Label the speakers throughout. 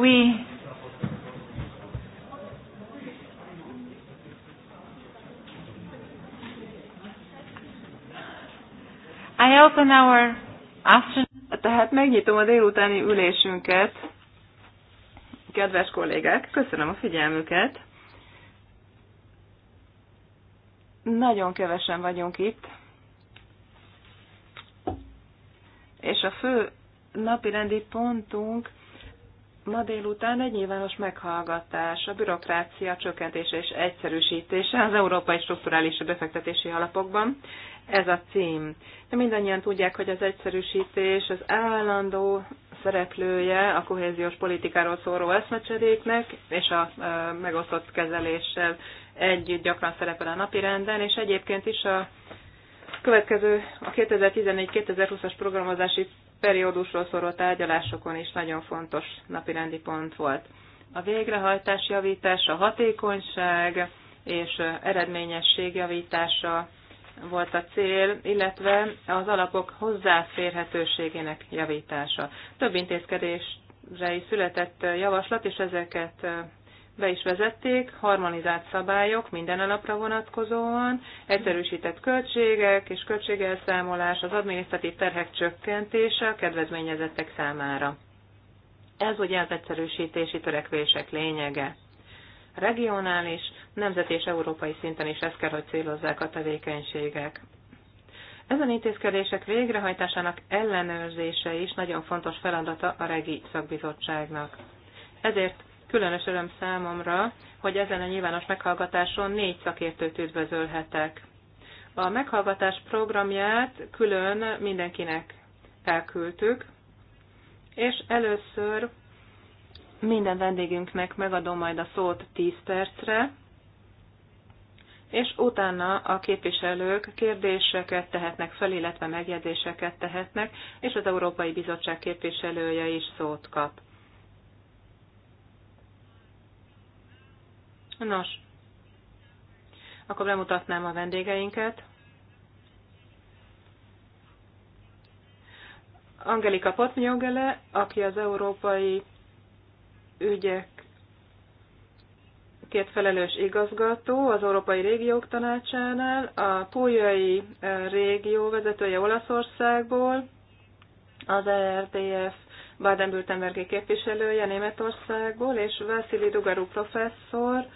Speaker 1: We
Speaker 2: I open our afternoon. Tehát megnyitom a délutáni ülésünket. Kedves kollégák, köszönöm a figyelmüket. Nagyon kevesen vagyunk itt. És a fő rendi pontunk Ma délután egy nyilvános meghallgatás a bürokrácia csökkentése és egyszerűsítése az Európai Strukturális Befektetési Alapokban. Ez a cím. De mindannyian tudják, hogy az egyszerűsítés az állandó szereplője a kohéziós politikáról szóró eszmecseréknek, és a megosztott kezeléssel együtt gyakran szerepel a napirenden, és egyébként is a következő, a 2014-2020-as programozási periódusról szóló tárgyalásokon is nagyon fontos napirendi pont volt. A végrehajtás javítása, hatékonyság és eredményesség javítása volt a cél, illetve az alapok hozzáférhetőségének javítása. Több intézkedésre is született javaslat, és ezeket be is vezették, harmonizált szabályok minden alapra vonatkozóan, egyszerűsített költségek és költségelszámolás, az adminisztratív terhek csökkentése a kedvezményezettek számára. Ez ugye az egyszerűsítési törekvések lényege. Regionális, nemzeti és európai szinten is ezt kell, hogy célozzák a tevékenységek. Ezen intézkedések végrehajtásának ellenőrzése is nagyon fontos feladata a Regi Szakbizottságnak. Ezért Különös öröm számomra, hogy ezen a nyilvános meghallgatáson négy szakértőt üdvözölhetek. A meghallgatás programját külön mindenkinek elküldtük, és először minden vendégünknek megadom majd a szót 10 percre, és utána a képviselők kérdéseket tehetnek fel, illetve megjegyzéseket tehetnek, és az Európai Bizottság képviselője is szót kap. Nos, akkor bemutatnám a vendégeinket. Angelika Potnyogele, aki az európai ügyek két felelős igazgató az Európai Régiók Tanácsánál, a Pújai eh, Régió vezetője Olaszországból, az ERDF Baden-Württembergi képviselője Németországból, és Vasili Dugaru professzor,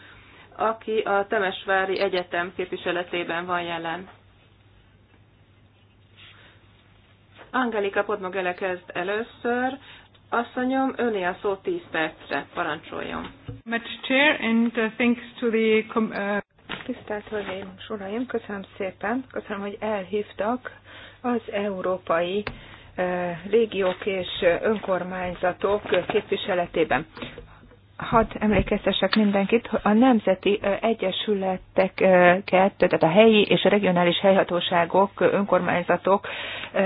Speaker 2: aki a Temesvári Egyetem képviseletében van jelen. Angelika Podmogele kezd először. Asszonyom, öné a szó 10 percre. Parancsoljon.
Speaker 1: Uh, uh, Tisztelt Hölgyeim és Uraim, köszönöm szépen. Köszönöm, hogy elhívtak az európai uh, régiók és önkormányzatok képviseletében hadd emlékeztessek mindenkit, a nemzeti egyesületeket, tehát a helyi és a regionális helyhatóságok, önkormányzatok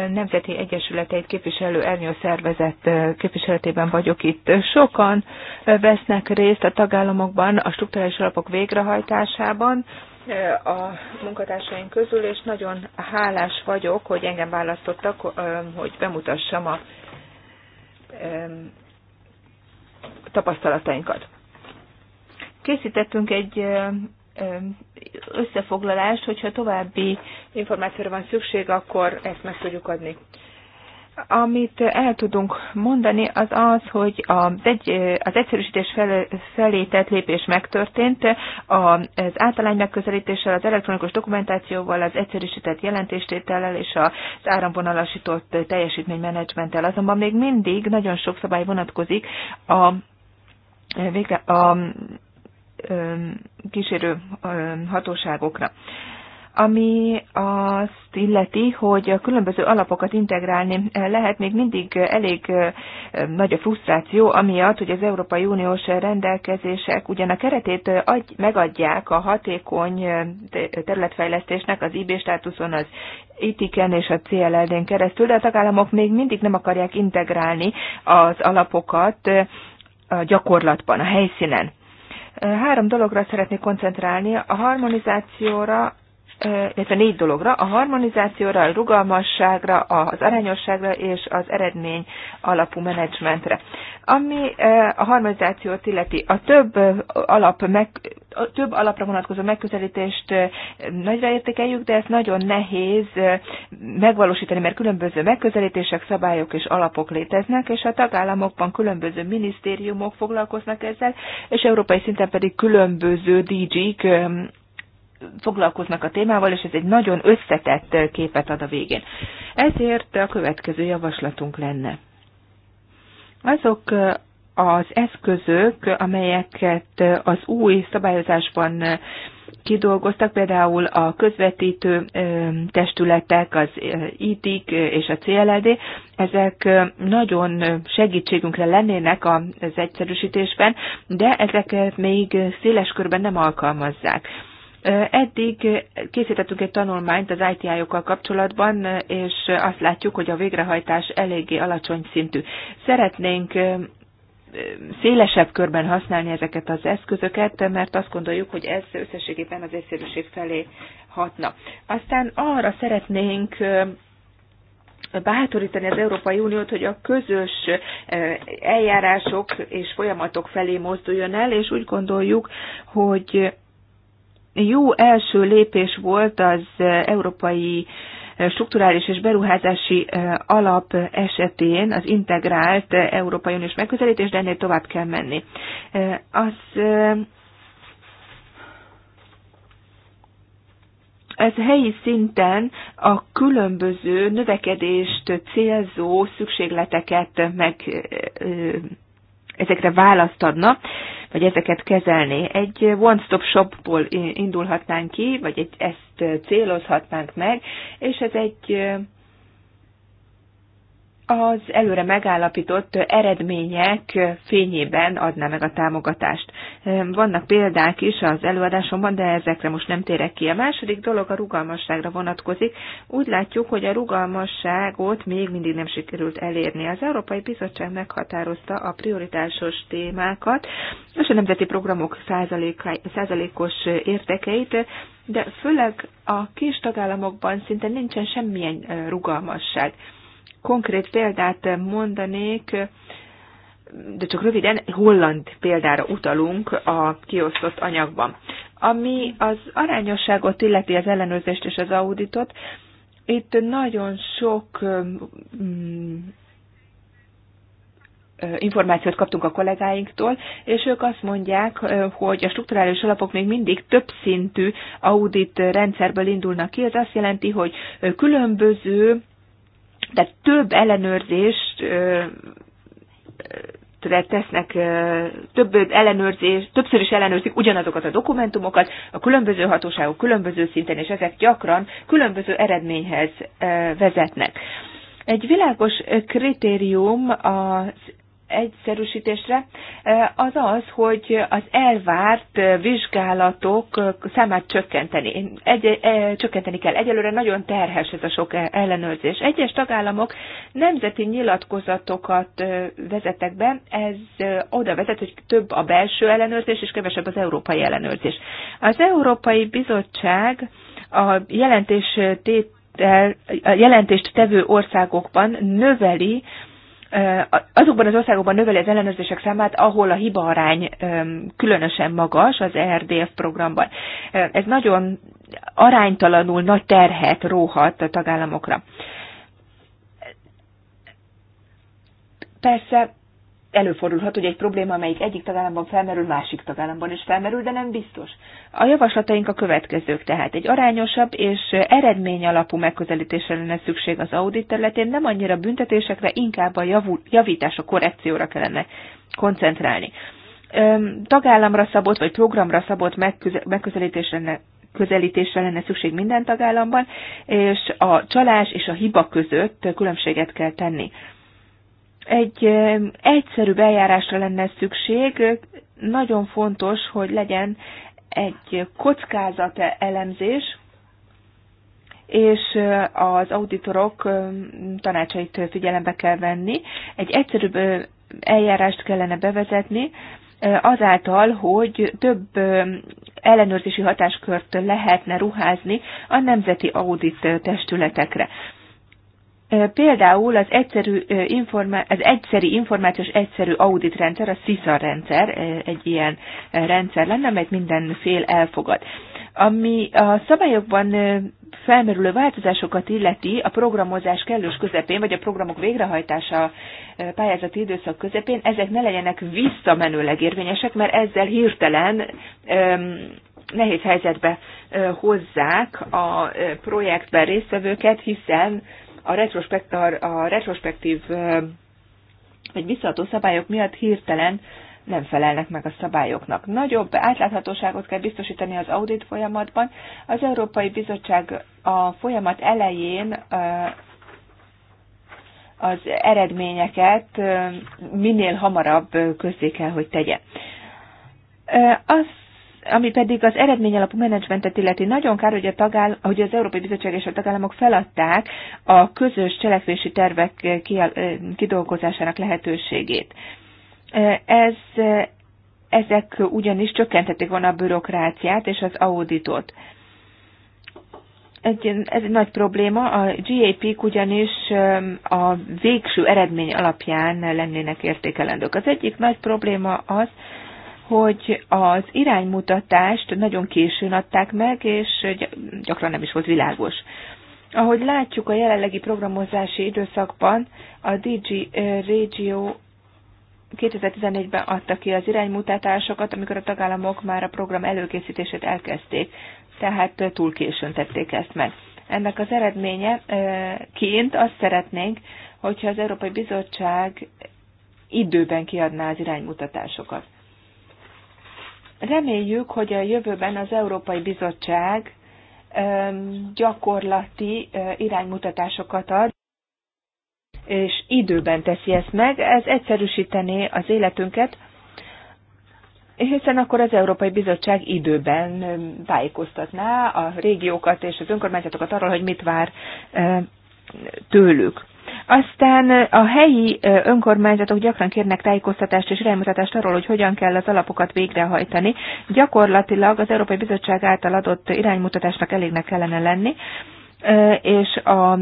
Speaker 1: nemzeti egyesületeit képviselő ernyő szervezet képviseletében vagyok itt. Sokan vesznek részt a tagállamokban a struktúrális alapok végrehajtásában, a munkatársaink közül, és nagyon hálás vagyok, hogy engem választottak, hogy bemutassam a tapasztalatainkat. Készítettünk egy összefoglalást, hogyha további információra van szükség, akkor ezt meg tudjuk adni. Amit el tudunk mondani, az az, hogy az, egy, az egyszerűsítés fel, felé tett lépés megtörtént. Az általány megközelítéssel, az elektronikus dokumentációval, az egyszerűsített jelentéstétellel és az áramvonalasított teljesítménymenedzsmenttel. Azonban még mindig nagyon sok szabály vonatkozik a, a, a kísérő hatóságokra ami azt illeti, hogy a különböző alapokat integrálni eh, lehet, még mindig eh, elég eh, nagy a frusztráció, amiatt, hogy az Európai Uniós rendelkezések ugyan a keretét adj, megadják a hatékony területfejlesztésnek az IB státuszon, az ITIKen és a CLLD-n keresztül, de a tagállamok még mindig nem akarják integrálni az alapokat a gyakorlatban, a helyszínen. Három dologra szeretnék koncentrálni, a harmonizációra, illetve négy dologra, a harmonizációra, a rugalmasságra, az arányosságra és az eredmény alapú menedzsmentre. Ami a harmonizációt illeti, a több, alap meg, a több alapra vonatkozó megközelítést nagyra értékeljük, de ez nagyon nehéz megvalósítani, mert különböző megközelítések, szabályok és alapok léteznek, és a tagállamokban különböző minisztériumok foglalkoznak ezzel, és európai szinten pedig különböző DG-k foglalkoznak a témával, és ez egy nagyon összetett képet ad a végén. Ezért a következő javaslatunk lenne. Azok az eszközök, amelyeket az új szabályozásban kidolgoztak, például a közvetítő testületek, az ITIC és a CLD, ezek nagyon segítségünkre lennének az egyszerűsítésben, de ezeket még széles körben nem alkalmazzák. Eddig készítettünk egy tanulmányt az ITI-okkal kapcsolatban, és azt látjuk, hogy a végrehajtás eléggé alacsony szintű. Szeretnénk szélesebb körben használni ezeket az eszközöket, mert azt gondoljuk, hogy ez összességében az egyszerűség felé hatna. Aztán arra szeretnénk bátorítani az Európai Uniót, hogy a közös eljárások és folyamatok felé mozduljon el, és úgy gondoljuk, hogy jó első lépés volt az európai strukturális és beruházási alap esetén az integrált Európai Uniós megközelítés, de ennél tovább kell menni. Az ez helyi szinten a különböző növekedést célzó szükségleteket meg ezekre választ adna, vagy ezeket kezelni. Egy one-stop shopból indulhatnánk ki, vagy egy, ezt célozhatnánk meg, és ez egy az előre megállapított eredmények fényében adná meg a támogatást. Vannak példák is az előadásomban, de ezekre most nem térek ki. A második dolog a rugalmasságra vonatkozik. Úgy látjuk, hogy a rugalmasságot még mindig nem sikerült elérni. Az Európai Bizottság meghatározta a prioritásos témákat és a nemzeti programok százalékos értekeit, de főleg a kis tagállamokban szinte nincsen semmilyen rugalmasság konkrét példát mondanék, de csak röviden holland példára utalunk a kiosztott anyagban. Ami az arányosságot illeti az ellenőrzést és az auditot, itt nagyon sok mm, mm, információt kaptunk a kollégáinktól, és ők azt mondják, hogy a strukturális alapok még mindig többszintű audit rendszerből indulnak ki. Ez azt jelenti, hogy különböző tehát több ellenőrzést tesznek több ellenőrzés, többször is ellenőrzik ugyanazokat a dokumentumokat, a különböző hatóságok különböző szinten, és ezek gyakran különböző eredményhez vezetnek. Egy világos kritérium az egyszerűsítésre, az az, hogy az elvárt vizsgálatok számát csökkenteni. Egy, e, csökkenteni kell. Egyelőre nagyon terhes ez a sok ellenőrzés. Egyes tagállamok nemzeti nyilatkozatokat vezetek be, ez oda vezet, hogy több a belső ellenőrzés és kevesebb az európai ellenőrzés. Az Európai Bizottság a jelentés tét, jelentést tevő országokban növeli azokban az országokban növeli az ellenőrzések számát, ahol a arány különösen magas az ERDF programban. Ez nagyon aránytalanul nagy terhet róhat a tagállamokra. Persze előfordulhat, hogy egy probléma, amelyik egyik tagállamban felmerül, másik tagállamban is felmerül, de nem biztos. A javaslataink a következők, tehát egy arányosabb és eredmény alapú megközelítésre lenne szükség az audit területén, nem annyira büntetésekre, inkább a javul, javítás, a korrekcióra kellene koncentrálni. Tagállamra szabott vagy programra szabott megközelítésre lenne közelítésre lenne szükség minden tagállamban, és a csalás és a hiba között különbséget kell tenni egy egyszerűbb eljárásra lenne szükség. Nagyon fontos, hogy legyen egy kockázat elemzés, és az auditorok tanácsait figyelembe kell venni. Egy egyszerűbb eljárást kellene bevezetni, azáltal, hogy több ellenőrzési hatáskört lehetne ruházni a nemzeti audit testületekre. Például az, egyszerű az egyszeri információs egyszerű auditrendszer, a CISA rendszer, egy ilyen rendszer lenne, amelyet minden fél elfogad. Ami a szabályokban felmerülő változásokat illeti a programozás kellős közepén, vagy a programok végrehajtása pályázati időszak közepén, ezek ne legyenek visszamenőleg érvényesek, mert ezzel hirtelen nehéz helyzetbe hozzák a projektben résztvevőket, hiszen a, retrospekt, a, retrospektív vagy visszaadó szabályok miatt hirtelen nem felelnek meg a szabályoknak. Nagyobb átláthatóságot kell biztosítani az audit folyamatban. Az Európai Bizottság a folyamat elején az eredményeket minél hamarabb közzé kell, hogy tegye. Azt ami pedig az eredményalapú menedzsmentet illeti, nagyon kár, hogy, a tagáll, hogy az Európai Bizottság és a tagállamok feladták a közös cselekvési tervek eh, eh, kidolgozásának lehetőségét. Eh, ez, ezek ugyanis csökkentették volna a bürokráciát és az auditot. Egy, ez egy nagy probléma, a GAP-k ugyanis a végső eredmény alapján lennének értékelendők. Az egyik nagy probléma az, hogy az iránymutatást nagyon későn adták meg, és gyakran nem is volt világos. Ahogy látjuk a jelenlegi programozási időszakban, a DG Regio 2014-ben adta ki az iránymutatásokat, amikor a tagállamok már a program előkészítését elkezdték, tehát eh, túl későn tették ezt meg. Ennek az eredménye eh, ként azt szeretnénk, hogyha az Európai Bizottság időben kiadná az iránymutatásokat. Reméljük, hogy a jövőben az Európai Bizottság gyakorlati iránymutatásokat ad, és időben teszi ezt meg, ez egyszerűsítené az életünket, hiszen akkor az Európai Bizottság időben tájékoztatná a régiókat és az önkormányzatokat arról, hogy mit vár tőlük. Aztán a helyi önkormányzatok gyakran kérnek tájékoztatást és rámutatást arról, hogy hogyan kell az alapokat végrehajtani. Gyakorlatilag az Európai Bizottság által adott iránymutatásnak elégnek kellene lenni és a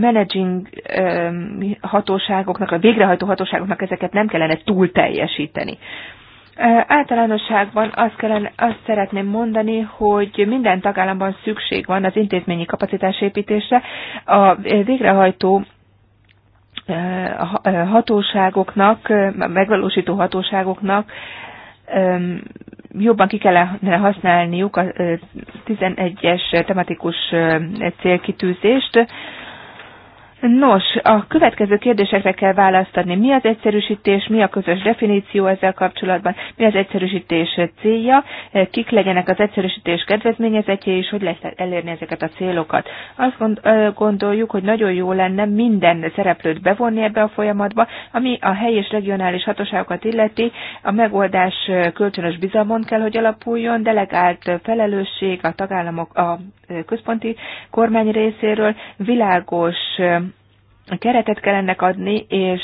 Speaker 1: managing hatóságoknak, a végrehajtó hatóságoknak ezeket nem kellene túl teljesíteni. Általánosságban azt, kellene, azt szeretném mondani, hogy minden tagállamban szükség van az intézményi kapacitásépítésre. A végrehajtó hatóságoknak, megvalósító hatóságoknak jobban ki kellene használniuk a 11-es tematikus célkitűzést, Nos, a következő kérdésekre kell választ adni. Mi az egyszerűsítés, mi a közös definíció ezzel kapcsolatban, mi az egyszerűsítés célja, kik legyenek az egyszerűsítés kedvezményezetje, és hogy lehet elérni ezeket a célokat. Azt gondoljuk, hogy nagyon jó lenne minden szereplőt bevonni ebbe a folyamatba, ami a helyi és regionális hatóságokat illeti, a megoldás kölcsönös bizalmon kell, hogy alapuljon, delegált felelősség a tagállamok, a központi kormány részéről világos keretet kell ennek adni, és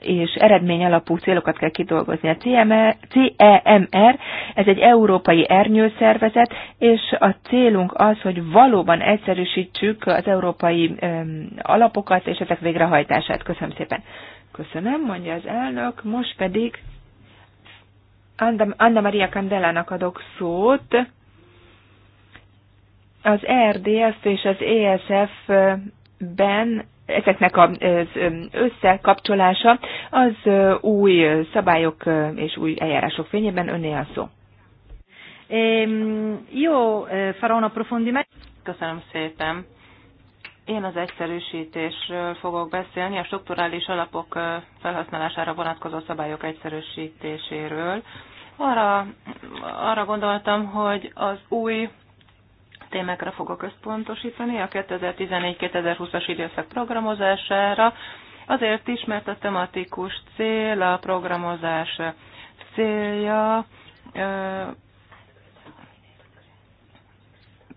Speaker 1: és eredmény alapú célokat kell kidolgozni. A CEMR, e ez egy európai ernyőszervezet, és a célunk az, hogy valóban egyszerűsítsük az európai alapokat és ezek végrehajtását. Köszönöm szépen. Köszönöm, mondja az elnök. Most pedig Anna Maria Candelának adok szót, az ERDS és az ESF-ben ezeknek az összekapcsolása az új szabályok és új eljárások fényében önné a szó.
Speaker 2: Jó, farò profundi approfondimento. Köszönöm szépen. Én az egyszerűsítésről fogok beszélni, a strukturális alapok felhasználására vonatkozó szabályok egyszerűsítéséről. Arra, arra gondoltam, hogy az új témákra fogok összpontosítani, a 2014-2020-as időszak programozására, azért is, mert a tematikus cél, a programozás célja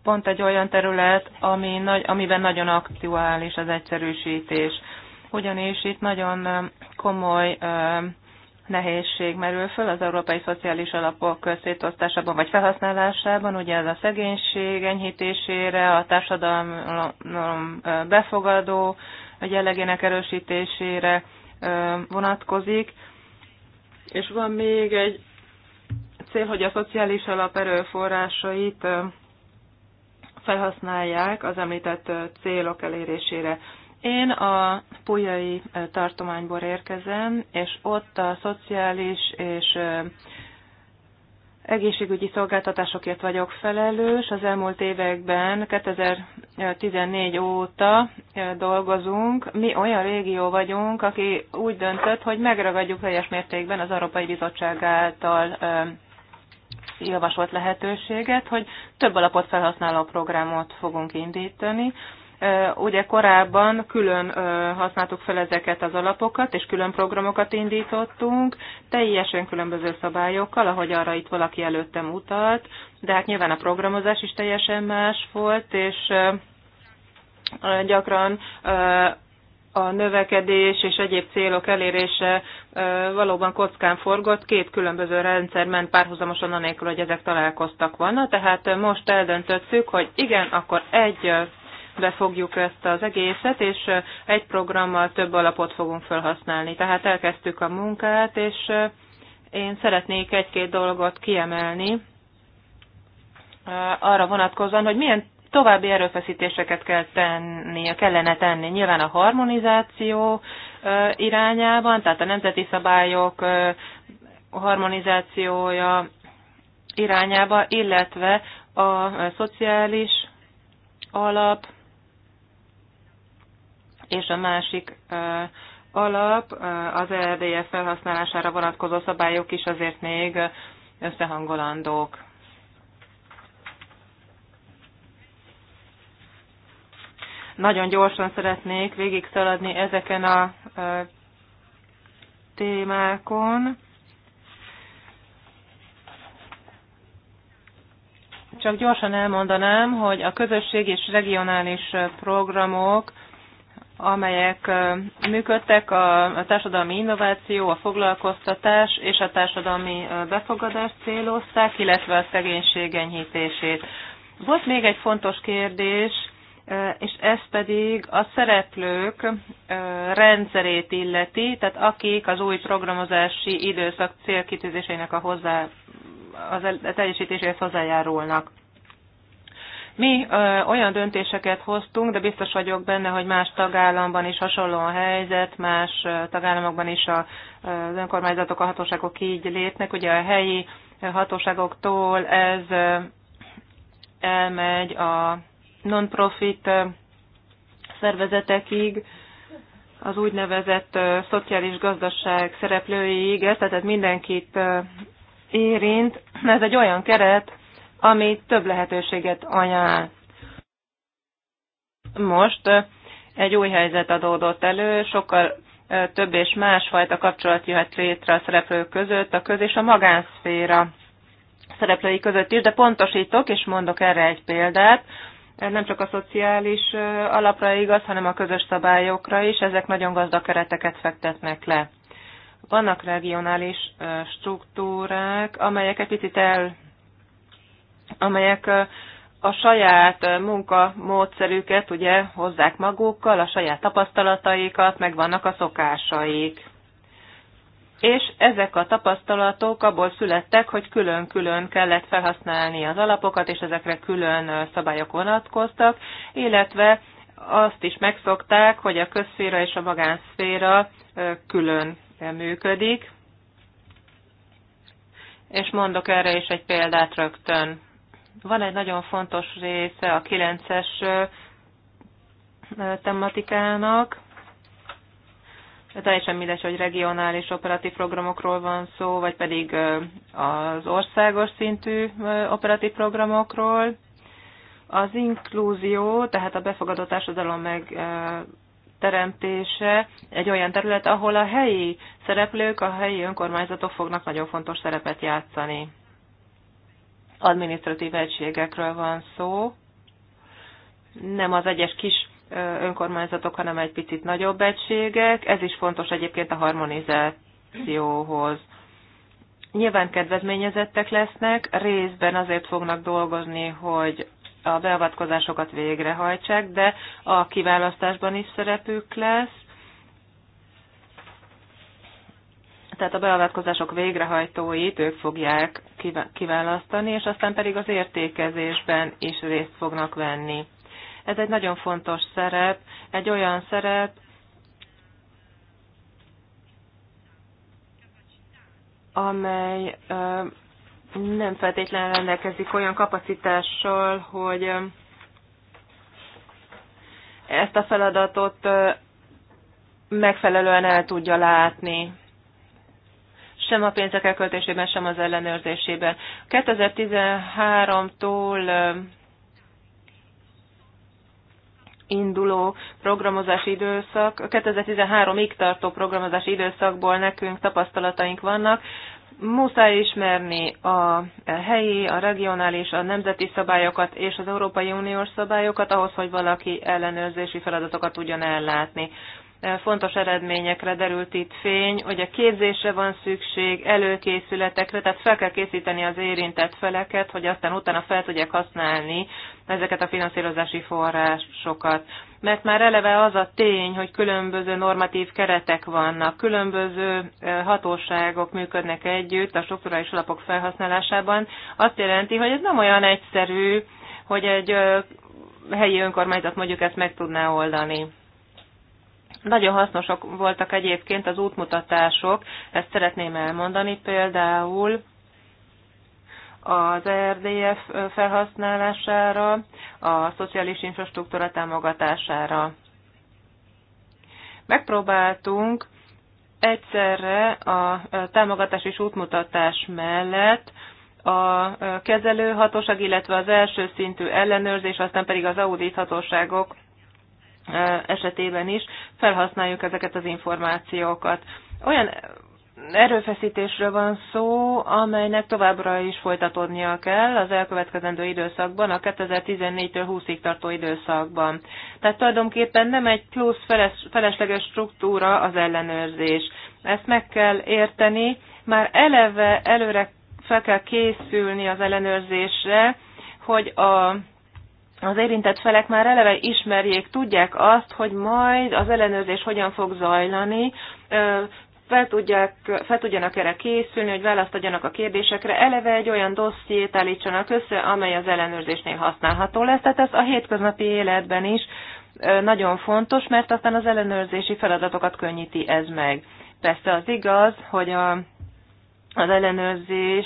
Speaker 2: pont egy olyan terület, ami nagy, amiben nagyon aktuális az egyszerűsítés. Ugyanis itt nagyon komoly nehézség merül föl az európai szociális alapok szétosztásában vagy felhasználásában, ugye ez a szegénység enyhítésére, a társadalom befogadó jellegének erősítésére vonatkozik. És van még egy cél, hogy a szociális alap erőforrásait felhasználják az említett célok elérésére. Én a Pujai tartományból érkezem, és ott a szociális és egészségügyi szolgáltatásokért vagyok felelős. Az elmúlt években, 2014 óta dolgozunk. Mi olyan régió vagyunk, aki úgy döntött, hogy megragadjuk teljes mértékben az Európai Bizottság által javasolt lehetőséget, hogy több alapot felhasználó programot fogunk indítani, Ugye korábban külön használtuk fel ezeket az alapokat, és külön programokat indítottunk, teljesen különböző szabályokkal, ahogy arra itt valaki előttem utalt, de hát nyilván a programozás is teljesen más volt, és gyakran a növekedés és egyéb célok elérése valóban kockán forgott, két különböző rendszer ment párhuzamosan anélkül, hogy ezek találkoztak volna, tehát most eldöntöttük, hogy igen, akkor egy befogjuk ezt az egészet, és egy programmal több alapot fogunk felhasználni. Tehát elkezdtük a munkát, és én szeretnék egy-két dolgot kiemelni arra vonatkozóan, hogy milyen további erőfeszítéseket kell tenni, kellene tenni. Nyilván a harmonizáció irányában, tehát a nemzeti szabályok harmonizációja irányába, illetve a szociális alap, és a másik alap az ERDF felhasználására vonatkozó szabályok is azért még összehangolandók. Nagyon gyorsan szeretnék végig szaladni ezeken a témákon. Csak gyorsan elmondanám, hogy a közösség és regionális programok amelyek működtek, a, társadalmi innováció, a foglalkoztatás és a társadalmi befogadást célozták, illetve a szegénység enyhítését. Volt még egy fontos kérdés, és ez pedig a szereplők rendszerét illeti, tehát akik az új programozási időszak célkitűzéseinek a hozzá, az teljesítéséhez hozzájárulnak. Mi ö, olyan döntéseket hoztunk, de biztos vagyok benne, hogy más tagállamban is hasonló a helyzet, más tagállamokban is a, az önkormányzatok, a hatóságok így lépnek. Ugye a helyi hatóságoktól ez elmegy a non-profit szervezetekig, az úgynevezett szociális gazdaság szereplőiig, ez tehát mindenkit érint. Ez egy olyan keret, ami több lehetőséget ajánl. Most egy új helyzet adódott elő, sokkal több és másfajta kapcsolat jöhet létre a szereplők között, a köz és a magánszféra szereplői között is, de pontosítok, és mondok erre egy példát, ez nem csak a szociális alapra igaz, hanem a közös szabályokra is, ezek nagyon gazdag kereteket fektetnek le. Vannak regionális struktúrák, amelyek egy picit el amelyek a saját munkamódszerüket ugye hozzák magukkal, a saját tapasztalataikat, meg vannak a szokásaik. És ezek a tapasztalatok abból születtek, hogy külön-külön kellett felhasználni az alapokat, és ezekre külön szabályok vonatkoztak, illetve azt is megszokták, hogy a közszféra és a magánszféra külön működik. És mondok erre is egy példát rögtön. Van egy nagyon fontos része a 9-es tematikának, teljesen mindegy, hogy regionális operatív programokról van szó, vagy pedig az országos szintű operatív programokról. Az inkluzió, tehát a befogadó társadalom meg teremtése egy olyan terület, ahol a helyi szereplők, a helyi önkormányzatok fognak nagyon fontos szerepet játszani administratív egységekről van szó, nem az egyes kis önkormányzatok, hanem egy picit nagyobb egységek. Ez is fontos egyébként a harmonizációhoz. Nyilván kedvezményezettek lesznek, részben azért fognak dolgozni, hogy a beavatkozásokat végrehajtsák, de a kiválasztásban is szerepük lesz. Tehát a beavatkozások végrehajtóit ők fogják kiválasztani, és aztán pedig az értékezésben is részt fognak venni. Ez egy nagyon fontos szerep, egy olyan szerep, amely nem feltétlenül rendelkezik olyan kapacitással, hogy ezt a feladatot megfelelően el tudja látni sem a pénzek elköltésében, sem az ellenőrzésében. 2013-tól induló programozási időszak, 2013-ig tartó programozási időszakból nekünk tapasztalataink vannak. Muszáj ismerni a helyi, a regionális, a nemzeti szabályokat és az Európai Uniós szabályokat ahhoz, hogy valaki ellenőrzési feladatokat tudjon ellátni. Eh, fontos eredményekre derült itt fény, hogy a képzésre van szükség, előkészületekre, tehát fel kell készíteni az érintett feleket, hogy aztán utána fel tudják használni ezeket a finanszírozási forrásokat. Mert már eleve az a tény, hogy különböző normatív keretek vannak, különböző eh, hatóságok működnek együtt a strukturális alapok felhasználásában, azt jelenti, hogy ez nem olyan egyszerű, hogy egy eh, helyi önkormányzat mondjuk ezt meg tudná oldani nagyon hasznosak voltak egyébként az útmutatások, ezt szeretném elmondani például az RDF felhasználására, a szociális infrastruktúra támogatására. Megpróbáltunk egyszerre a támogatás és útmutatás mellett a kezelőhatóság, illetve az első szintű ellenőrzés, aztán pedig az audíthatóságok esetében is felhasználjuk ezeket az információkat. Olyan erőfeszítésről van szó, amelynek továbbra is folytatódnia kell az elkövetkezendő időszakban, a 2014-től 20-ig tartó időszakban. Tehát tulajdonképpen nem egy plusz felesleges struktúra az ellenőrzés. Ezt meg kell érteni, már eleve előre fel kell készülni az ellenőrzésre, hogy a az érintett felek már eleve ismerjék, tudják azt, hogy majd az ellenőrzés hogyan fog zajlani, fel, tudják, fel tudjanak erre készülni, hogy választ adjanak a kérdésekre, eleve egy olyan dossziét állítsanak össze, amely az ellenőrzésnél használható lesz. Tehát ez a hétköznapi életben is nagyon fontos, mert aztán az ellenőrzési feladatokat könnyíti ez meg. Persze az igaz, hogy a az ellenőrzés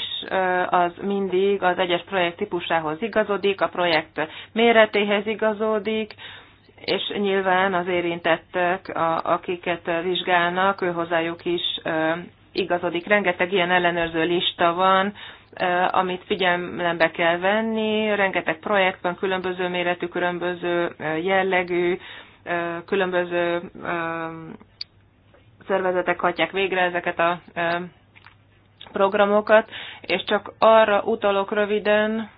Speaker 2: az mindig az egyes projekt típusához igazodik, a projekt méretéhez igazodik, és nyilván az érintettek, akiket vizsgálnak, ő hozzájuk is igazodik. Rengeteg ilyen ellenőrző lista van, amit figyelembe kell venni, rengeteg projekt van, különböző méretű, különböző jellegű, különböző szervezetek hatják végre ezeket a programokat, és csak arra utalok röviden,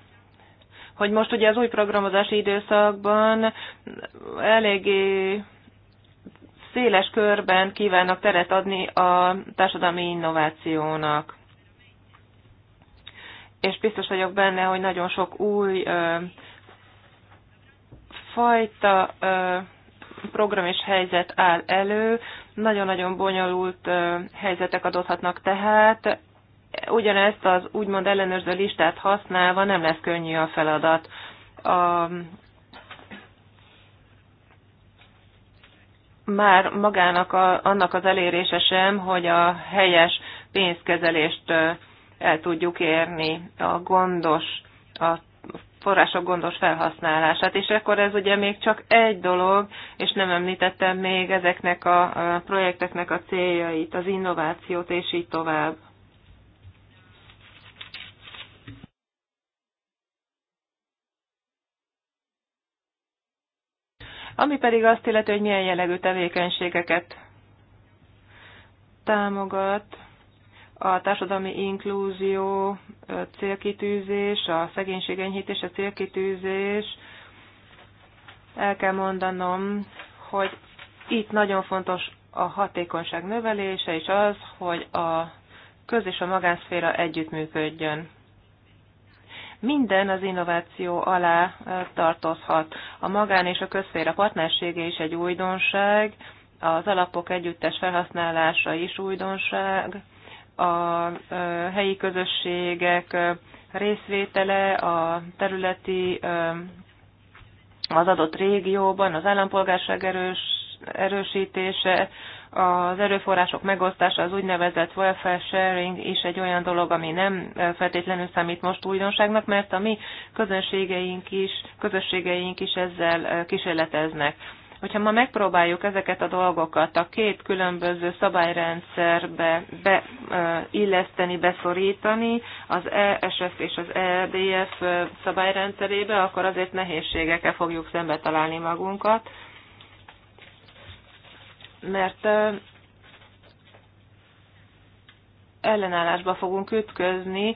Speaker 2: hogy most ugye az új programozási időszakban eléggé széles körben kívánnak teret adni a társadalmi innovációnak. És biztos vagyok benne, hogy nagyon sok új ö, fajta ö, program és helyzet áll elő, nagyon-nagyon bonyolult helyzetek adódhatnak tehát, ugyanezt az úgymond ellenőrző listát használva nem lesz könnyű a feladat. A, már magának a, annak az elérése sem, hogy a helyes pénzkezelést el tudjuk érni, a gondos, a források gondos felhasználását. És akkor ez ugye még csak egy dolog, és nem említettem még ezeknek a projekteknek a céljait, az innovációt és így tovább. Ami pedig azt illeti, hogy milyen jellegű tevékenységeket támogat a társadalmi inklúzió célkitűzés, a szegénység enyhítése célkitűzés, el kell mondanom, hogy itt nagyon fontos a hatékonyság növelése, és az, hogy a köz és a magánszféra együttműködjön minden az innováció alá eh, tartozhat. A magán és a közféra partnersége is egy újdonság, az alapok együttes felhasználása is újdonság, a eh, helyi közösségek eh, részvétele, a területi az adott régióban, az állampolgárság erős, erősítése, az erőforrások megosztása, az úgynevezett welfare sharing is egy olyan dolog, ami nem feltétlenül számít most újdonságnak, mert a mi közönségeink is, közösségeink is ezzel kísérleteznek. Hogyha ma megpróbáljuk ezeket a dolgokat a két különböző szabályrendszerbe beilleszteni, beszorítani, az ESF és az EDF szabályrendszerébe, akkor azért nehézségekkel fogjuk szembe találni magunkat mert ellenállásba fogunk ütközni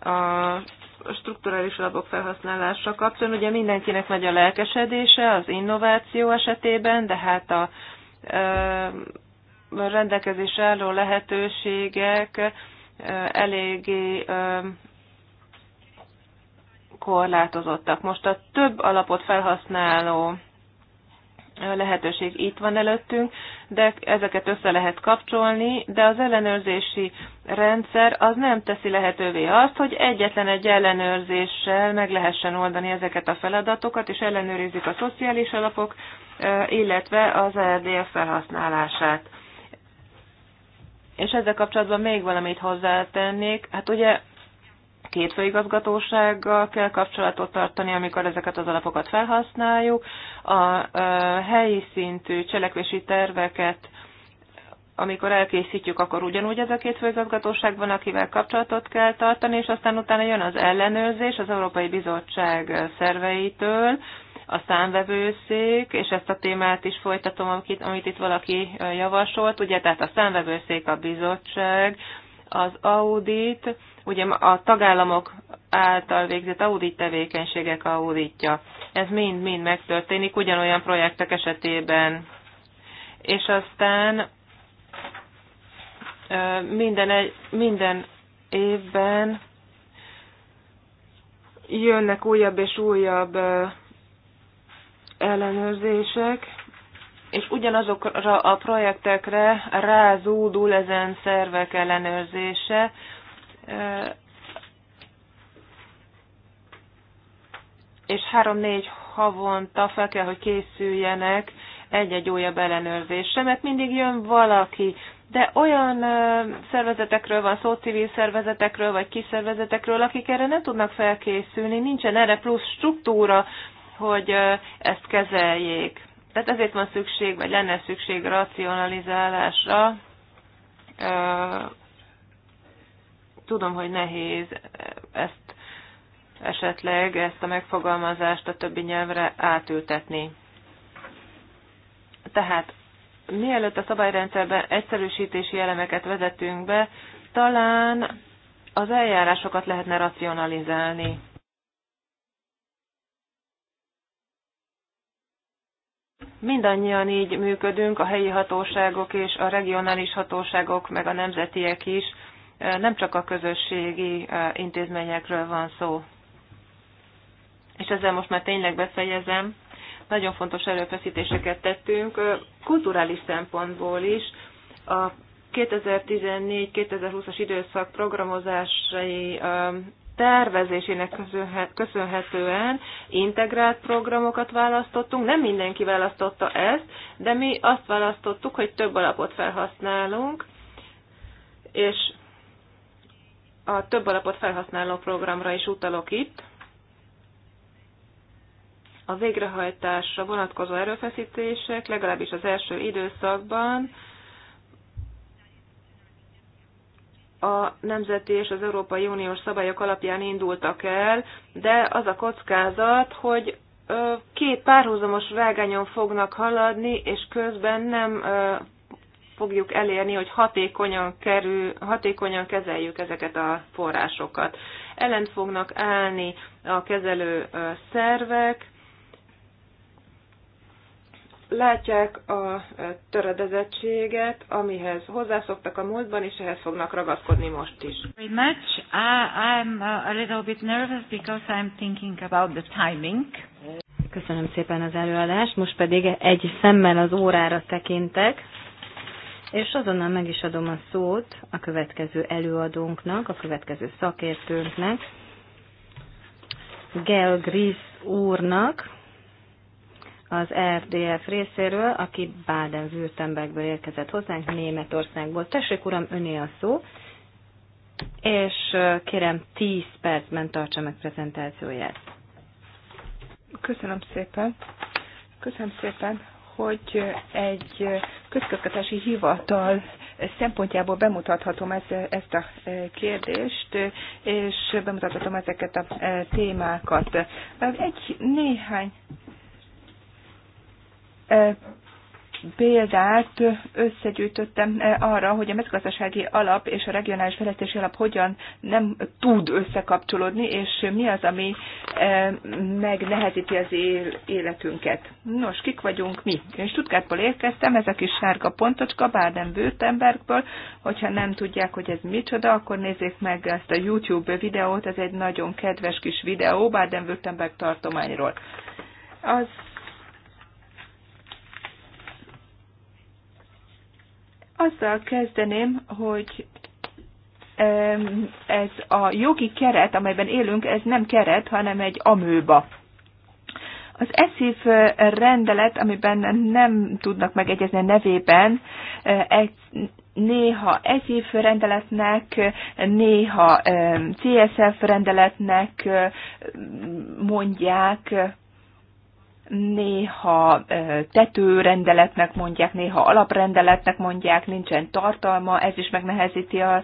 Speaker 2: a strukturális alapok felhasználása kapcsán. Ugye mindenkinek nagy a lelkesedése az innováció esetében, de hát a rendelkezés álló lehetőségek eléggé korlátozottak. Most a több alapot felhasználó lehetőség itt van előttünk, de ezeket össze lehet kapcsolni, de az ellenőrzési rendszer az nem teszi lehetővé azt, hogy egyetlen egy ellenőrzéssel meg lehessen oldani ezeket a feladatokat, és ellenőrizik a szociális alapok, illetve az ERDF felhasználását. És ezzel kapcsolatban még valamit hozzátennék. Hát ugye két főigazgatósággal kell kapcsolatot tartani, amikor ezeket az alapokat felhasználjuk. A helyi szintű cselekvési terveket amikor elkészítjük, akkor ugyanúgy ez a két főigazgatóság van, akivel kapcsolatot kell tartani, és aztán utána jön az ellenőrzés az Európai Bizottság szerveitől, a számvevőszék, és ezt a témát is folytatom, amit, amit itt valaki javasolt, ugye, tehát a számvevőszék, a bizottság, az audit, ugye a tagállamok által végzett audit tevékenységek auditja. Ez mind-mind megtörténik ugyanolyan projektek esetében. És aztán minden, egy, minden évben jönnek újabb és újabb ellenőrzések, és ugyanazokra a projektekre rázúdul ezen szervek ellenőrzése, és három-négy havonta fel kell, hogy készüljenek egy-egy újabb ellenőrzésre, mert mindig jön valaki, de olyan szervezetekről van szó, civil szervezetekről, vagy kiszervezetekről, akik erre nem tudnak felkészülni, nincsen erre plusz struktúra, hogy ezt kezeljék. Tehát ezért van szükség, vagy lenne szükség racionalizálásra Tudom, hogy nehéz eh, ezt esetleg ezt a megfogalmazást a többi nyelvre átültetni. Tehát mielőtt a szabályrendszerben egyszerűsítési elemeket vezetünk be, talán az eljárásokat lehetne racionalizálni. Mindannyian így működünk, a helyi hatóságok és a regionális hatóságok, meg a nemzetiek is, nem csak a közösségi intézményekről van szó. És ezzel most már tényleg befejezem. Nagyon fontos előfeszítéseket tettünk, kulturális szempontból is. A 2014-2020-as időszak programozásai tervezésének köszönhetően integrált programokat választottunk. Nem mindenki választotta ezt, de mi azt választottuk, hogy több alapot felhasználunk, és a több alapot felhasználó programra is utalok itt. A végrehajtásra vonatkozó erőfeszítések legalábbis az első időszakban a nemzeti és az Európai Uniós szabályok alapján indultak el, de az a kockázat, hogy két párhuzamos vágányon fognak haladni, és közben nem fogjuk elérni, hogy hatékonyan, kerül, hatékonyan kezeljük ezeket a forrásokat. Ellent fognak állni a kezelő szervek, látják a töredezettséget, amihez hozzászoktak a múltban, és ehhez fognak ragaszkodni most is. Very much. I'm uh, a little bit nervous because
Speaker 3: I'm thinking about the timing. Köszönöm szépen az előadást, most pedig egy szemmel az órára tekintek és azonnal meg is adom a szót a következő előadónknak, a következő szakértőnknek, Gel Gris úrnak, az RDF részéről, aki Baden-Württembergből érkezett hozzánk, Németországból. Tessék, uram, öné a szó, és kérem 10 percben tartsa meg prezentációját. Köszönöm szépen. Köszönöm szépen
Speaker 1: hogy egy közgazgatási hivatal szempontjából bemutathatom ezt a kérdést, és bemutathatom ezeket a témákat. Egy néhány példát összegyűjtöttem eh, arra, hogy a mezőgazdasági alap és a regionális fejlesztési alap hogyan nem tud összekapcsolódni, és mi az, ami eh, megnehezíti az életünket. Nos, kik vagyunk mi? Én Stuttgartból érkeztem, ez a kis sárga pontocska, nem württembergből Hogyha nem tudják, hogy ez micsoda, akkor nézzék meg ezt a YouTube videót, ez egy nagyon kedves kis videó Baden-Württemberg tartományról. Az Azzal kezdeném, hogy ez a jogi keret, amelyben élünk, ez nem keret, hanem egy amőba. Az eszív rendelet, amiben nem tudnak megegyezni a nevében, egy, néha eszív rendeletnek, néha CSF rendeletnek mondják, néha tetőrendeletnek mondják, néha alaprendeletnek mondják, nincsen tartalma, ez is megnehezíti a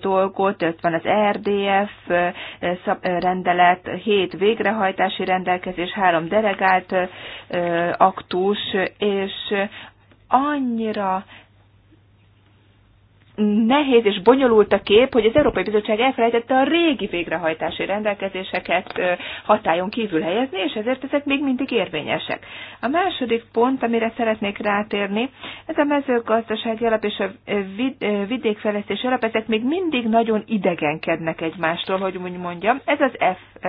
Speaker 1: dolgot. Ott van az RDF rendelet, hét végrehajtási rendelkezés, három delegált aktus, és annyira nehéz és bonyolult a kép, hogy az Európai Bizottság elfelejtette a régi végrehajtási rendelkezéseket hatájon kívül helyezni, és ezért ezek még mindig érvényesek. A második pont, amire szeretnék rátérni, ez a mezőgazdasági alap és a vidékfejlesztési alap, ezek még mindig nagyon idegenkednek egymástól, hogy úgy mondjam. Ez az F,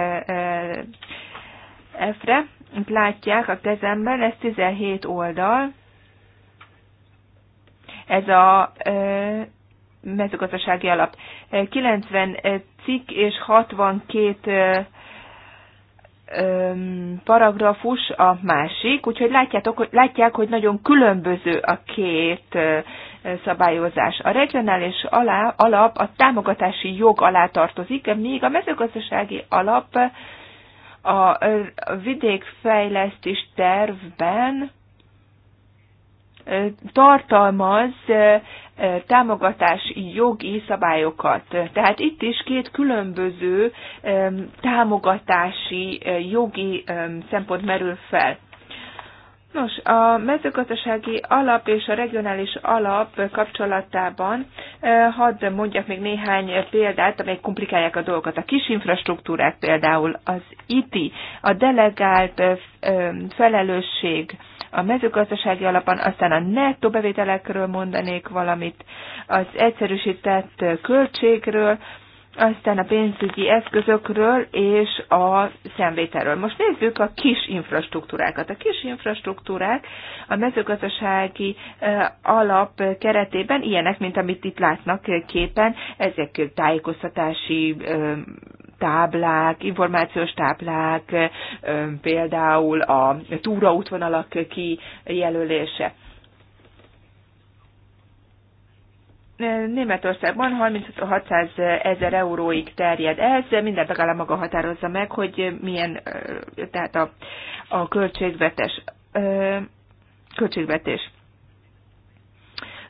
Speaker 1: F-re, itt látják a kezemben, ez 17 oldal, ez a mezőgazdasági alap. 90 eh, eh, cikk és 62 eh, paragrafus a másik, úgyhogy látjátok, hogy, látják, hogy nagyon különböző a két szabályozás. A regionális alá, alap a támogatási jog alá tartozik, míg a mezőgazdasági alap a vidékfejlesztés tervben tartalmaz támogatási jogi szabályokat. Tehát itt is két különböző támogatási jogi szempont merül fel. Nos, a mezőgazdasági alap és a regionális alap kapcsolatában hadd mondjak még néhány példát, amelyek komplikálják a dolgot. A kis infrastruktúrák például, az ITI, a delegált felelősség, a mezőgazdasági alapon, aztán a nettó bevételekről mondanék valamit, az egyszerűsített költségről, aztán a pénzügyi eszközökről és a szemvételről. Most nézzük a kis infrastruktúrákat. A kis infrastruktúrák a mezőgazdasági alap keretében ilyenek, mint amit itt látnak képen, ezek tájékoztatási táblák, információs táblák, például a túraútvonalak kijelölése. Németországban 3600 ezer euróig terjed ez, minden tagállam maga határozza meg, hogy milyen, tehát a, a költségvetés. költségvetés.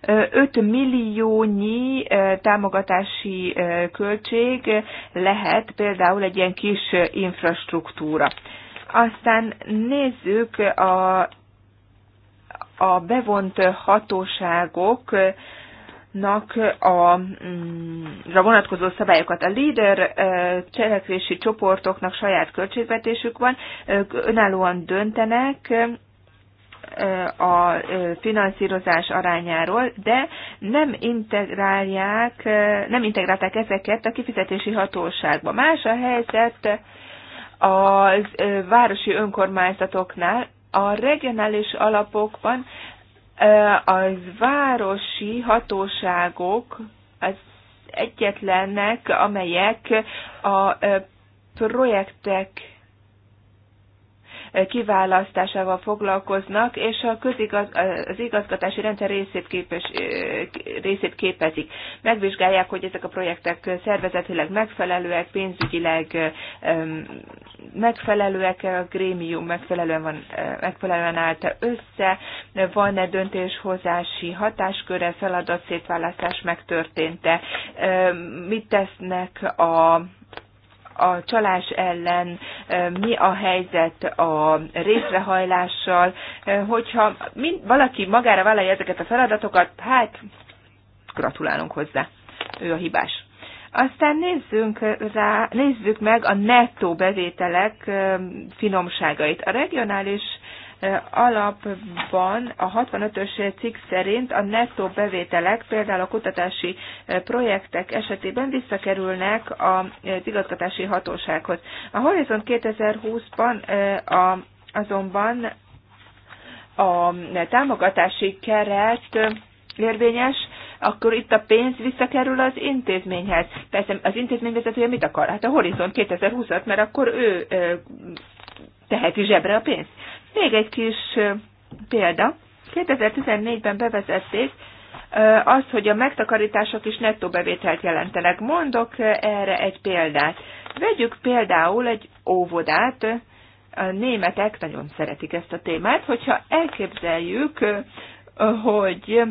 Speaker 1: 5 milliónyi támogatási költség lehet például egy ilyen kis infrastruktúra. Aztán nézzük a, a bevont hatóságok nak a, mm, a vonatkozó szabályokat. A líder cselekvési csoportoknak saját költségvetésük van, önállóan döntenek, a finanszírozás arányáról, de nem integrálják, nem integrálták ezeket a kifizetési hatóságba. Más a helyzet a városi önkormányzatoknál, a regionális alapokban az városi hatóságok az egyetlenek, amelyek a projektek kiválasztásával foglalkoznak, és a közigaz, az igazgatási rendszer részét, képes, részét képezik. Megvizsgálják, hogy ezek a projektek szervezetileg megfelelőek, pénzügyileg megfelelőek, a grémium megfelelően, van, megfelelően állt össze, van-e döntéshozási hatásköre, szétválasztás megtörtént-e, mit tesznek a a csalás ellen, mi a helyzet a részrehajlással, hogyha mind, valaki magára vállalja ezeket a feladatokat, hát gratulálunk hozzá, ő a hibás. Aztán nézzünk rá, nézzük meg a nettó bevételek finomságait. A regionális alapban a 65-ös cikk szerint a nettó bevételek, például a kutatási projektek esetében visszakerülnek a igazgatási hatósághoz. A Horizon 2020-ban azonban a támogatási keret érvényes, akkor itt a pénz visszakerül az intézményhez. Persze az intézményvezetője mit akar? Hát a Horizon 2020-at, mert akkor ő teheti zsebre a pénzt. Még egy kis példa. 2014-ben bevezették az, hogy a megtakarítások is nettó bevételt jelentenek. Mondok erre egy példát. Vegyük például egy óvodát, a németek nagyon szeretik ezt a témát, hogyha elképzeljük, hogy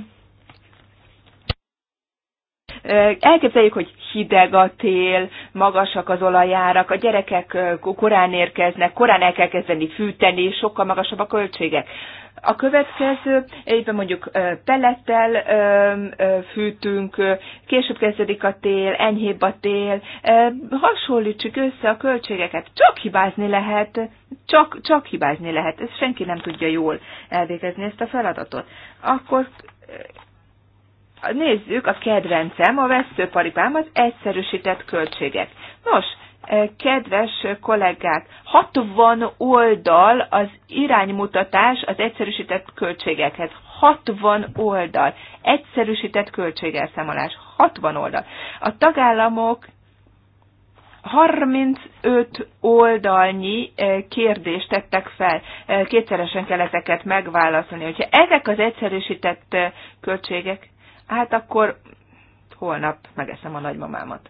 Speaker 1: Elképzeljük, hogy hideg a tél, magasak az olajárak, a gyerekek korán érkeznek, korán el kell kezdeni fűteni, sokkal magasabb a költségek. A következő évben mondjuk pellettel fűtünk, később kezdődik a tél, enyhébb a tél, hasonlítsuk össze a költségeket. Csak hibázni lehet, csak, csak hibázni lehet, ezt senki nem tudja jól elvégezni ezt a feladatot. Akkor nézzük a kedvencem, a vesztőparipám az egyszerűsített költségek. Nos, e, kedves kollégák, 60 oldal az iránymutatás az egyszerűsített költségekhez. 60 oldal. Egyszerűsített költségelszámolás. 60 oldal. A tagállamok 35 oldalnyi e, kérdést tettek fel. E, kétszeresen kell ezeket megválaszolni. Hogyha ezek az egyszerűsített költségek, hát akkor holnap megeszem a nagymamámat.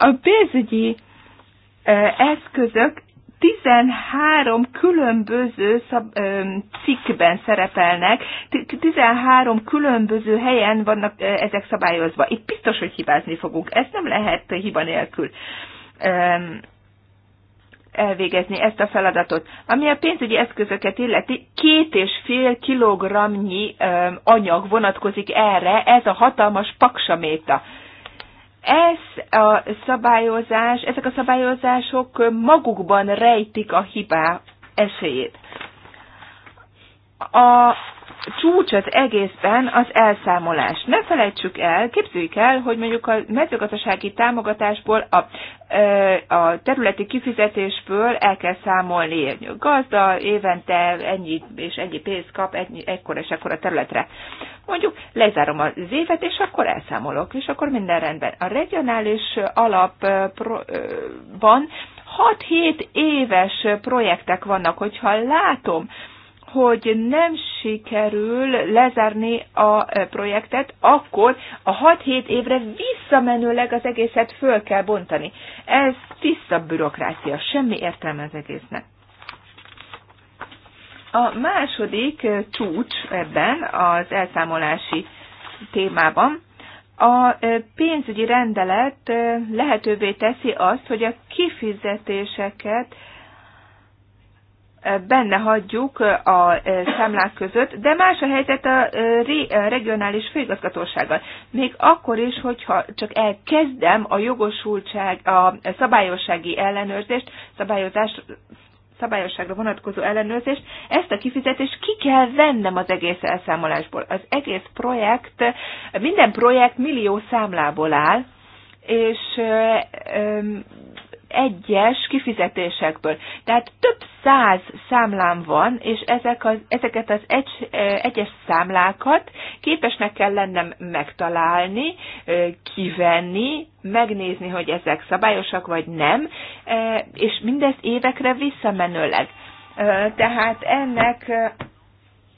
Speaker 1: A pénzügyi eh, eszközök 13 különböző szab, ö, cikkben szerepelnek, 13 különböző helyen vannak ö, ezek szabályozva. Itt biztos, hogy hibázni fogunk. Ezt nem lehet hiba nélkül. Ö, elvégezni ezt a feladatot. Ami a pénzügyi eszközöket illeti, két és fél kilogramnyi anyag vonatkozik erre, ez a hatalmas paksaméta. Ö, ez a szabályozás, ezek a szabályozások magukban rejtik a hibá esélyét. A csúcsot egészben az elszámolás. Ne felejtsük el, képzeljük el, hogy mondjuk a mezőgazdasági támogatásból a, a területi kifizetésből el kell számolni. Gazda évente ennyi és ennyi pénzt kap ennyi, ekkor és ekkor a területre. Mondjuk lezárom az évet, és akkor elszámolok, és akkor minden rendben. A regionális alapban 6-7 éves projektek vannak, hogyha látom, hogy nem sikerül lezárni a e, projektet, akkor a 6-7 évre visszamenőleg az egészet föl kell bontani. Ez tiszta bürokrácia, semmi értelme az egésznek. A második e, csúcs ebben az elszámolási témában a e, pénzügyi rendelet lehetővé teszi azt, hogy a kifizetéseket benne hagyjuk a számlák között, de más a helyzet a regionális főigazgatósággal. Még akkor is, hogyha csak elkezdem a jogosultság, a szabályossági ellenőrzést, szabályozást, szabályosságra vonatkozó ellenőrzést, ezt a kifizetést ki kell vennem az egész elszámolásból. Az egész projekt, minden projekt millió számlából áll, és egyes kifizetésekből. Tehát több száz számlám van, és ezek az, ezeket az egy, egyes számlákat képesnek kell lennem megtalálni, kivenni, megnézni, hogy ezek szabályosak vagy nem, és mindez évekre visszamenőleg. Tehát ennek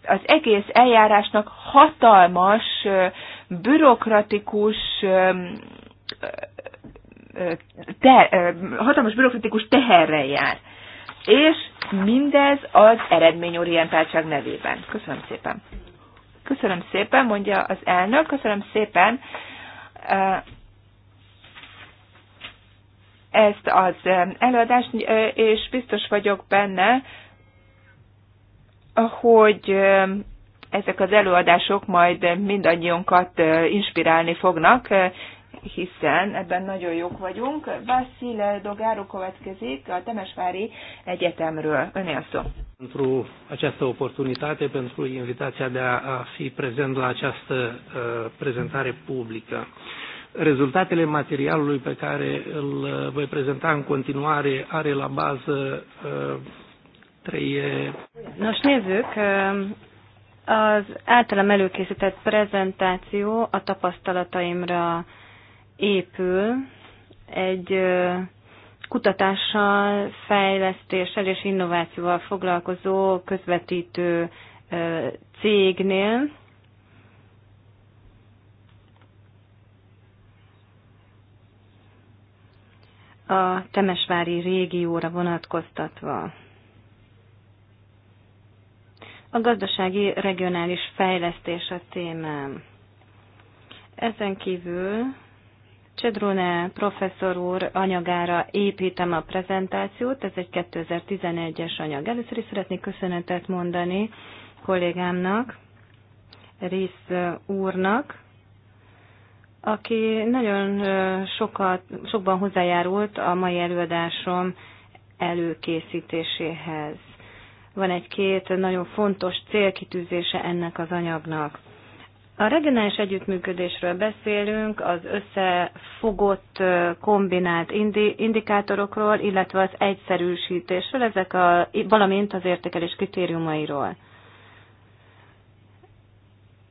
Speaker 1: az egész eljárásnak hatalmas, bürokratikus te, hatalmas bürokratikus teherrel jár. És mindez az eredményorientáltság nevében. Köszönöm szépen. Köszönöm szépen, mondja az elnök. Köszönöm szépen ezt az előadást, és biztos vagyok benne, hogy ezek az előadások majd mindannyiunkat inspirálni fognak, hiszen ebben nagyon jók vagyunk. Vasszile Dogáro következik a Temesvári Egyetemről. Öné a szó. Pentru această oportunitate, pentru
Speaker 2: invitația de a fi prezent la această uh, prezentare publică.
Speaker 4: Rezultatele materialului pe care îl voi prezenta în continuare are la bază uh, trei... E,
Speaker 3: Nos, nézzük, az általam előkészített prezentáció a tapasztalataimra épül egy kutatással, fejlesztéssel és innovációval foglalkozó közvetítő cégnél. a Temesvári régióra vonatkoztatva. A gazdasági regionális fejlesztés a témám. Ezen kívül Csedrone professzor úr anyagára építem a prezentációt, ez egy 2011-es anyag. Először is szeretnék köszönetet mondani kollégámnak, Rész úrnak, aki nagyon sokat, sokban hozzájárult a mai előadásom előkészítéséhez. Van egy-két nagyon fontos célkitűzése ennek az anyagnak. A regionális együttműködésről beszélünk, az összefogott kombinált indi, indikátorokról, illetve az egyszerűsítésről, ezek a, valamint az értékelés kritériumairól.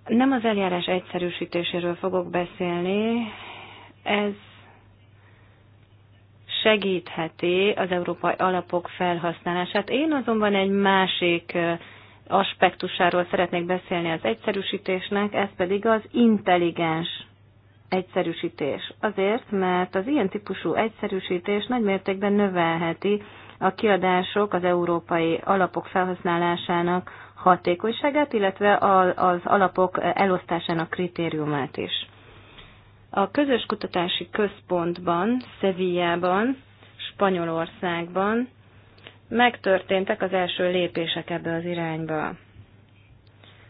Speaker 3: Nem az eljárás egyszerűsítéséről fogok beszélni, ez segítheti az európai alapok felhasználását. Én azonban egy másik uh, aspektusáról szeretnék beszélni az egyszerűsítésnek, ez pedig az intelligens egyszerűsítés. Azért, mert az ilyen típusú egyszerűsítés nagymértékben növelheti a kiadások az európai alapok felhasználásának hatékonyságát, illetve az alapok elosztásának kritériumát is. A közös kutatási központban, Szevijában, Spanyolországban megtörténtek az első lépések ebbe az irányba.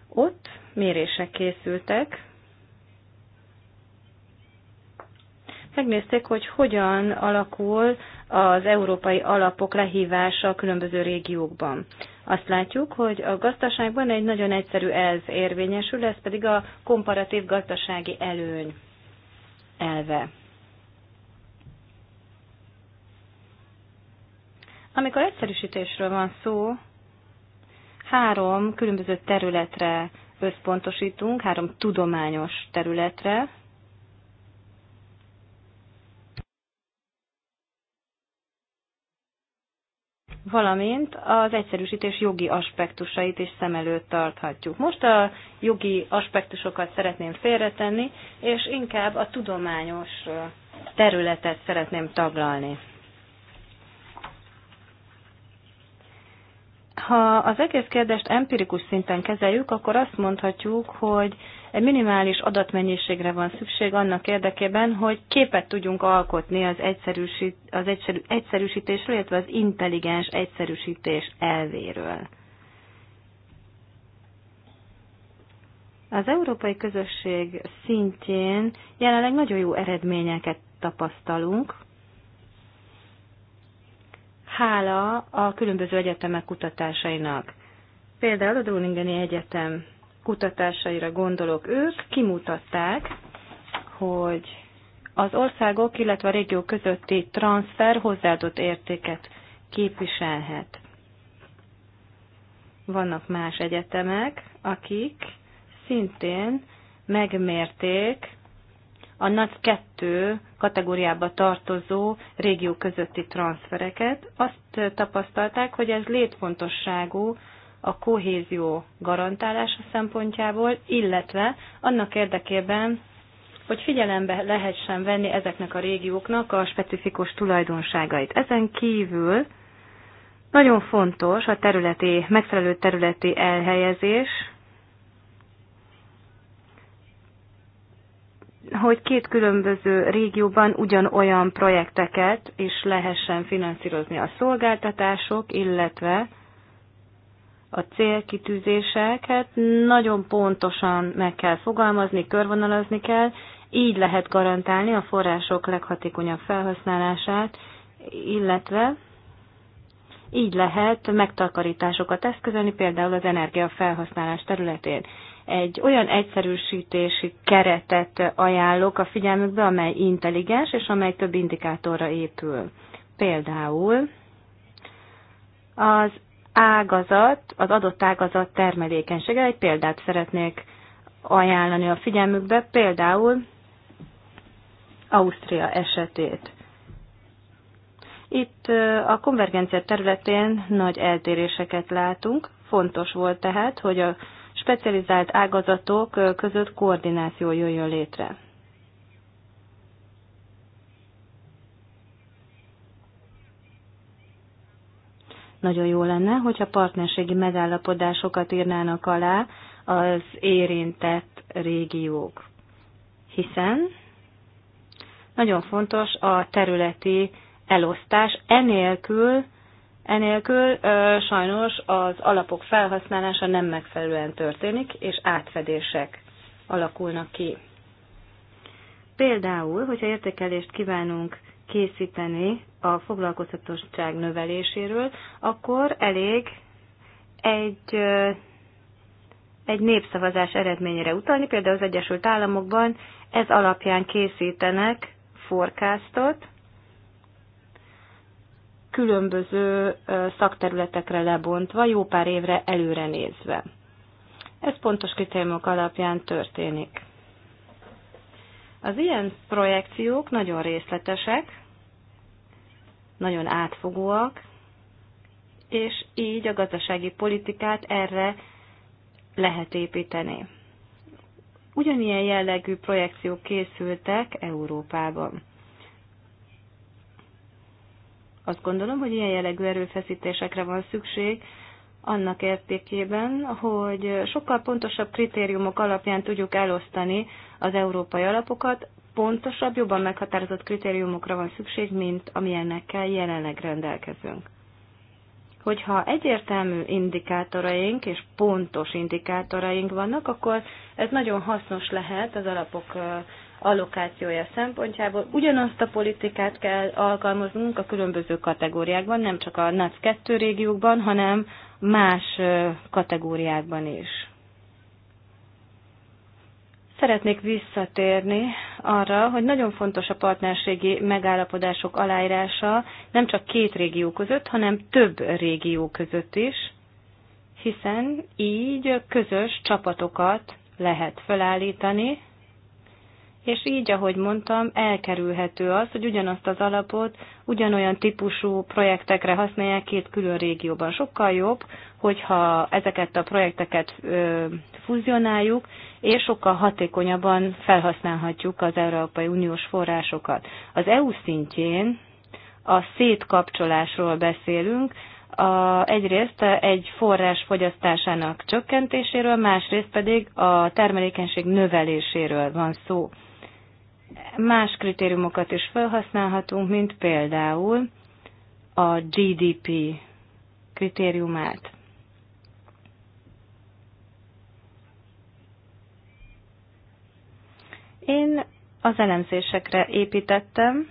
Speaker 3: Ott mérések készültek, megnézték, hogy hogyan alakul az európai alapok lehívása a különböző régiókban. Azt látjuk, hogy a gazdaságban egy nagyon egyszerű elv érvényesül, ez pedig a komparatív gazdasági előny elve. Amikor egyszerűsítésről van szó, három különböző területre összpontosítunk, három tudományos területre. valamint az egyszerűsítés jogi aspektusait is szem előtt tarthatjuk. Most a jogi aspektusokat szeretném félretenni, és inkább a tudományos területet szeretném taglalni. Ha az egész kérdést empirikus szinten kezeljük, akkor azt mondhatjuk, hogy egy minimális adatmennyiségre van szükség annak érdekében, hogy képet tudjunk alkotni az, egyszerűsít, az egyszerű, egyszerűsítésről, illetve az intelligens egyszerűsítés elvéről. Az európai közösség szintjén jelenleg nagyon jó eredményeket tapasztalunk, hála a különböző egyetemek kutatásainak. Például a Dróningeni Egyetem kutatásaira gondolok, ők kimutatták, hogy az országok, illetve a régió közötti transfer hozzáadott értéket képviselhet. Vannak más egyetemek, akik szintén megmérték a NAC 2 kategóriába tartozó régió közötti transfereket. Azt tapasztalták, hogy ez létfontosságú a kohézió garantálása szempontjából, illetve annak érdekében, hogy figyelembe lehessen venni ezeknek a régióknak a specifikus tulajdonságait. Ezen kívül nagyon fontos a területi, megfelelő területi elhelyezés, hogy két különböző régióban ugyanolyan projekteket is lehessen finanszírozni a szolgáltatások, illetve a célkitűzéseket nagyon pontosan meg kell fogalmazni, körvonalazni kell, így lehet garantálni a források leghatékonyabb felhasználását, illetve így lehet megtakarításokat eszközölni, például az energiafelhasználás területén egy olyan egyszerűsítési keretet ajánlok a figyelmükbe, amely intelligens és amely több indikátorra épül. Például az ágazat, az adott ágazat termelékenysége. Egy példát szeretnék ajánlani a figyelmükbe, például Ausztria esetét. Itt a konvergencia területén nagy eltéréseket látunk. Fontos volt tehát, hogy a specializált ágazatok között koordináció jöjjön létre. Nagyon jó lenne, hogyha partnerségi megállapodásokat írnának alá az érintett régiók, hiszen nagyon fontos a területi elosztás, enélkül Enélkül sajnos az alapok felhasználása nem megfelelően történik, és átfedések alakulnak ki. Például, hogyha értékelést kívánunk készíteni a foglalkoztatottság növeléséről, akkor elég egy, egy népszavazás eredményére utalni. Például az Egyesült Államokban ez alapján készítenek forecastot, különböző szakterületekre lebontva, jó pár évre előre nézve. Ez pontos kritériumok alapján történik. Az ilyen projekciók nagyon részletesek, nagyon átfogóak, és így a gazdasági politikát erre lehet építeni. Ugyanilyen jellegű projekciók készültek Európában. Azt gondolom, hogy ilyen jellegű erőfeszítésekre van szükség, annak értékében, hogy sokkal pontosabb kritériumok alapján tudjuk elosztani az európai alapokat, pontosabb, jobban meghatározott kritériumokra van szükség, mint amilyennekkel jelenleg rendelkezünk. Hogyha egyértelmű indikátoraink és pontos indikátoraink vannak, akkor ez nagyon hasznos lehet az alapok allokációja szempontjából. Ugyanazt a politikát kell alkalmaznunk a különböző kategóriákban, nem csak a NAC 2 régiókban, hanem más kategóriákban is. Szeretnék visszatérni arra, hogy nagyon fontos a partnerségi megállapodások aláírása nem csak két régió között, hanem több régió között is, hiszen így közös csapatokat lehet felállítani, és így, ahogy mondtam, elkerülhető az, hogy ugyanazt az alapot ugyanolyan típusú projektekre használják két külön régióban. Sokkal jobb, hogyha ezeket a projekteket ö, fúzionáljuk, és sokkal hatékonyabban felhasználhatjuk az Európai Uniós forrásokat. Az EU szintjén a szétkapcsolásról beszélünk, a, egyrészt egy forrás fogyasztásának csökkentéséről, másrészt pedig a termelékenység növeléséről van szó más kritériumokat is felhasználhatunk, mint például a GDP kritériumát. Én az elemzésekre építettem,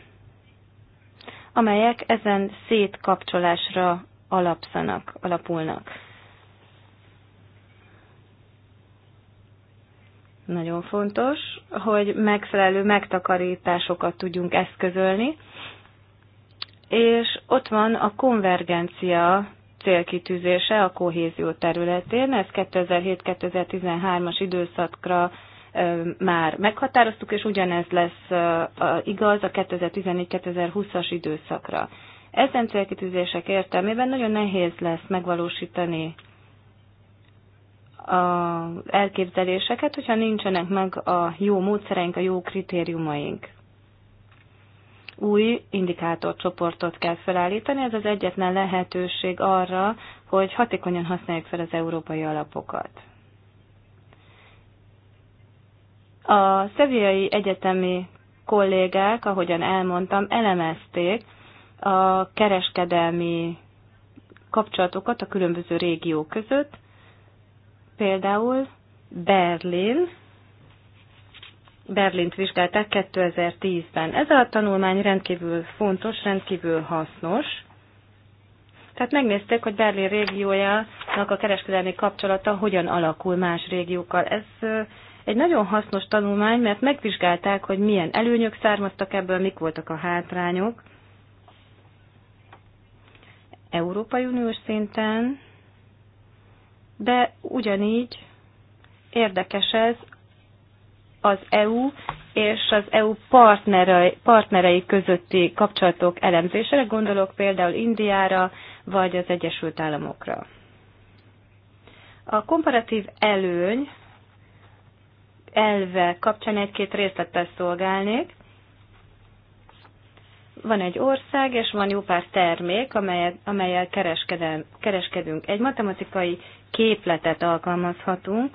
Speaker 3: amelyek ezen szétkapcsolásra alapszanak, alapulnak. Nagyon fontos, hogy megfelelő megtakarításokat tudjunk eszközölni, és ott van a konvergencia célkitűzése a kohézió területén, ez 2007-2013-as időszakra már meghatároztuk, és ugyanez lesz igaz a 2014-2020-as időszakra. Ezen célkitűzések értelmében nagyon nehéz lesz megvalósítani a elképzeléseket, hogyha nincsenek meg a jó módszereink, a jó kritériumaink. Új indikátorcsoportot kell felállítani, ez az egyetlen lehetőség arra, hogy hatékonyan használjuk fel az európai alapokat. A Szeviai Egyetemi kollégák, ahogyan elmondtam, elemezték a kereskedelmi kapcsolatokat a különböző régiók között, Például Berlin, Berlint vizsgálták 2010-ben. Ez a tanulmány rendkívül fontos, rendkívül hasznos. Tehát megnézték, hogy Berlin régiójának a kereskedelmi kapcsolata hogyan alakul más régiókkal. Ez egy nagyon hasznos tanulmány, mert megvizsgálták, hogy milyen előnyök származtak ebből, mik voltak a hátrányok. Európai Uniós szinten de ugyanígy érdekes ez az EU és az EU partnerei, partnerei közötti kapcsolatok elemzésére, gondolok például Indiára vagy az Egyesült Államokra. A komparatív előny elve kapcsán egy-két részlettel szolgálnék. Van egy ország, és van jó pár termék, amelyel, amelyel kereskedünk. Egy matematikai képletet alkalmazhatunk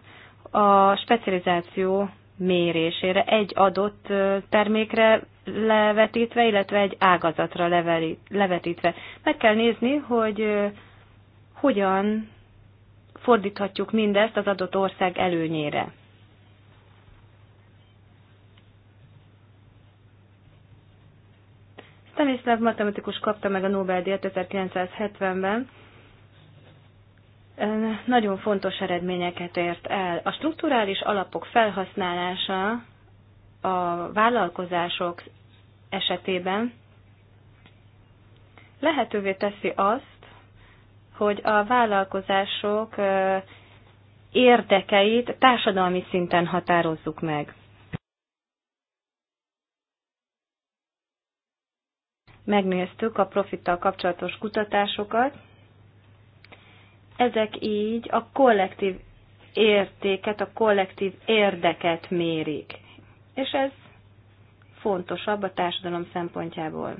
Speaker 3: a specializáció mérésére egy adott termékre levetítve, illetve egy ágazatra levetítve. Meg kell nézni, hogy hogyan fordíthatjuk mindezt az adott ország előnyére. Stanislav matematikus kapta meg a Nobel-díjat 1970-ben, nagyon fontos eredményeket ért el. A strukturális alapok felhasználása a vállalkozások esetében lehetővé teszi azt, hogy a vállalkozások érdekeit társadalmi szinten határozzuk meg. Megnéztük a profittal kapcsolatos kutatásokat, ezek így a kollektív értéket, a kollektív érdeket mérik. És ez fontosabb a társadalom szempontjából.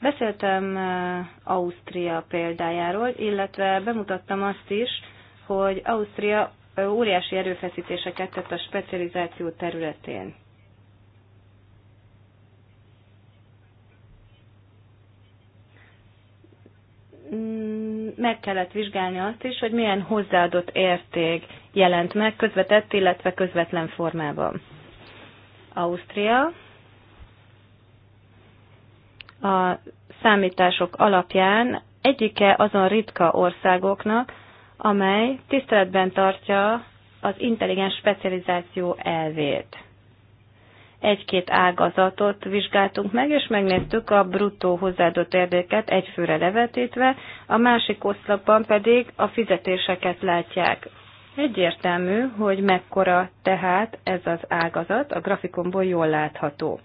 Speaker 3: Beszéltem eh, Ausztria példájáról, illetve bemutattam azt is, hogy Ausztria eh, óriási erőfeszítéseket tett a specializáció területén. Mm, meg kellett vizsgálni azt is, hogy milyen hozzáadott érték jelent meg közvetett, illetve közvetlen formában. Ausztria a számítások alapján egyike azon ritka országoknak, amely tiszteletben tartja az intelligens specializáció elvét egy-két ágazatot vizsgáltunk meg, és megnéztük a bruttó hozzáadott értéket egyfőre levetítve, a másik oszlopban pedig a fizetéseket látják. Egyértelmű, hogy mekkora tehát ez az ágazat, a grafikonból jól látható.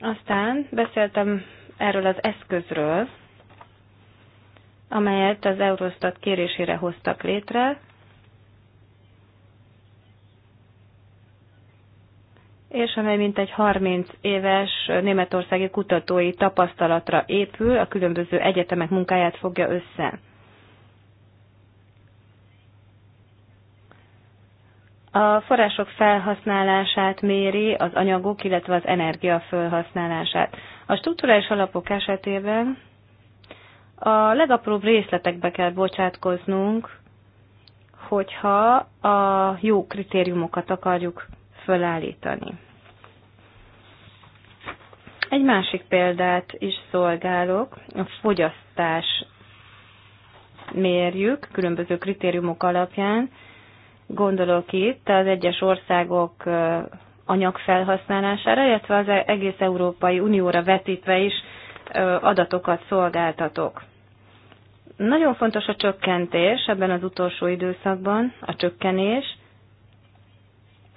Speaker 3: Aztán beszéltem erről az eszközről, amelyet az Eurostat kérésére hoztak létre, és amely mintegy 30 éves németországi kutatói tapasztalatra épül, a különböző egyetemek munkáját fogja össze. A források felhasználását méri az anyagok, illetve az energia felhasználását. A strukturális alapok esetében a legapróbb részletekbe kell bocsátkoznunk, hogyha a jó kritériumokat akarjuk fölállítani. Egy másik példát is szolgálok, a fogyasztás mérjük különböző kritériumok alapján. Gondolok itt az egyes országok anyagfelhasználására, illetve az egész Európai Unióra vetítve is adatokat szolgáltatok. Nagyon fontos a csökkentés ebben az utolsó időszakban, a csökkenés,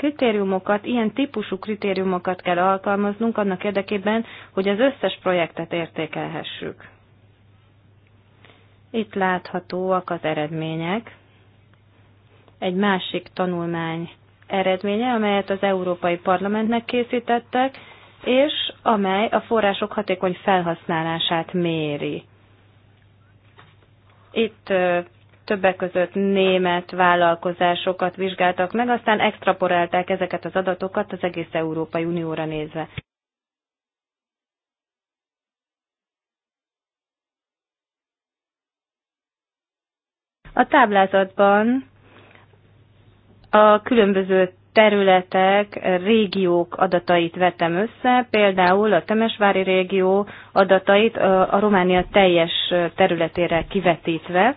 Speaker 3: kritériumokat, ilyen típusú kritériumokat kell alkalmaznunk annak érdekében, hogy az összes projektet értékelhessük. Itt láthatóak az eredmények. Egy másik tanulmány eredménye, amelyet az Európai Parlamentnek készítettek, és amely a források hatékony felhasználását méri. Itt többek között német vállalkozásokat vizsgáltak meg, aztán extraporálták ezeket az adatokat az egész Európai Unióra nézve. A táblázatban a különböző területek, régiók adatait vettem össze, például a Temesvári régió adatait a Románia teljes területére kivetítve.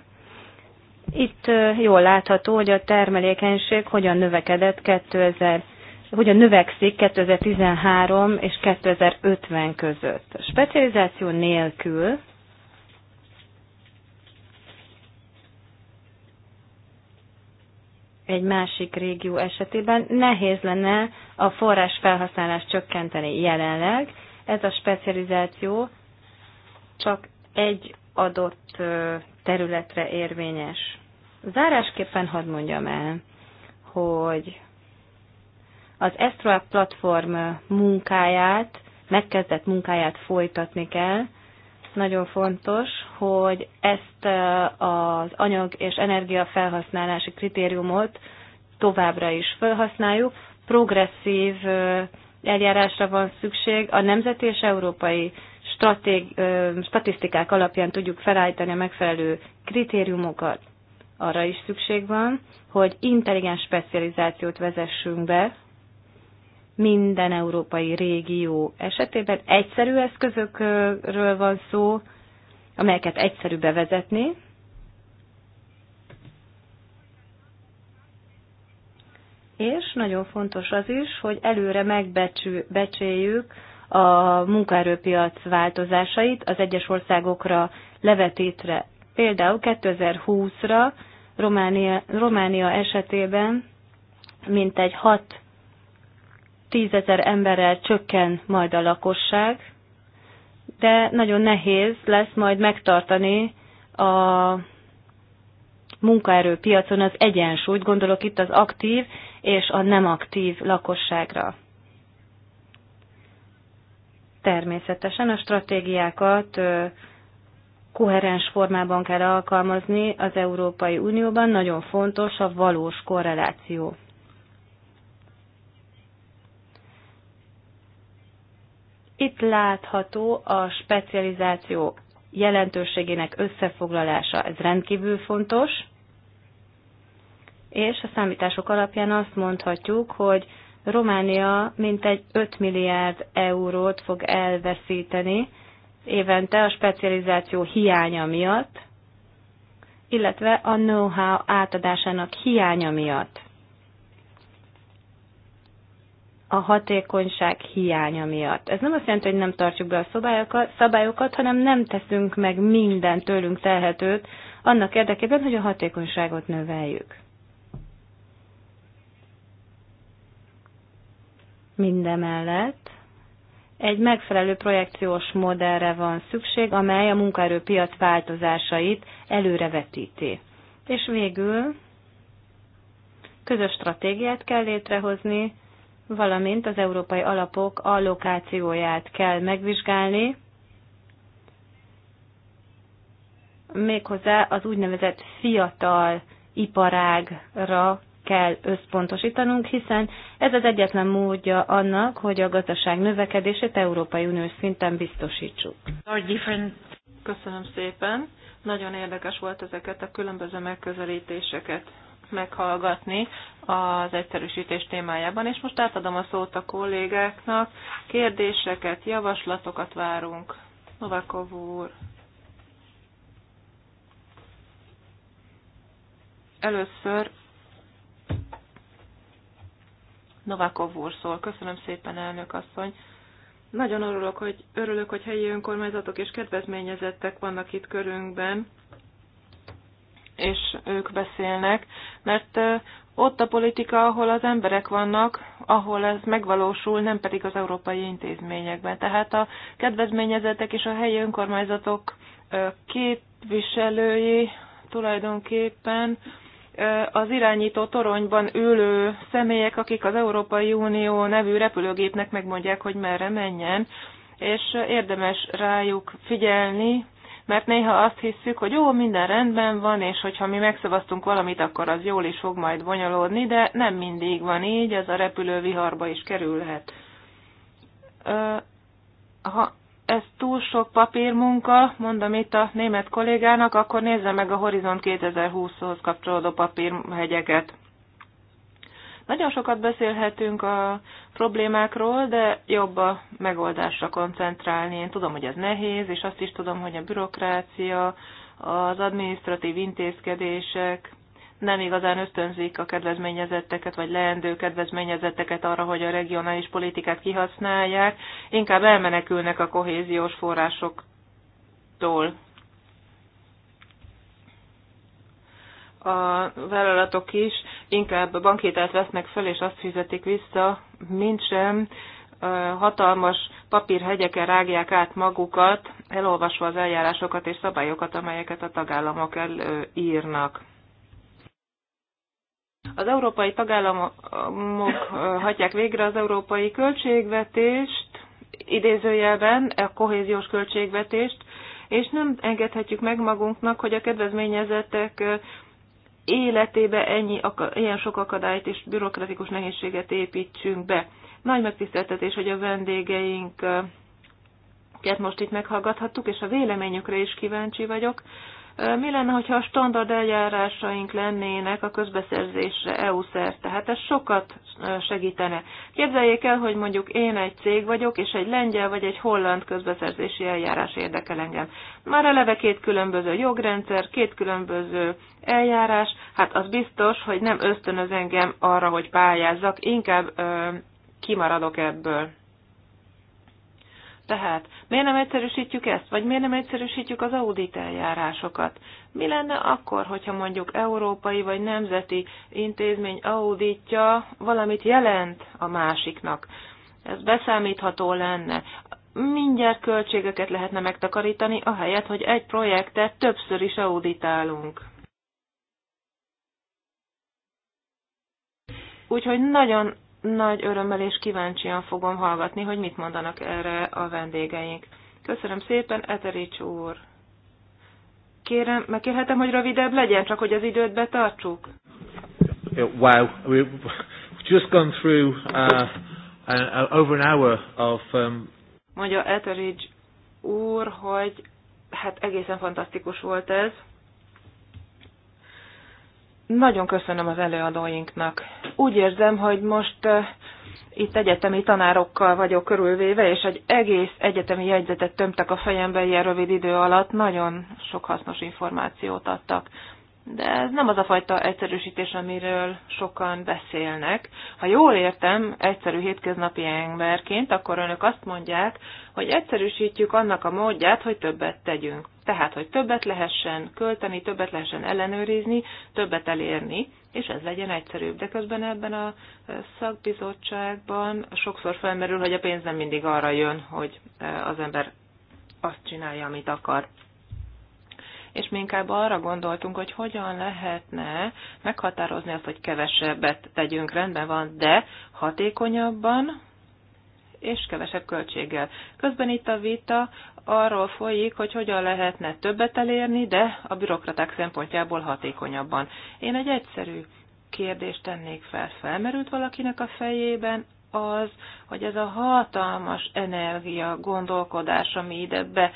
Speaker 3: Itt jól látható, hogy a termelékenység hogyan növekedett 2000 hogyan növekszik 2013 és 2050 között. Specializáció nélkül egy másik régió esetében nehéz lenne a forrás felhasználást csökkenteni jelenleg. Ez a specializáció csak egy adott területre érvényes. Zárásképpen hadd mondjam el, hogy az Estroa platform munkáját, megkezdett munkáját folytatni kell. Nagyon fontos, hogy ezt az anyag és energiafelhasználási kritériumot továbbra is felhasználjuk. Progresszív eljárásra van szükség a nemzeti és európai stratég, statisztikák alapján tudjuk felállítani a megfelelő kritériumokat. Arra is szükség van, hogy intelligens specializációt vezessünk be minden európai régió esetében. Egyszerű eszközökről van szó, amelyeket egyszerű bevezetni, És nagyon fontos az is, hogy előre megbecsüljük a munkaerőpiac változásait az egyes országokra levetítve. Például 2020-ra Románia, Románia esetében mintegy 6 tízezer emberrel csökken majd a lakosság, de nagyon nehéz lesz majd megtartani a munkaerőpiacon az egyensúlyt, gondolok itt az aktív és a nem aktív lakosságra. Természetesen a stratégiákat koherens formában kell alkalmazni az Európai Unióban, nagyon fontos a valós korreláció. Itt látható a specializáció jelentőségének összefoglalása, ez rendkívül fontos, és a számítások alapján azt mondhatjuk, hogy Románia mintegy 5 milliárd eurót fog elveszíteni évente a specializáció hiánya miatt, illetve a know-how átadásának hiánya miatt, a hatékonyság hiánya miatt. Ez nem azt jelenti, hogy nem tartjuk be a szabályokat, szabályokat hanem nem teszünk meg minden tőlünk telhetőt annak érdekében, hogy a hatékonyságot növeljük. Mindemellett egy megfelelő projekciós modellre van szükség, amely a munkaerőpiac változásait előrevetíti. És végül közös stratégiát kell létrehozni, valamint az európai alapok allokációját kell megvizsgálni, méghozzá az úgynevezett fiatal iparágra kell összpontosítanunk, hiszen ez az egyetlen módja annak, hogy a gazdaság növekedését Európai Uniós szinten biztosítsuk.
Speaker 2: Köszönöm szépen. Nagyon érdekes volt ezeket a különböző megközelítéseket meghallgatni az egyszerűsítés témájában, és most átadom a szót a kollégáknak. Kérdéseket, javaslatokat várunk. Novakov úr. Először Novakov úr szól. Köszönöm szépen, elnök asszony. Nagyon örülök, hogy, örülök, hogy helyi önkormányzatok és kedvezményezettek vannak itt körünkben, és ők beszélnek, mert ott a politika, ahol az emberek vannak, ahol ez megvalósul, nem pedig az európai intézményekben. Tehát a kedvezményezetek és a helyi önkormányzatok képviselői tulajdonképpen az irányító toronyban ülő személyek, akik az Európai Unió nevű repülőgépnek megmondják, hogy merre menjen, és érdemes rájuk figyelni, mert néha azt hiszük, hogy jó, minden rendben van, és hogyha mi megszavaztunk valamit, akkor az jól is fog majd bonyolódni, de nem mindig van így, ez a repülő viharba is kerülhet. Ha ez túl sok papírmunka, mondom itt a német kollégának, akkor nézze meg a Horizont 2020-hoz kapcsolódó papírhegyeket. Nagyon sokat beszélhetünk a problémákról, de jobb a megoldásra koncentrálni. Én tudom, hogy ez nehéz, és azt is tudom, hogy a bürokrácia, az administratív intézkedések, nem igazán ösztönzik a kedvezményezetteket, vagy leendő kedvezményezetteket arra, hogy a regionális politikát kihasználják, inkább elmenekülnek a kohéziós forrásoktól. a vállalatok is inkább bankételt vesznek fel, és azt fizetik vissza, mint sem hatalmas papírhegyeken rágják át magukat, elolvasva az eljárásokat és szabályokat, amelyeket a tagállamok elírnak. Az európai tagállamok hagyják végre az európai költségvetést, idézőjelben a kohéziós költségvetést, és nem engedhetjük meg magunknak, hogy a kedvezményezettek életébe ennyi, ilyen sok akadályt és bürokratikus nehézséget építsünk be. Nagy megtiszteltetés, hogy a vendégeinket most itt meghallgathattuk, és a véleményükre is kíváncsi vagyok. Mi lenne, hogyha a standard eljárásaink lennének a közbeszerzésre EU szerte? Hát ez sokat segítene. Képzeljék el, hogy mondjuk én egy cég vagyok, és egy lengyel vagy egy holland közbeszerzési eljárás érdekel engem. Már eleve két különböző jogrendszer, két különböző eljárás, hát az biztos, hogy nem ösztönöz engem arra, hogy pályázzak, inkább ö, kimaradok ebből. Tehát miért nem egyszerűsítjük ezt, vagy miért nem egyszerűsítjük az audit eljárásokat? Mi lenne akkor, hogyha mondjuk európai vagy nemzeti intézmény auditja valamit jelent a másiknak? Ez beszámítható lenne. Mindjárt költségeket lehetne megtakarítani, ahelyett, hogy egy projektet többször is auditálunk. Úgyhogy nagyon nagy örömmel és kíváncsian fogom hallgatni, hogy mit mondanak erre a vendégeink. Köszönöm szépen, Eterics úr! Kérem, megkérhetem, hogy rövidebb legyen, csak hogy az időt betartsuk?
Speaker 4: Uh,
Speaker 1: wow, we've just gone through uh, an, over an hour of... Um...
Speaker 2: Mondja Eterics úr, hogy hát egészen fantasztikus volt ez. Nagyon köszönöm az előadóinknak. Úgy érzem, hogy most eh, itt egyetemi tanárokkal vagyok körülvéve, és egy egész egyetemi jegyzetet tömtek a fejembe ilyen rövid idő alatt, nagyon sok hasznos információt adtak de ez nem az a fajta egyszerűsítés, amiről sokan beszélnek. Ha jól értem, egyszerű hétköznapi emberként, akkor önök azt mondják, hogy egyszerűsítjük annak a módját, hogy többet tegyünk. Tehát, hogy többet lehessen költeni, többet lehessen ellenőrizni, többet elérni, és ez legyen egyszerűbb. De közben ebben a szakbizottságban sokszor felmerül, hogy a pénz nem mindig arra jön, hogy az ember azt csinálja, amit akar és mi inkább arra gondoltunk, hogy hogyan lehetne meghatározni azt, hogy kevesebbet tegyünk, rendben van, de hatékonyabban és kevesebb költséggel. Közben itt a vita arról folyik, hogy hogyan lehetne többet elérni, de a bürokraták szempontjából hatékonyabban. Én egy egyszerű kérdést tennék fel. Felmerült valakinek a fejében az, hogy ez a hatalmas energia gondolkodás, ami ide be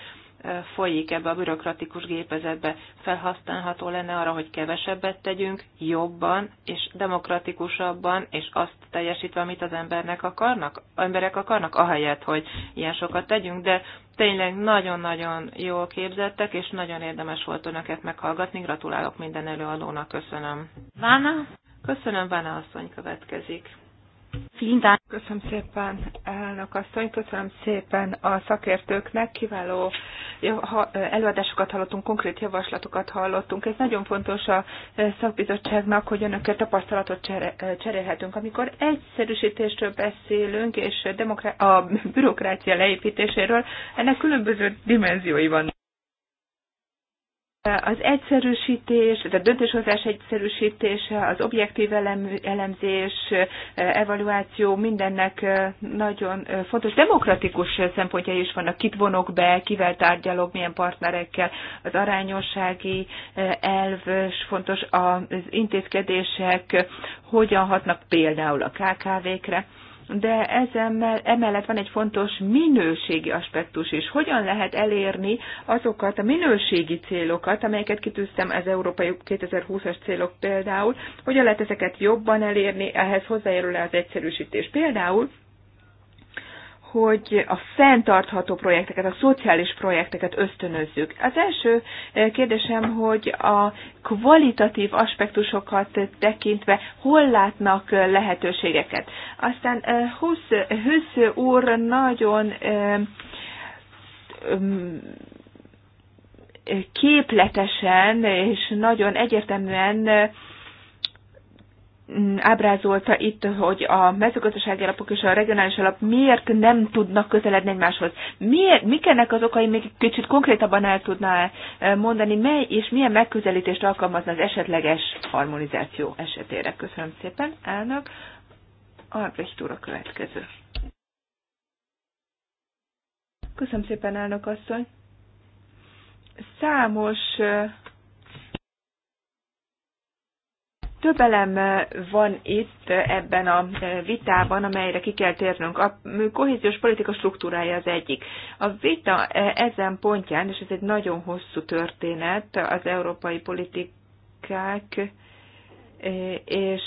Speaker 2: folyik ebbe a bürokratikus gépezetbe. Felhasználható lenne arra, hogy kevesebbet tegyünk, jobban és demokratikusabban, és azt teljesítve, amit az embernek akarnak, emberek akarnak, ahelyett, hogy ilyen sokat tegyünk, de tényleg nagyon-nagyon jól képzettek, és nagyon érdemes volt önöket meghallgatni. Gratulálok minden előadónak, köszönöm. Vána? Köszönöm, Vána asszony
Speaker 1: következik. Köszönöm szépen, elnök asszony, köszönöm szépen a szakértőknek, kiváló előadásokat hallottunk, konkrét javaslatokat hallottunk. Ez nagyon fontos a szakbizottságnak, hogy önökkel tapasztalatot cserélhetünk. Amikor egyszerűsítésről beszélünk, és a bürokrácia leépítéséről, ennek különböző dimenziói vannak az egyszerűsítés, a döntéshozás egyszerűsítése, az objektív elemzés, evaluáció, mindennek nagyon fontos demokratikus szempontja is vannak, kit vonok be, kivel tárgyalok, milyen partnerekkel, az arányossági elv, fontos az intézkedések, hogyan hatnak például a KKV-kre de ezzel, emellett van egy fontos minőségi aspektus is. Hogyan lehet elérni azokat a minőségi célokat, amelyeket kitűztem az Európai 2020-as célok például, hogyan lehet ezeket jobban elérni, ehhez hozzájárul az egyszerűsítés. Például hogy a fenntartható projekteket, a szociális projekteket ösztönözzük. Az első eh, kérdésem, hogy a kvalitatív aspektusokat tekintve hol látnak eh, lehetőségeket. Aztán eh, Hüssz úr nagyon képletesen és nagyon egyértelműen ábrázolta itt, hogy a mezőgazdasági alapok és a regionális alap miért nem tudnak közeledni egymáshoz. Miért, mik ennek az okai, még kicsit konkrétabban el tudná mondani, mely és milyen megközelítést alkalmazna az esetleges harmonizáció esetére. Köszönöm szépen, elnök. Albrecht úr a következő. Köszönöm szépen, elnök asszony. Számos Több elem eh, van itt eh, ebben a eh, vitában, amelyre ki kell térnünk. A kohéziós politika struktúrája az egyik. A vita ezen pontján, és ez egy nagyon hosszú történet, az európai politikák és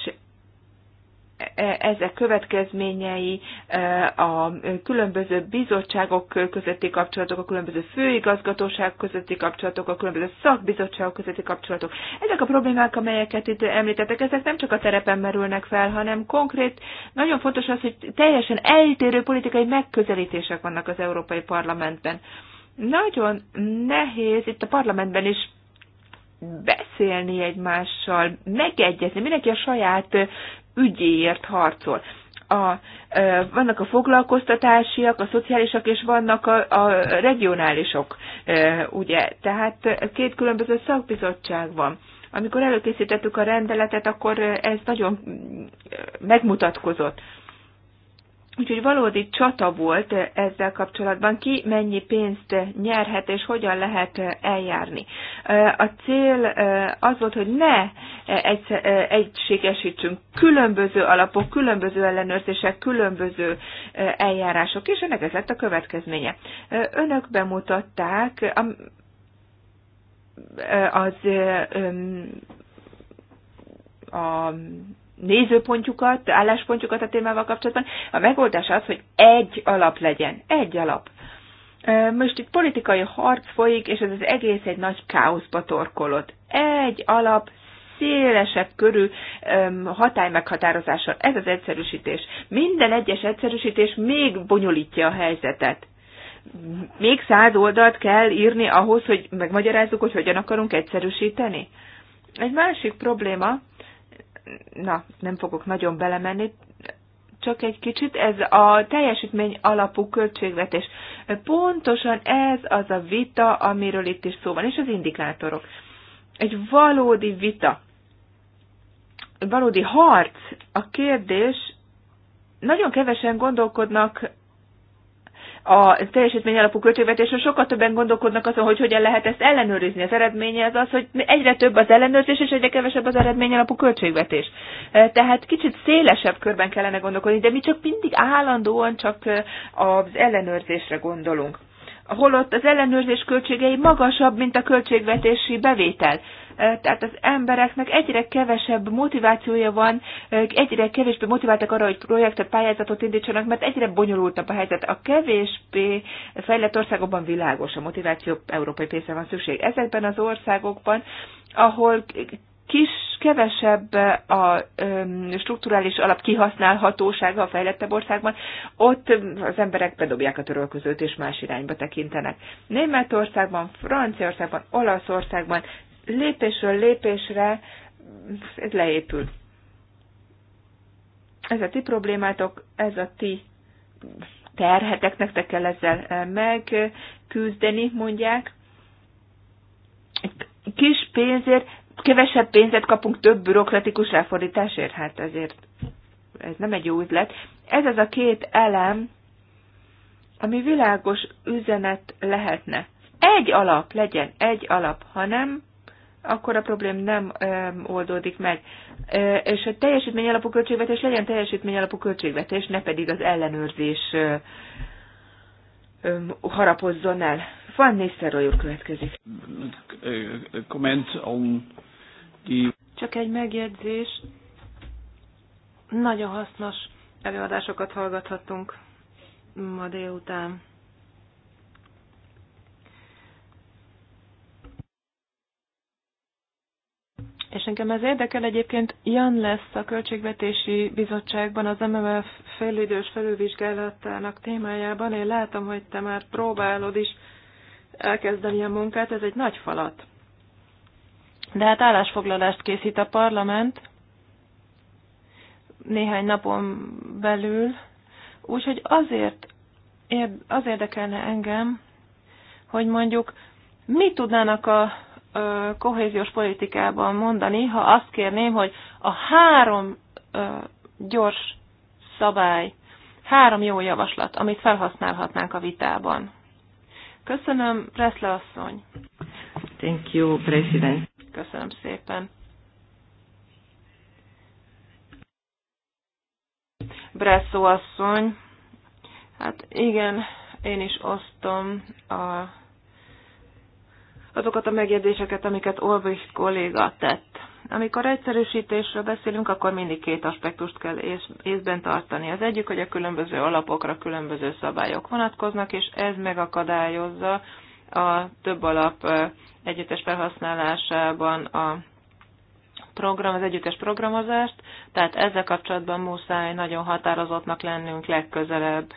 Speaker 1: E, ezek következményei, e, a különböző bizottságok közötti kapcsolatok, a különböző főigazgatóság közötti kapcsolatok, a különböző szakbizottságok közötti kapcsolatok. Ezek a problémák, amelyeket itt említettek, ezek nem csak a terepen merülnek fel, hanem konkrét, nagyon fontos az, hogy teljesen eltérő politikai megközelítések vannak az Európai Parlamentben. Nagyon nehéz itt a parlamentben is beszélni egymással, megegyezni, mindenki a saját ügyéért harcol. A, vannak a foglalkoztatásiak, a szociálisak, és vannak a, a regionálisok, ugye? Tehát két különböző szakbizottság van. Amikor előkészítettük a rendeletet, akkor ez nagyon megmutatkozott. Úgyhogy valódi csata volt ezzel kapcsolatban, ki mennyi pénzt nyerhet és hogyan lehet eljárni. A cél az volt, hogy ne egységesítsünk különböző alapok, különböző ellenőrzések, különböző eljárások, és ennek ez lett a következménye. Önök bemutatták az a nézőpontjukat, álláspontjukat a témával kapcsolatban. A megoldás az, hogy egy alap legyen. Egy alap. Most itt politikai harc folyik, és ez az egész egy nagy káoszba torkolott. Egy alap, szélesebb körű hatály meghatározással. Ez az egyszerűsítés. Minden egyes egyszerűsítés még bonyolítja a helyzetet. Még száz oldalt kell írni ahhoz, hogy megmagyarázzuk, hogy hogyan akarunk egyszerűsíteni. Egy másik probléma, na, nem fogok nagyon belemenni, csak egy kicsit, ez a teljesítmény alapú költségvetés. Pontosan ez az a vita, amiről itt is szó van, és az indikátorok. Egy valódi vita, valódi harc, a kérdés, nagyon kevesen gondolkodnak a teljesítmény alapú költségvetésről sokkal többen gondolkodnak azon, hogy hogyan lehet ezt ellenőrizni. Az eredménye az az, hogy egyre több az ellenőrzés, és egyre kevesebb az eredmény alapú költségvetés. Tehát kicsit szélesebb körben kellene gondolkodni, de mi csak mindig állandóan csak az ellenőrzésre gondolunk holott az ellenőrzés költségei magasabb, mint a költségvetési bevétel. Tehát az embereknek egyre kevesebb motivációja van, egyre kevésbé motiváltak arra, hogy projektet, pályázatot indítsanak, mert egyre bonyolultabb a helyzet. A kevésbé fejlett országokban világos a motiváció, európai pénzre van szükség. Ezekben az országokban, ahol kis, kevesebb a strukturális alap kihasználhatósága a fejlettebb országban, ott az emberek bedobják a törölközőt és más irányba tekintenek. Németországban, Franciaországban, Olaszországban lépésről lépésre ez leépül. Ez a ti problémátok, ez a ti terhetek, nektek kell ezzel megküzdeni, mondják. Kis pénzért kevesebb pénzet kapunk több bürokratikus ráfordításért, hát ezért ez nem egy jó üzlet. Ez az a két elem, ami világos üzenet lehetne. Egy alap legyen, egy alap, ha nem, akkor a problém nem ö, oldódik meg. Ö, és a teljesítmény alapú költségvetés legyen teljesítmény alapú költségvetés, ne pedig az ellenőrzés ö, ö, harapozzon el. Van Nisztelrooy úr következik. Comment on csak egy megjegyzés.
Speaker 2: Nagyon hasznos
Speaker 3: előadásokat
Speaker 2: hallgathattunk ma délután. És engem ez érdekel egyébként, Jan lesz a Költségvetési Bizottságban az MMF félidős felülvizsgálatának témájában. Én látom, hogy te már próbálod is elkezdeni a munkát, ez egy nagy falat. De hát állásfoglalást készít a parlament néhány napon belül, úgyhogy azért az érdekelne engem, hogy mondjuk mit tudnának a kohéziós politikában mondani, ha azt kérném, hogy a három gyors szabály, három jó javaslat, amit felhasználhatnánk a vitában. Köszönöm, Preszle asszony. Thank you,
Speaker 1: President.
Speaker 2: Köszönöm szépen. Bresszó asszony. Hát igen, én is osztom a, azokat a megjegyzéseket, amiket Olvis kolléga tett. Amikor egyszerűsítésről beszélünk, akkor mindig két aspektust kell ész, észben tartani. Az egyik, hogy a különböző alapokra különböző szabályok vonatkoznak, és ez megakadályozza a több alap együttes felhasználásában a program, az együttes programozást, tehát ezzel kapcsolatban muszáj nagyon határozottnak lennünk legközelebb.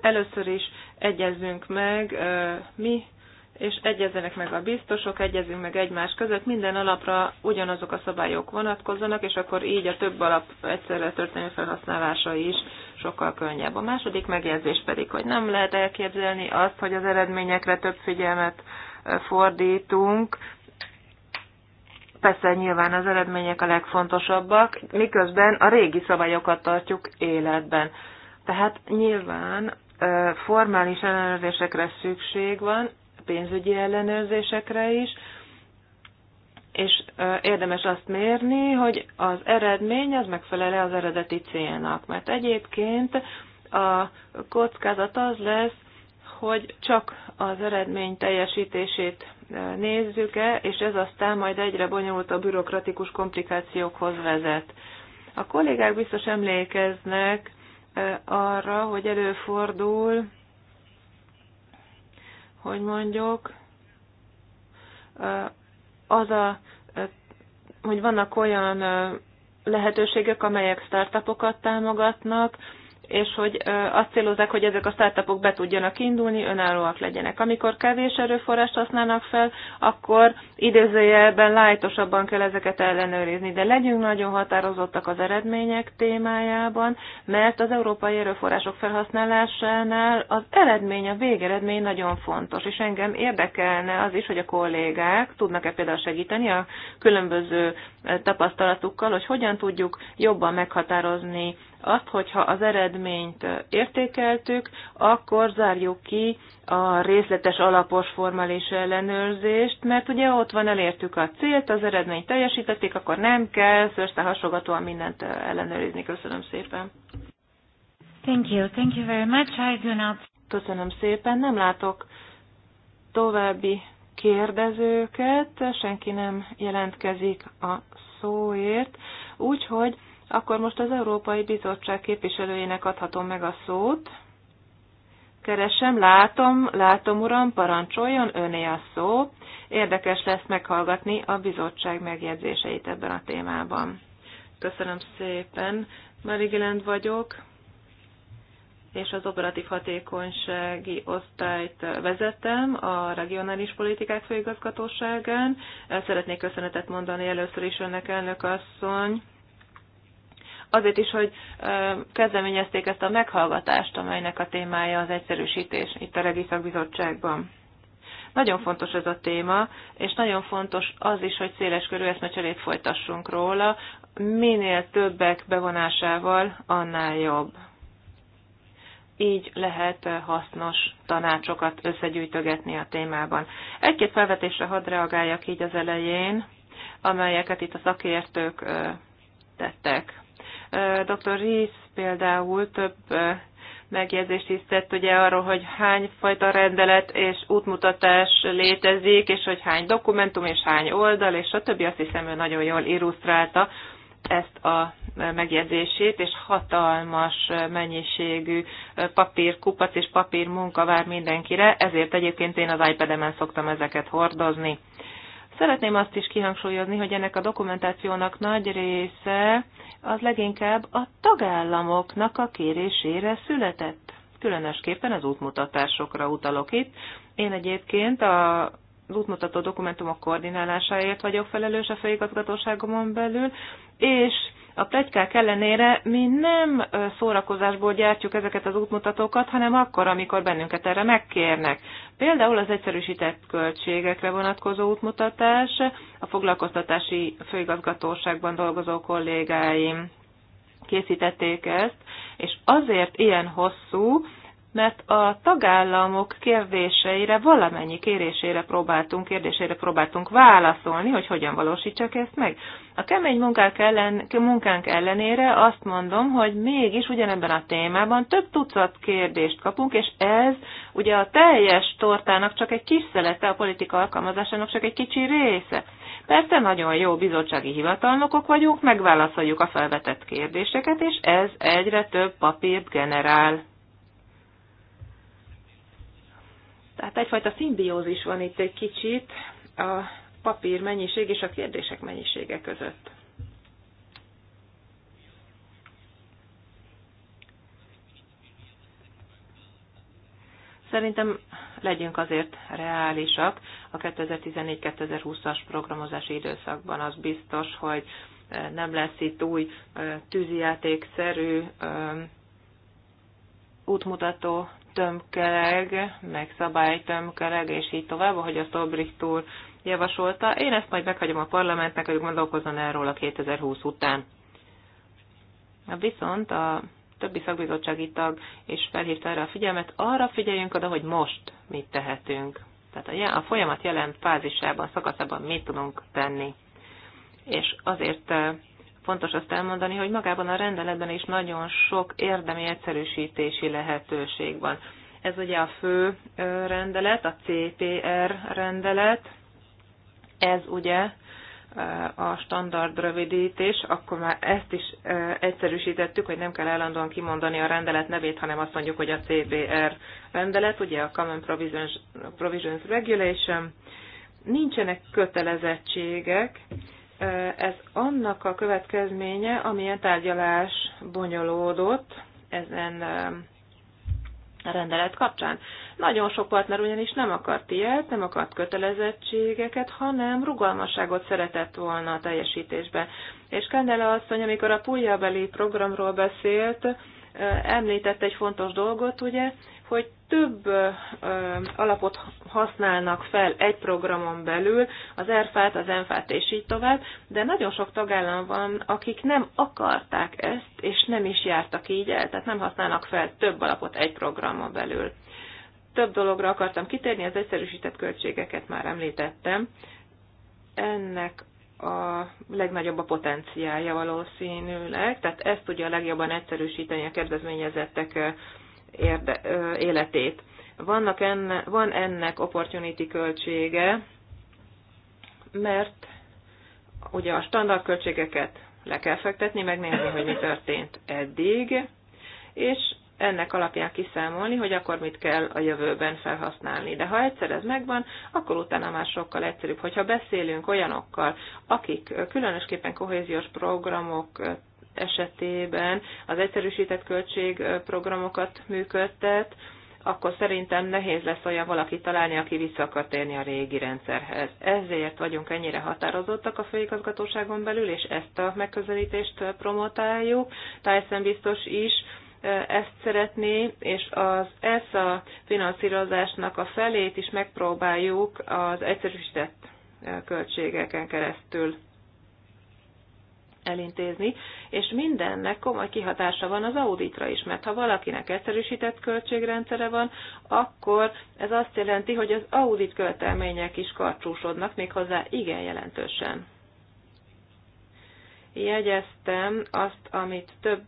Speaker 2: Először is egyezzünk meg, mi és egyezzenek meg a biztosok, egyezünk meg egymás között, minden alapra ugyanazok a szabályok vonatkozzanak, és akkor így a több alap egyszerre történő felhasználása is sokkal könnyebb. A második megjegyzés pedig, hogy nem lehet elképzelni azt, hogy az eredményekre több figyelmet eh, fordítunk, Persze nyilván az eredmények a legfontosabbak, miközben a régi szabályokat tartjuk életben. Tehát nyilván eh, formális ellenőrzésekre szükség van, pénzügyi ellenőrzésekre is, és érdemes azt mérni, hogy az eredmény az megfelele az eredeti célnak, mert egyébként a kockázat az lesz, hogy csak az eredmény teljesítését nézzük-e, és ez aztán majd egyre bonyolultabb bürokratikus komplikációkhoz vezet. A kollégák biztos emlékeznek arra, hogy előfordul, hogy mondjuk, az a, hogy vannak olyan lehetőségek, amelyek startupokat támogatnak, és hogy azt célozzák, hogy ezek a startupok be tudjanak indulni, önállóak legyenek. Amikor kevés erőforrást használnak fel, akkor idézőjelben lájtosabban kell ezeket ellenőrizni, de legyünk nagyon határozottak az eredmények témájában, mert az európai erőforrások felhasználásánál az eredmény, a végeredmény nagyon fontos, és engem érdekelne az is, hogy a kollégák tudnak-e például segíteni a különböző tapasztalatukkal, hogy hogyan tudjuk jobban meghatározni azt, hogyha az eredményt értékeltük, akkor zárjuk ki a részletes alapos formális ellenőrzést, mert ugye ott van, elértük a célt, az eredményt teljesítették, akkor nem kell szörste hasogatóan mindent ellenőrizni. Köszönöm szépen. Thank you, thank you very much. I do not... Köszönöm szépen. Nem látok további kérdezőket, senki nem jelentkezik a szóért, úgyhogy akkor most az Európai Bizottság képviselőjének adhatom meg a szót. Keresem, látom, látom, uram, parancsoljon, öné a szó. Érdekes lesz meghallgatni a bizottság megjegyzéseit ebben a témában. Köszönöm szépen. Marigilend vagyok, és az operatív hatékonysági osztályt vezetem a regionális politikák főigazgatóságán. Szeretnék köszönetet mondani először is önnek, elnök asszony, azért is, hogy kezdeményezték ezt a meghallgatást, amelynek a témája az egyszerűsítés itt a Regiszakbizottságban. Nagyon fontos ez a téma, és nagyon fontos az is, hogy széles körű eszmecserét folytassunk róla, minél többek bevonásával, annál jobb. Így lehet hasznos tanácsokat összegyűjtögetni a témában. Egy-két felvetésre hadd reagáljak így az elején, amelyeket itt a szakértők tettek. Dr. Rees például több megjegyzést is tett ugye arról, hogy hány fajta rendelet és útmutatás létezik, és hogy hány dokumentum és hány oldal, és a többi azt hiszem ő nagyon jól illusztrálta ezt a megjegyzését, és hatalmas mennyiségű papírkupac és papírmunka vár mindenkire, ezért egyébként én az iPad-emen szoktam ezeket hordozni. Szeretném azt is kihangsúlyozni, hogy ennek a dokumentációnak nagy része az leginkább a tagállamoknak a kérésére született. Különösképpen az útmutatásokra utalok itt. Én egyébként a az útmutató dokumentumok koordinálásáért vagyok felelős a főigazgatóságomon belül, és a plegykák ellenére mi nem szórakozásból gyártjuk ezeket az útmutatókat, hanem akkor, amikor bennünket erre megkérnek. Például az egyszerűsített költségekre vonatkozó útmutatás a foglalkoztatási főigazgatóságban dolgozó kollégáim készítették ezt, és azért ilyen hosszú, mert a tagállamok kérdéseire, valamennyi kérésére próbáltunk, kérdésére próbáltunk válaszolni, hogy hogyan valósítsak ezt meg. A kemény munkák ellen, munkánk ellenére azt mondom, hogy mégis ugyanebben a témában több tucat kérdést kapunk, és ez ugye a teljes tortának csak egy kis szelete, a politika alkalmazásának csak egy kicsi része. Persze nagyon jó bizottsági hivatalnokok vagyunk, megválaszoljuk a felvetett kérdéseket, és ez egyre több papírt generál. Tehát egyfajta szimbiózis van itt egy kicsit a papír mennyiség és a kérdések mennyisége között. Szerintem legyünk azért reálisak a 2014-2020-as programozási időszakban. Az biztos, hogy nem lesz itt új tűzijátékszerű útmutató tömkeleg, meg szabálytömkeleg, és így tovább, ahogy a Obricht túl javasolta. Én ezt majd meghagyom a parlamentnek, hogy gondolkozzon erről a 2020 után. Viszont a többi szakbizottsági tag és felhívta erre a figyelmet, arra figyeljünk oda, hogy most mit tehetünk. Tehát a folyamat jelen fázisában, szakaszában mit tudunk tenni. És azért eh, fontos azt elmondani, hogy magában a rendeletben is nagyon sok érdemi egyszerűsítési lehetőség van. Ez ugye a fő rendelet, a CPR rendelet, ez ugye a standard rövidítés, akkor már ezt is egyszerűsítettük, hogy nem kell állandóan kimondani a rendelet nevét, hanem azt mondjuk, hogy a CBR rendelet, ugye a Common Provisions, Provisions Regulation. Nincsenek kötelezettségek, ez annak a következménye, amilyen tárgyalás bonyolódott ezen eh, rendelet kapcsán. Nagyon sok partner ugyanis nem akart ilyet, nem akart kötelezettségeket, hanem rugalmasságot szeretett volna a teljesítésbe. És Kendele asszony, amikor a Puljabeli programról beszélt, eh, említett egy fontos dolgot, ugye, hogy több ö, alapot használnak fel egy programon belül, az ERFÁT, az ENFÁT és így tovább, de nagyon sok tagállam van, akik nem akarták ezt, és nem is jártak így el, tehát nem használnak fel több alapot egy programon belül. Több dologra akartam kitérni, az egyszerűsített költségeket már említettem. Ennek a legnagyobb a potenciálja valószínűleg, tehát ezt tudja a legjobban egyszerűsíteni a kedvezményezettek érde, életét. Vannak enne, van ennek opportunity költsége, mert ugye a standard költségeket le kell fektetni, megnézni, hogy mi történt eddig, és ennek alapján kiszámolni, hogy akkor mit kell a jövőben felhasználni. De ha egyszer ez megvan, akkor utána már sokkal egyszerűbb. Hogyha beszélünk olyanokkal, akik különösképpen kohéziós programok esetében az egyszerűsített költségprogramokat működtet, akkor szerintem nehéz lesz olyan valaki találni, aki vissza akar térni a régi rendszerhez. Ezért vagyunk ennyire határozottak a főigazgatóságon belül, és ezt a megközelítést promotáljuk. Tyson biztos is ezt szeretné, és az a finanszírozásnak a felét is megpróbáljuk az egyszerűsített költségeken keresztül elintézni, és mindennek komoly kihatása van az auditra is, mert ha valakinek egyszerűsített költségrendszere van, akkor ez azt jelenti, hogy az audit követelmények is karcsúsodnak, méghozzá igen jelentősen. Jegyeztem azt, amit több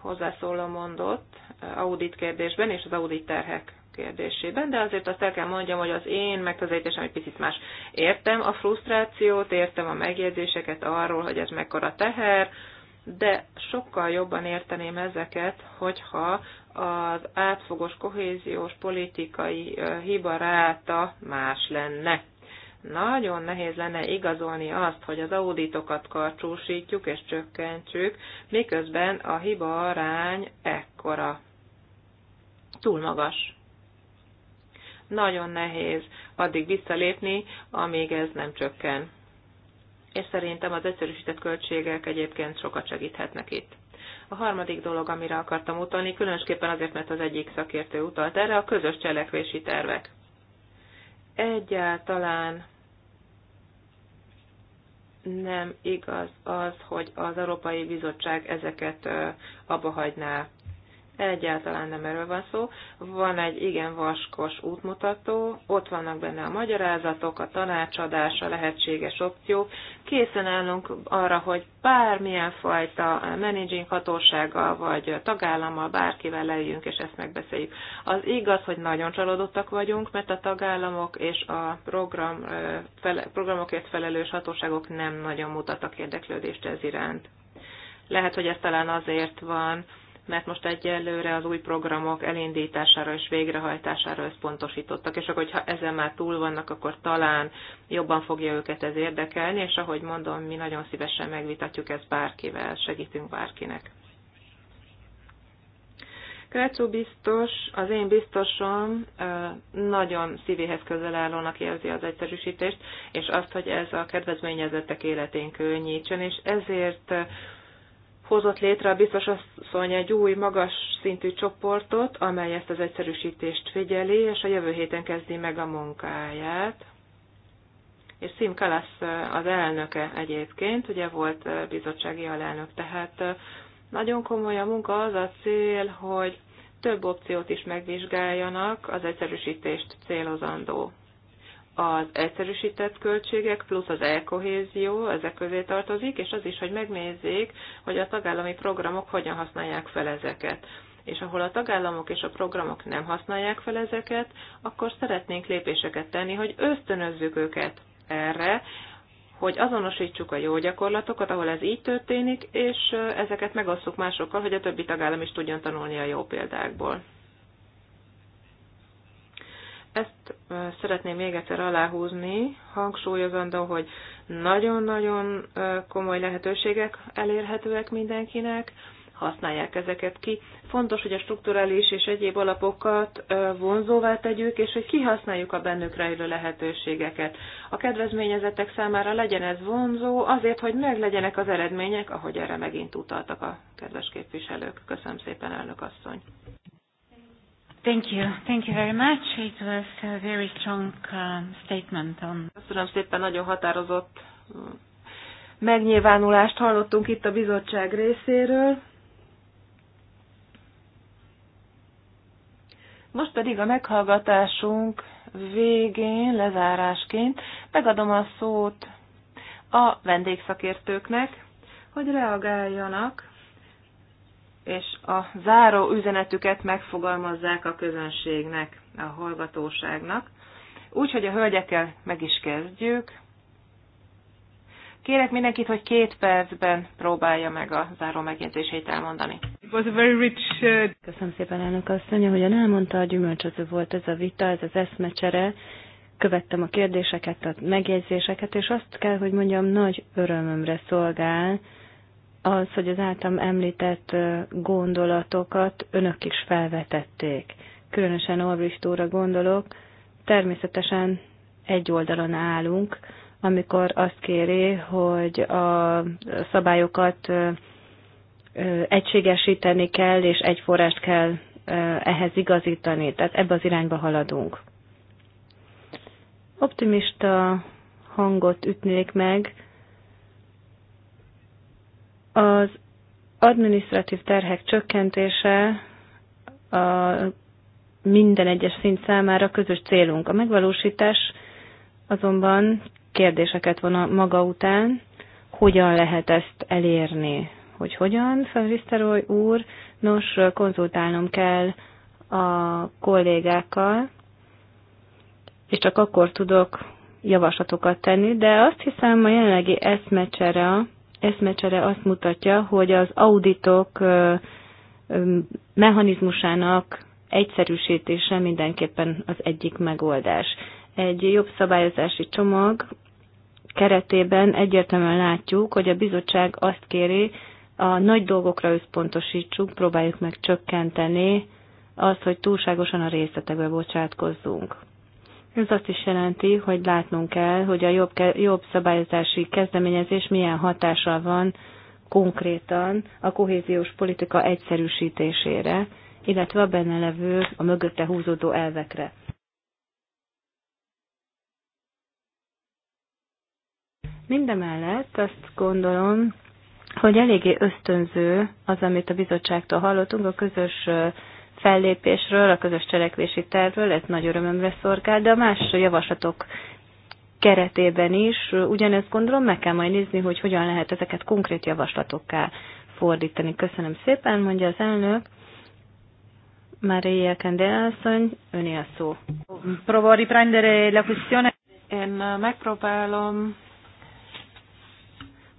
Speaker 2: hozzászóló mondott eh, audit kérdésben és az audit terhek kérdésében, de azért azt el kell mondjam, hogy az én megközelítésem egy picit más. Értem a frusztrációt, értem a megjegyzéseket arról, hogy ez mekkora teher, de sokkal jobban érteném ezeket, hogyha az átfogos kohéziós politikai hiba ráta más lenne. Nagyon nehéz lenne igazolni azt, hogy az auditokat karcsúsítjuk és csökkentsük, miközben a hiba arány ekkora. Túl magas nagyon nehéz addig visszalépni, amíg ez nem csökken. És szerintem az egyszerűsített költségek egyébként sokat segíthetnek itt. A harmadik dolog, amire akartam utalni, különösképpen azért, mert az egyik szakértő utalt erre, a közös cselekvési tervek. Egyáltalán nem igaz az, hogy az Európai Bizottság ezeket abba hagyná. Egyáltalán nem erről van szó. Van egy igen vaskos útmutató, ott vannak benne a magyarázatok, a tanácsadás, a lehetséges opciók. Készen állunk arra, hogy bármilyen fajta managing hatósággal, vagy tagállammal, bárkivel leüljünk, és ezt megbeszéljük. Az igaz, hogy nagyon csalódottak vagyunk, mert a tagállamok és a program, fele, programokért felelős hatóságok nem nagyon mutattak érdeklődést ez iránt. Lehet, hogy ez talán azért van, mert most egyelőre az új programok elindítására és végrehajtására összpontosítottak, és akkor, hogyha ezen már túl vannak, akkor talán jobban fogja őket ez érdekelni, és ahogy mondom, mi nagyon szívesen megvitatjuk ezt bárkivel, segítünk bárkinek. Krecu biztos, az én biztosom nagyon szívéhez közel állónak érzi az egyszerűsítést, és azt, hogy ez a kedvezményezettek életén könnyítsen, és ezért hozott létre a biztos asszony egy új, magas szintű csoportot, amely ezt az egyszerűsítést figyeli, és a jövő héten kezdi meg a munkáját. És Sim Kalasz eh, az elnöke egyébként, ugye volt eh, bizottsági alelnök, tehát eh, nagyon komoly a munka, az a cél, hogy több opciót is megvizsgáljanak, az egyszerűsítést célozandó az egyszerűsített költségek plusz az elkohézió, ezek közé tartozik, és az is, hogy megnézzék, hogy a tagállami programok hogyan használják fel ezeket és ahol a tagállamok és a programok nem használják fel ezeket, akkor szeretnénk lépéseket tenni, hogy ösztönözzük őket erre, hogy azonosítsuk a jó gyakorlatokat, ahol ez így történik, és ezeket megosszuk másokkal, hogy a többi tagállam is tudjon tanulni a jó példákból. Ezt szeretném még egyszer aláhúzni, hangsúlyozandó, hogy nagyon-nagyon komoly lehetőségek elérhetőek mindenkinek, használják ezeket ki. Fontos, hogy a strukturális és egyéb alapokat vonzóvá tegyük, és hogy kihasználjuk a bennük rejlő lehetőségeket. A kedvezményezettek számára legyen ez vonzó, azért, hogy meglegyenek az eredmények, ahogy erre megint utaltak a kedves képviselők. Köszönöm szépen, elnök asszony!
Speaker 3: Thank you. Thank you very much. It was a very strong um, statement
Speaker 2: on... Köszönöm szépen, nagyon határozott mm, megnyilvánulást hallottunk itt a bizottság részéről. Most pedig a meghallgatásunk végén, lezárásként megadom a szót a vendégszakértőknek, hogy reagáljanak és a záró üzenetüket megfogalmazzák a közönségnek, a hallgatóságnak. Úgyhogy a hölgyekkel
Speaker 3: meg is kezdjük.
Speaker 2: Kérek mindenkit, hogy két percben próbálja meg a záró megjegyzését elmondani.
Speaker 3: It was a very rich, uh... Köszönöm szépen, elnök asszony, hogy elmondta, a gyümölcsöző volt ez a vita, ez az eszmecsere. Követtem a kérdéseket, a megjegyzéseket, és azt kell, hogy mondjam, nagy örömömre szolgál, az, hogy az általam említett gondolatokat önök is felvetették. Különösen Orvistóra gondolok, természetesen egy oldalon állunk, amikor azt kéri, hogy a szabályokat egységesíteni kell, és egy forrást kell ehhez igazítani. Tehát ebbe az irányba haladunk. Optimista hangot ütnék meg, az administratív terhek csökkentése a minden egyes szint számára közös célunk. A megvalósítás azonban kérdéseket von a maga után, hogyan lehet ezt elérni, hogy hogyan, Fenriszteroy úr, nos, konzultálnom kell a kollégákkal, és csak akkor tudok javaslatokat tenni, de azt hiszem a jelenlegi eszmecsere eszmecsere azt mutatja, hogy az auditok mechanizmusának egyszerűsítése mindenképpen az egyik megoldás. Egy jobb szabályozási csomag keretében egyértelműen látjuk, hogy a bizottság azt kéri, a nagy dolgokra összpontosítsuk, próbáljuk meg csökkenteni az, hogy túlságosan a részletekbe bocsátkozzunk. Ez azt is jelenti, hogy látnunk kell, hogy a jobb, jobb szabályozási kezdeményezés milyen hatással van konkrétan a kohéziós politika egyszerűsítésére, illetve a benne levő, a mögötte húzódó elvekre. Mindemellett azt gondolom, hogy eléggé ösztönző az, amit a bizottságtól hallottunk, a közös fellépésről, a közös cselekvési tervről, ez nagy örömömre szorgál, de a más javaslatok keretében is ugyanezt gondolom, meg kell majd nézni, hogy hogyan lehet ezeket konkrét javaslatokká fordítani. Köszönöm szépen, mondja az elnök. Már de elszony, öné a szó. Provo riprendere la questione.
Speaker 2: Én megpróbálom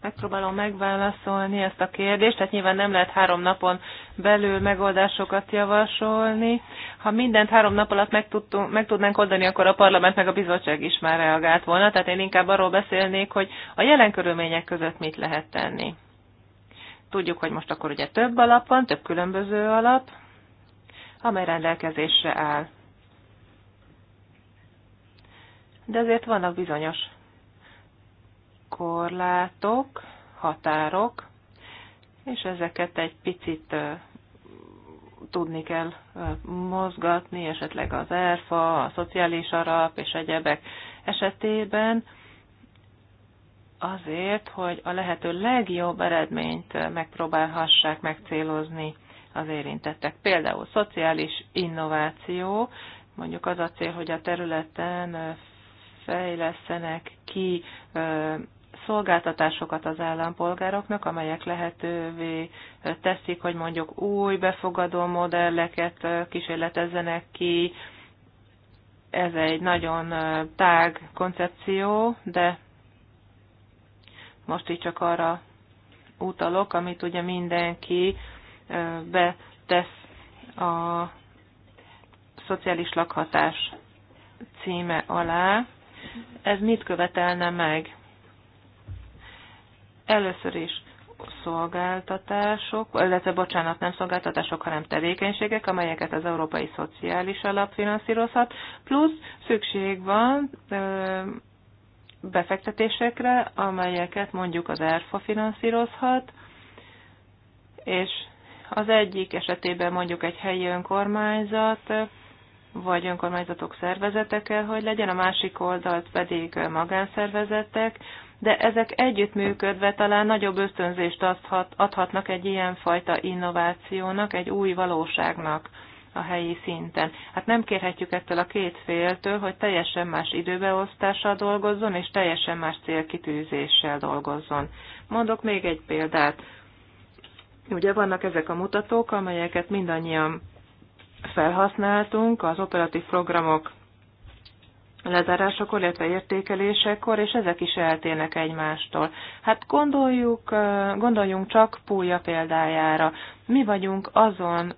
Speaker 2: Megpróbálom megválaszolni ezt a kérdést, tehát nyilván nem lehet három napon belül megoldásokat javasolni. Ha mindent három nap alatt meg, tudtunk, meg tudnánk oldani, akkor a parlament meg a bizottság is már reagált volna, tehát én inkább arról beszélnék, hogy a jelen körülmények között mit lehet tenni. Tudjuk, hogy most akkor ugye több alap van, több különböző alap, amely rendelkezésre áll. De azért vannak bizonyos korlátok, határok, és ezeket egy picit tudni kell mozgatni, esetleg az ERFA, a szociális arap és egyebek esetében, azért, hogy a lehető legjobb eredményt megpróbálhassák megcélozni az érintettek. Például szociális innováció, mondjuk az a cél, hogy a területen fejlesztenek ki szolgáltatásokat az állampolgároknak, amelyek lehetővé teszik, hogy mondjuk új befogadó modelleket kísérletezzenek ki. Ez egy nagyon tág koncepció, de most így csak arra utalok, amit ugye mindenki betesz a szociális lakhatás címe alá. Ez mit követelne meg? Először is szolgáltatások, illetve bocsánat, nem szolgáltatások, hanem tevékenységek, amelyeket az Európai Szociális Alap finanszírozhat, plusz szükség van befektetésekre, amelyeket mondjuk az ERFA finanszírozhat, és az egyik esetében mondjuk egy helyi önkormányzat, vagy önkormányzatok szervezetekkel, hogy legyen, a másik oldalt pedig magánszervezetek, de ezek együttműködve talán nagyobb ösztönzést adhat, adhatnak egy ilyenfajta innovációnak, egy új valóságnak a helyi szinten. Hát nem kérhetjük ettől a két féltől, hogy teljesen más időbeosztással dolgozzon, és teljesen más célkitűzéssel dolgozzon. Mondok még egy példát. Ugye vannak ezek a mutatók, amelyeket mindannyian felhasználtunk az operatív programok lezárásokor, illetve értékelésekor, és ezek is eltérnek egymástól. Hát gondoljuk, gondoljunk csak Púlya példájára. Mi vagyunk azon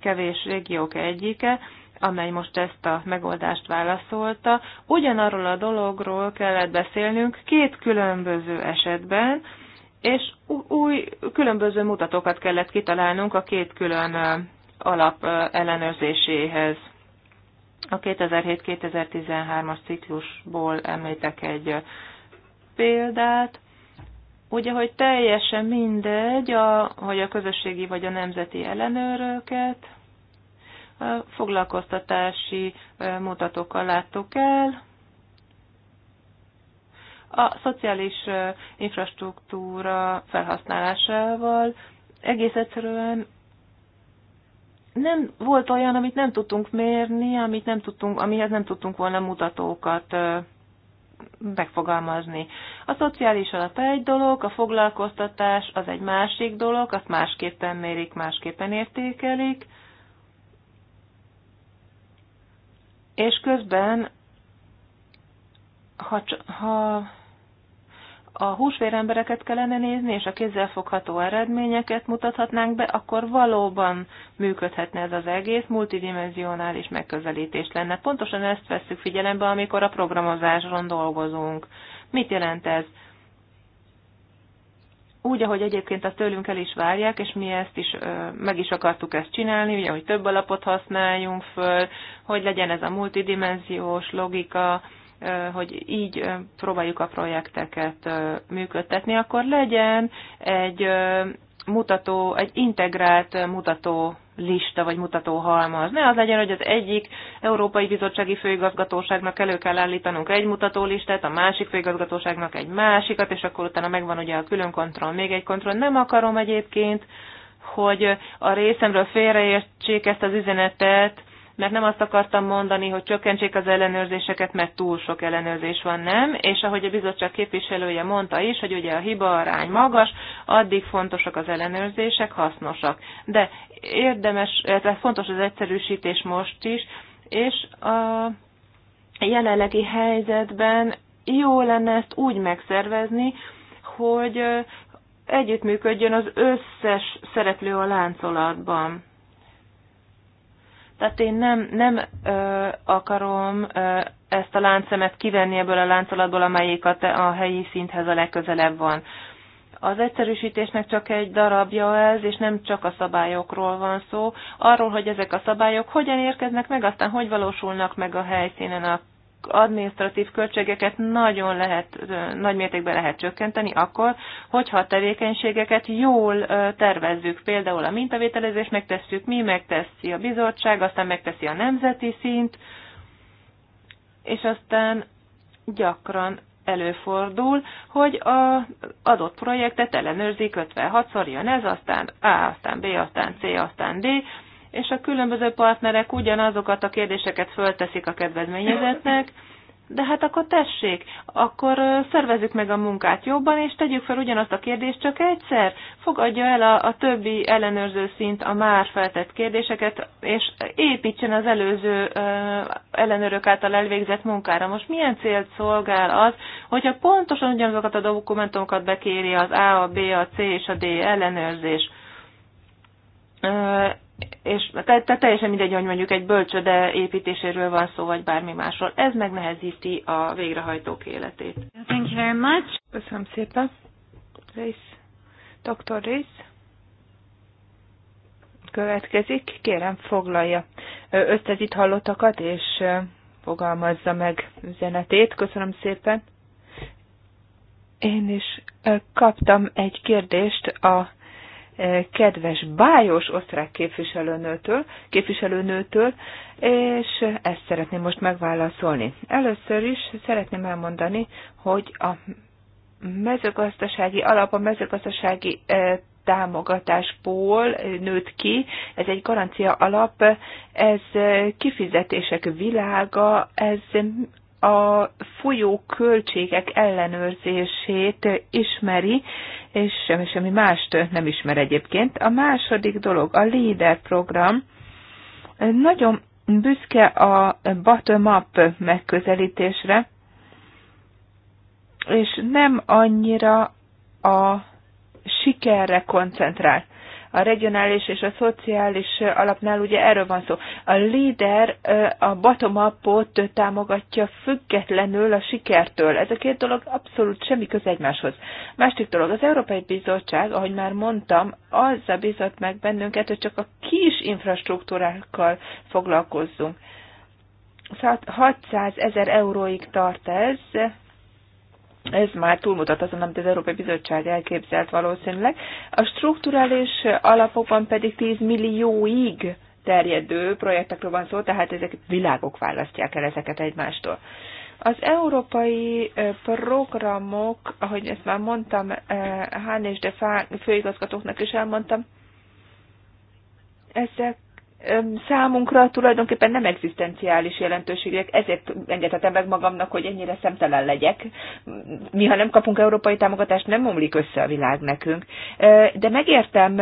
Speaker 2: kevés régiók egyike, amely most ezt a megoldást válaszolta. Ugyanarról a dologról kellett beszélnünk két különböző esetben, és új különböző mutatókat kellett kitalálnunk a két külön alap ellenőrzéséhez. A 2007-2013-as ciklusból említek egy példát. Ugye, hogy teljesen mindegy, a, hogy a közösségi vagy a nemzeti ellenőröket a foglalkoztatási mutatókkal láttuk el. A szociális infrastruktúra felhasználásával egész egyszerűen nem volt olyan, amit nem tudtunk mérni, amit nem tudtunk, amihez nem tudtunk volna mutatókat megfogalmazni. A szociális alap egy dolog, a foglalkoztatás az egy másik dolog, azt másképpen mérik, másképpen értékelik, és közben, ha, ha a húsvérembereket kellene nézni, és a kézzelfogható eredményeket mutathatnánk be, akkor valóban működhetne ez az egész, multidimensionális megközelítés lenne. Pontosan ezt vesszük figyelembe, amikor a programozáson dolgozunk. Mit jelent ez? Úgy, ahogy egyébként a tőlünk el is várják, és mi ezt is meg is akartuk ezt csinálni, ugye, hogy több alapot használjunk föl, hogy legyen ez a multidimenziós logika, hogy így próbáljuk a projekteket működtetni, akkor legyen egy mutató, egy integrált mutató lista vagy mutató halmaz. Ne az legyen, hogy az egyik Európai Bizottsági Főigazgatóságnak elő kell állítanunk egy mutatólistát, a másik főigazgatóságnak egy másikat, és akkor utána megvan ugye a külön kontroll, még egy kontroll. Nem akarom egyébként, hogy a részemről félreértsék ezt az üzenetet, mert nem azt akartam mondani, hogy csökkentsék az ellenőrzéseket, mert túl sok ellenőrzés van, nem, és ahogy a bizottság képviselője mondta is, hogy ugye a hiba arány magas, addig fontosak az ellenőrzések, hasznosak. De érdemes, ez fontos az egyszerűsítés most is, és a jelenlegi helyzetben jó lenne ezt úgy megszervezni, hogy együttműködjön az összes szereplő a láncolatban. Tehát én nem, nem ö, akarom ö, ezt a láncszemet kivenni ebből a láncolatból, amelyik a, te, a helyi szinthez a legközelebb van. Az egyszerűsítésnek csak egy darabja ez, és nem csak a szabályokról van szó, arról, hogy ezek a szabályok hogyan érkeznek meg, aztán hogy valósulnak meg a helyszínen a administratív költségeket nagyon lehet, nagy mértékben lehet csökkenteni akkor, hogyha a tevékenységeket jól tervezzük. Például a mintavételezést megtesszük mi, megteszi a bizottság, aztán megteszi a nemzeti szint, és aztán gyakran előfordul, hogy a adott projektet ellenőrzik 56-szor jön ez, aztán A, aztán B, aztán C, aztán D, és a különböző partnerek ugyanazokat a kérdéseket fölteszik a kedvezményezetnek, de hát akkor tessék, akkor szervezzük meg a munkát jobban, és tegyük fel ugyanazt a kérdést csak egyszer. Fogadja el a, a többi ellenőrző szint a már feltett kérdéseket, és építsen az előző ö, ellenőrök által elvégzett munkára. Most milyen célt szolgál az, hogyha pontosan ugyanazokat a dokumentumokat bekéri az A, a B, a C és a D ellenőrzés? és tehát te teljesen mindegy, hogy mondjuk egy bölcsöde építéséről van szó, vagy bármi másról. Ez megnehezíti a végrehajtók
Speaker 1: életét. Thank you very much. Köszönöm szépen. Rész. Dr. Rész. Következik. Kérem, foglalja össze itt hallottakat, és fogalmazza meg üzenetét. Köszönöm szépen. Én is kaptam egy kérdést a kedves, bájos osztrák képviselőnőtől, képviselőnőtől, és ezt szeretném most megválaszolni. Először is szeretném elmondani, hogy a mezőgazdasági alap, a mezőgazdasági eh, támogatásból nőtt ki, ez egy garancia alap, ez eh, kifizetések világa, ez a folyó költségek ellenőrzését ismeri, és semmi, semmi mást nem ismer egyébként. A második dolog, a LEADER program. Nagyon büszke a bottom-up megközelítésre, és nem annyira a sikerre koncentrál a regionális és a szociális alapnál ugye erről van szó. A líder a bottom-upot támogatja függetlenül a sikertől. Ez a két dolog abszolút semmi köze egymáshoz. Másik dolog, az Európai Bizottság, ahogy már mondtam, az a bizott meg bennünket, hogy csak a kis infrastruktúrákkal foglalkozzunk. 600 ezer euróig tart ez, ez már túlmutat azon, amit az Európai Bizottság elképzelt valószínűleg. A strukturális alapokban pedig 10 millióig terjedő projektekről van szó, tehát ezek világok választják el ezeket egymástól. Az európai programok, ahogy ezt már mondtam, Hán és de Fá főigazgatóknak is elmondtam, ezek számunkra tulajdonképpen nem egzisztenciális jelentőségek, ezért engedhetem meg magamnak, hogy ennyire szemtelen legyek. Mi, ha nem kapunk európai támogatást, nem omlik össze a világ nekünk. De megértem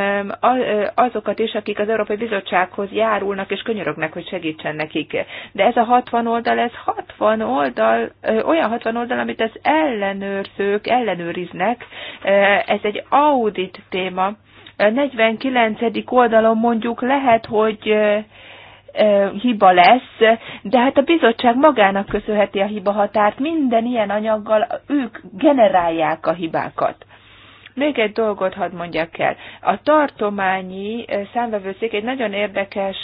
Speaker 1: azokat is, akik az Európai Bizottsághoz járulnak és könyörögnek, hogy segítsen nekik. De ez a 60 oldal, ez 60 oldal, olyan 60 oldal, amit az ellenőrzők ellenőriznek. Ez egy audit téma 49. oldalon mondjuk lehet, hogy hiba lesz, de hát a bizottság magának köszönheti a hiba határt, minden ilyen anyaggal ők generálják a hibákat. Még egy dolgot hadd mondjak el. A tartományi számvevőszék egy nagyon érdekes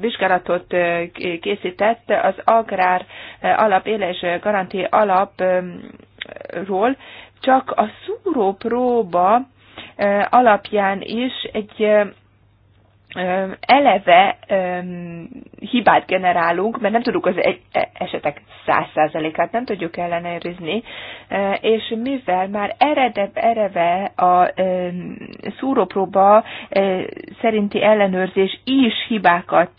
Speaker 1: vizsgálatot készített az agrár alap, éles garanti alapról, csak a szúrópróba alapján is egy eleve hibát generálunk, mert nem tudjuk az e, esetek száz százalékát, nem tudjuk ellenőrizni, és mivel már eredebb ereve a szúrópróba szerinti ellenőrzés is hibákat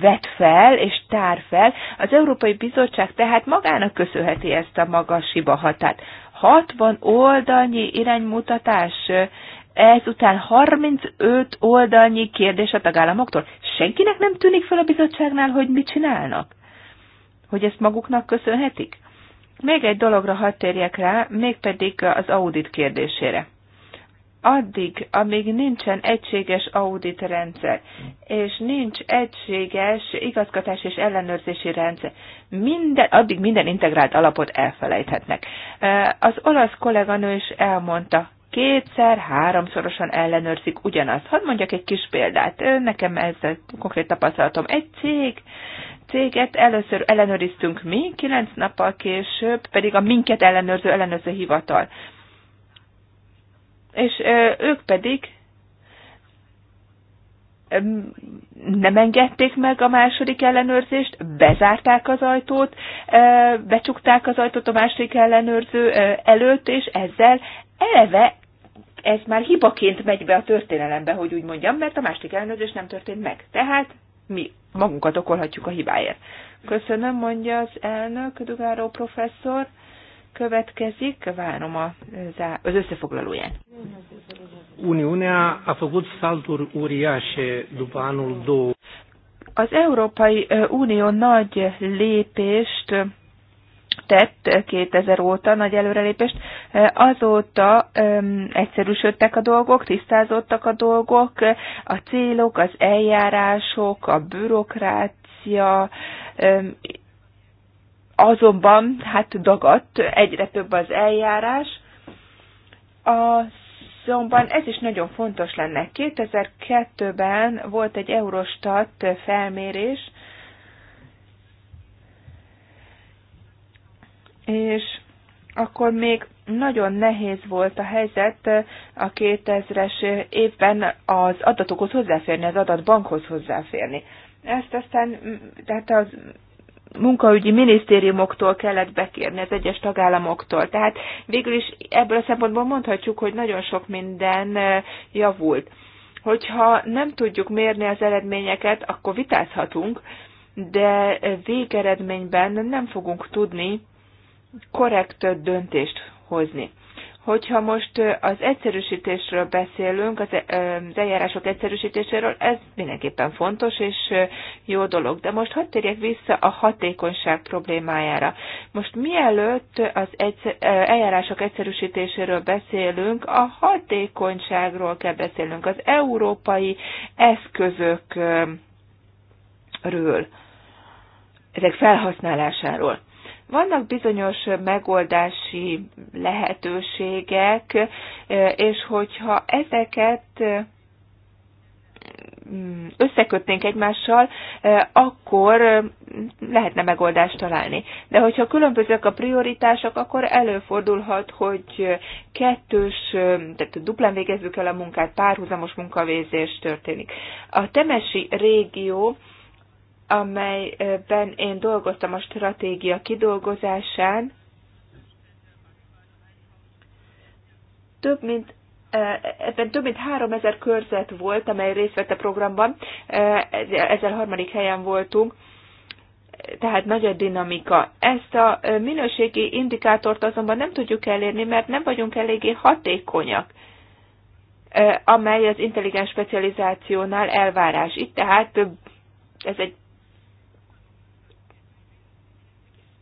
Speaker 1: vet fel és tár fel, az Európai Bizottság tehát magának köszönheti ezt a magas hiba határt. 60 oldalnyi iránymutatás, ezután 35 oldalnyi kérdés a tagállamoktól. Senkinek nem tűnik fel a bizottságnál, hogy mit csinálnak? Hogy ezt maguknak köszönhetik? Még egy dologra hadd térjek rá, mégpedig az audit kérdésére addig, amíg nincsen egységes rendszer és nincs egységes igazgatás és ellenőrzési rendszer, minden, addig minden integrált alapot elfelejthetnek. Az olasz kolléganő is elmondta, kétszer, háromszorosan ellenőrzik ugyanazt. Hadd mondjak egy kis példát. Nekem ez a konkrét tapasztalatom. Egy cég, céget először ellenőriztünk mi, kilenc nappal később pedig a minket ellenőrző ellenőrző hivatal és ők pedig nem engedték meg a második ellenőrzést, bezárták az ajtót, becsukták az ajtót a második ellenőrző előtt, és ezzel eleve ez már hibaként megy be a történelembe, hogy úgy mondjam, mert a második ellenőrzés nem történt meg. Tehát mi magunkat okolhatjuk a hibáért. Köszönöm, mondja az elnök, Dugáró professzor következik, várom az összefoglalóját.
Speaker 2: Uniunea a făcut salturi uriașe după anul 2.
Speaker 1: Az Európai Unió nagy lépést tett 2000 óta, nagy előrelépést. Azóta um, egyszerűsödtek a dolgok, tisztázódtak a dolgok, a célok, az eljárások, a bürokrácia, um, azonban hát dagadt, egyre több az eljárás. Azonban ez is nagyon fontos lenne. 2002-ben volt egy Eurostat felmérés, és akkor még nagyon nehéz volt a helyzet a 2000-es évben az adatokhoz hozzáférni, az adatbankhoz hozzáférni. Ezt aztán, tehát az munkaügyi minisztériumoktól kellett bekérni, az egyes tagállamoktól. Tehát végül is ebből a szempontból mondhatjuk, hogy nagyon sok minden javult. Hogyha nem tudjuk mérni az eredményeket, akkor vitázhatunk, de végeredményben nem fogunk tudni korrekt döntést hozni. Hogyha most az egyszerűsítésről beszélünk, az eljárások egyszerűsítéséről, ez mindenképpen fontos és jó dolog. De most hadd térjek vissza a hatékonyság problémájára. Most mielőtt az eljárások egyszerűsítéséről beszélünk, a hatékonyságról kell beszélnünk, az európai eszközökről, ezek felhasználásáról. Vannak bizonyos megoldási lehetőségek, és hogyha ezeket mm, összekötnénk egymással, akkor lehetne megoldást találni. De hogyha különbözők a prioritások, akkor előfordulhat, hogy kettős, tehát duplán végezzük el a munkát, párhuzamos munkavégzés történik. A Temesi régió amelyben én dolgoztam a stratégia kidolgozásán, több mint e, ebben több mint 3000 körzet volt, amely részt vett a programban, e, ezzel harmadik helyen voltunk, tehát nagy a dinamika. Ezt a e, minőségi indikátort azonban nem tudjuk elérni, mert nem vagyunk eléggé hatékonyak, amely az intelligens specializációnál elvárás. Itt tehát több, ez egy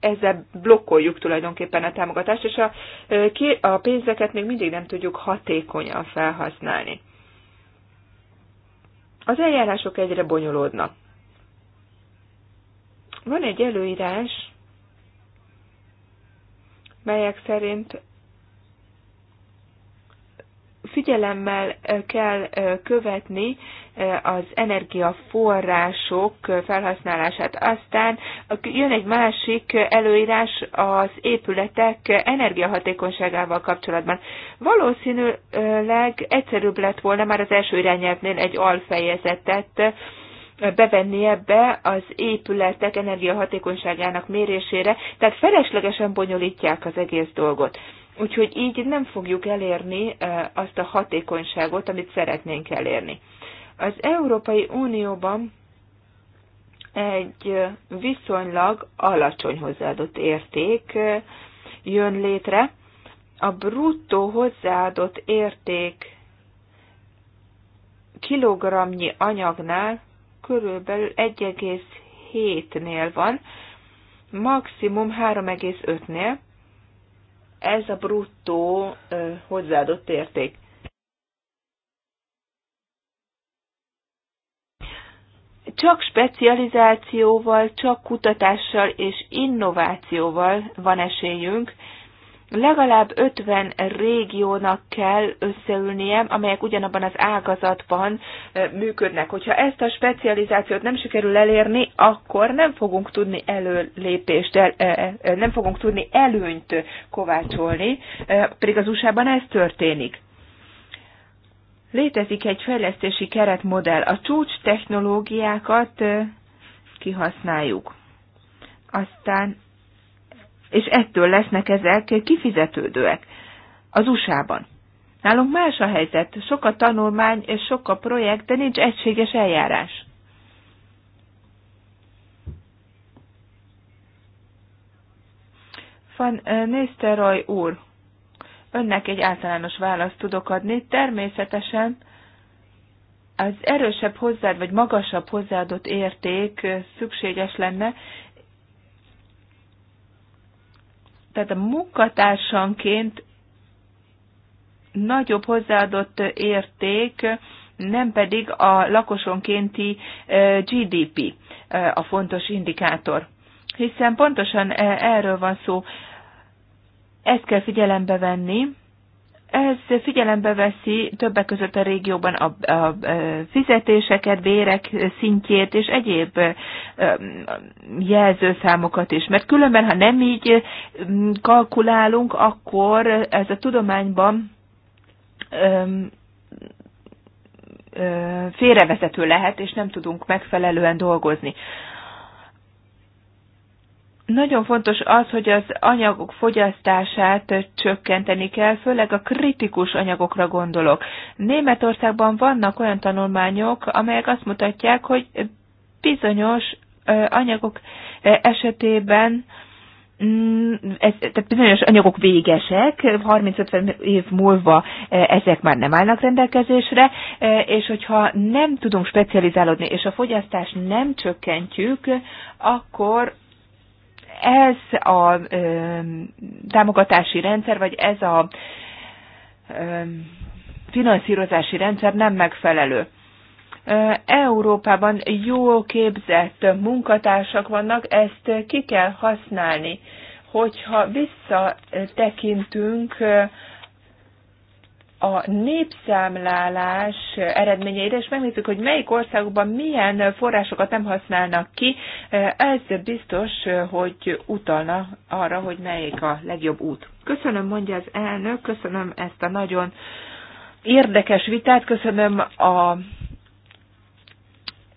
Speaker 1: ezzel blokkoljuk tulajdonképpen a támogatást, és a, a pénzeket még mindig nem tudjuk hatékonyan felhasználni. Az eljárások egyre bonyolódnak. Van egy előírás, melyek szerint figyelemmel kell követni az energiaforrások felhasználását. Aztán jön egy másik előírás az épületek energiahatékonyságával kapcsolatban. Valószínűleg egyszerűbb lett volna már az első irányelvnél egy alfejezetet bevenni ebbe az épületek energiahatékonyságának mérésére, tehát feleslegesen bonyolítják az egész dolgot. Úgyhogy így nem fogjuk elérni azt a hatékonyságot, amit szeretnénk elérni. Az Európai Unióban egy viszonylag alacsony hozzáadott érték jön létre. A bruttó hozzáadott érték kilogramnyi anyagnál körülbelül 1,7-nél van, maximum 3,5-nél, ez a bruttó hozzáadott érték. Csak specializációval, csak kutatással és innovációval van esélyünk legalább 50 régiónak kell összeülnie, amelyek ugyanabban az ágazatban működnek. Hogyha ezt a specializációt nem sikerül elérni, akkor nem fogunk tudni előlépést, nem fogunk tudni előnyt kovácsolni, pedig az USA-ban ez történik. Létezik egy fejlesztési keretmodell. A csúcs technológiákat kihasználjuk. Aztán és ettől lesznek ezek kifizetődőek az USA-ban. Nálunk más a helyzet, sok a tanulmány és sok a projekt, de nincs egységes eljárás. Van eh, Nészteroy úr, önnek egy általános választ tudok adni. Természetesen az erősebb hozzád, vagy magasabb hozzáadott érték eh, szükséges lenne, tehát a munkatársanként nagyobb hozzáadott érték, nem pedig a lakosonkénti GDP a fontos indikátor. Hiszen pontosan erről van szó. Ezt kell figyelembe venni, ez figyelembe veszi többek között a régióban a, a fizetéseket, bérek szintjét és egyéb jelzőszámokat is. Mert különben, ha nem így kalkulálunk, akkor ez a tudományban félrevezető lehet, és nem tudunk megfelelően dolgozni. Nagyon fontos az, hogy az anyagok fogyasztását csökkenteni kell, főleg a kritikus anyagokra gondolok. Németországban vannak olyan tanulmányok, amelyek azt mutatják, hogy bizonyos anyagok esetében mm, tehát bizonyos anyagok végesek, 30-50 év múlva ezek már nem állnak rendelkezésre, és hogyha nem tudunk specializálódni, és a fogyasztást nem csökkentjük, akkor ez a ö, támogatási rendszer, vagy ez a ö, finanszírozási rendszer nem megfelelő. Európában jó képzett munkatársak vannak, ezt ki kell használni. Hogyha visszatekintünk a népszámlálás eredményeire, és megnézzük, hogy melyik országokban milyen forrásokat nem használnak ki. Ez biztos, hogy utalna arra, hogy melyik a legjobb út. Köszönöm, mondja az elnök, köszönöm ezt a nagyon érdekes vitát, köszönöm a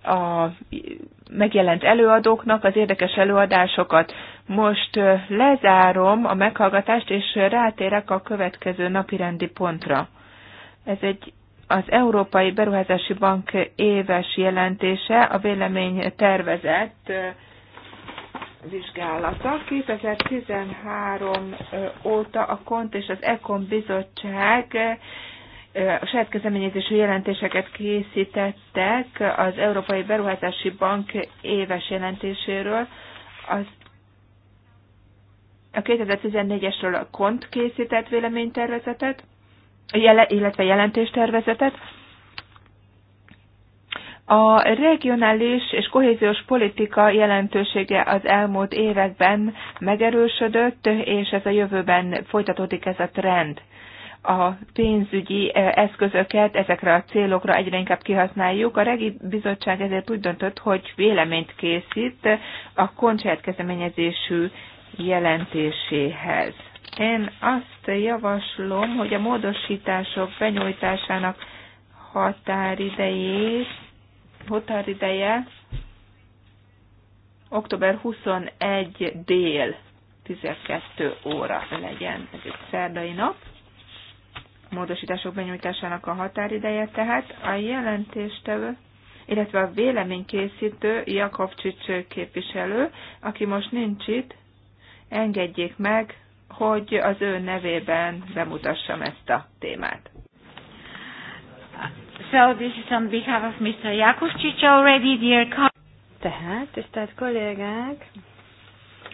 Speaker 1: a megjelent előadóknak az érdekes előadásokat. Most lezárom a meghallgatást, és rátérek a következő napirendi pontra. Ez egy az Európai Beruházási Bank éves jelentése, a vélemény tervezett vizsgálata. 2013 óta a KONT és az EKON bizottság a saját kezdeményezésű jelentéseket készítettek az Európai Beruházási Bank éves jelentéséről. Az a 2014-esről a KONT készített véleménytervezetet, illetve jelentéstervezetet. A regionális és kohéziós politika jelentősége az elmúlt években megerősödött, és ez a jövőben folytatódik ez a trend. A pénzügyi e, eszközöket ezekre a célokra egyre inkább kihasználjuk. A Regi Bizottság ezért úgy döntött, hogy véleményt készít a koncert kezdeményezésű jelentéséhez. Én azt javaslom, hogy a módosítások benyújtásának határidejét, határideje október 21 dél 12 óra legyen. Ez egy szerdai nap. A módosítások benyújtásának a határideje tehát a jelentéstevő illetve a véleménykészítő Jakovcsics képviselő, aki most nincs itt, engedjék meg, hogy az ő nevében bemutassam ezt a témát.
Speaker 3: So this is on behalf of Mr. Jakovcsics already, dear Tehát, tisztelt kollégák,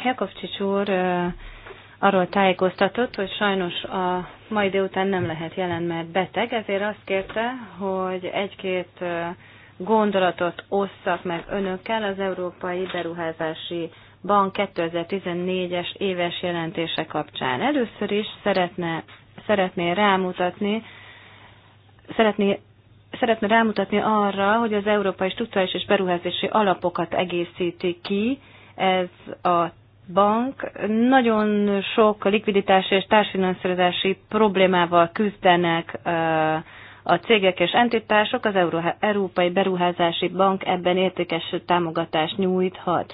Speaker 3: Jakovcsics úr arról tájékoztatott, hogy sajnos a mai délután nem lehet jelen, mert beteg, ezért azt kérte, hogy egy-két gondolatot osszak meg önökkel az Európai Beruházási Bank 2014-es éves jelentése kapcsán. Először is szeretne, szeretné rámutatni, szeretné Szeretne rámutatni arra, hogy az Európai Struktúrális és Beruházási Alapokat egészíti ki ez a bank. Nagyon sok likviditási és társfinanszírozási problémával küzdenek a cégek és entitások, az Európai Beruházási Bank ebben értékes támogatást nyújthat.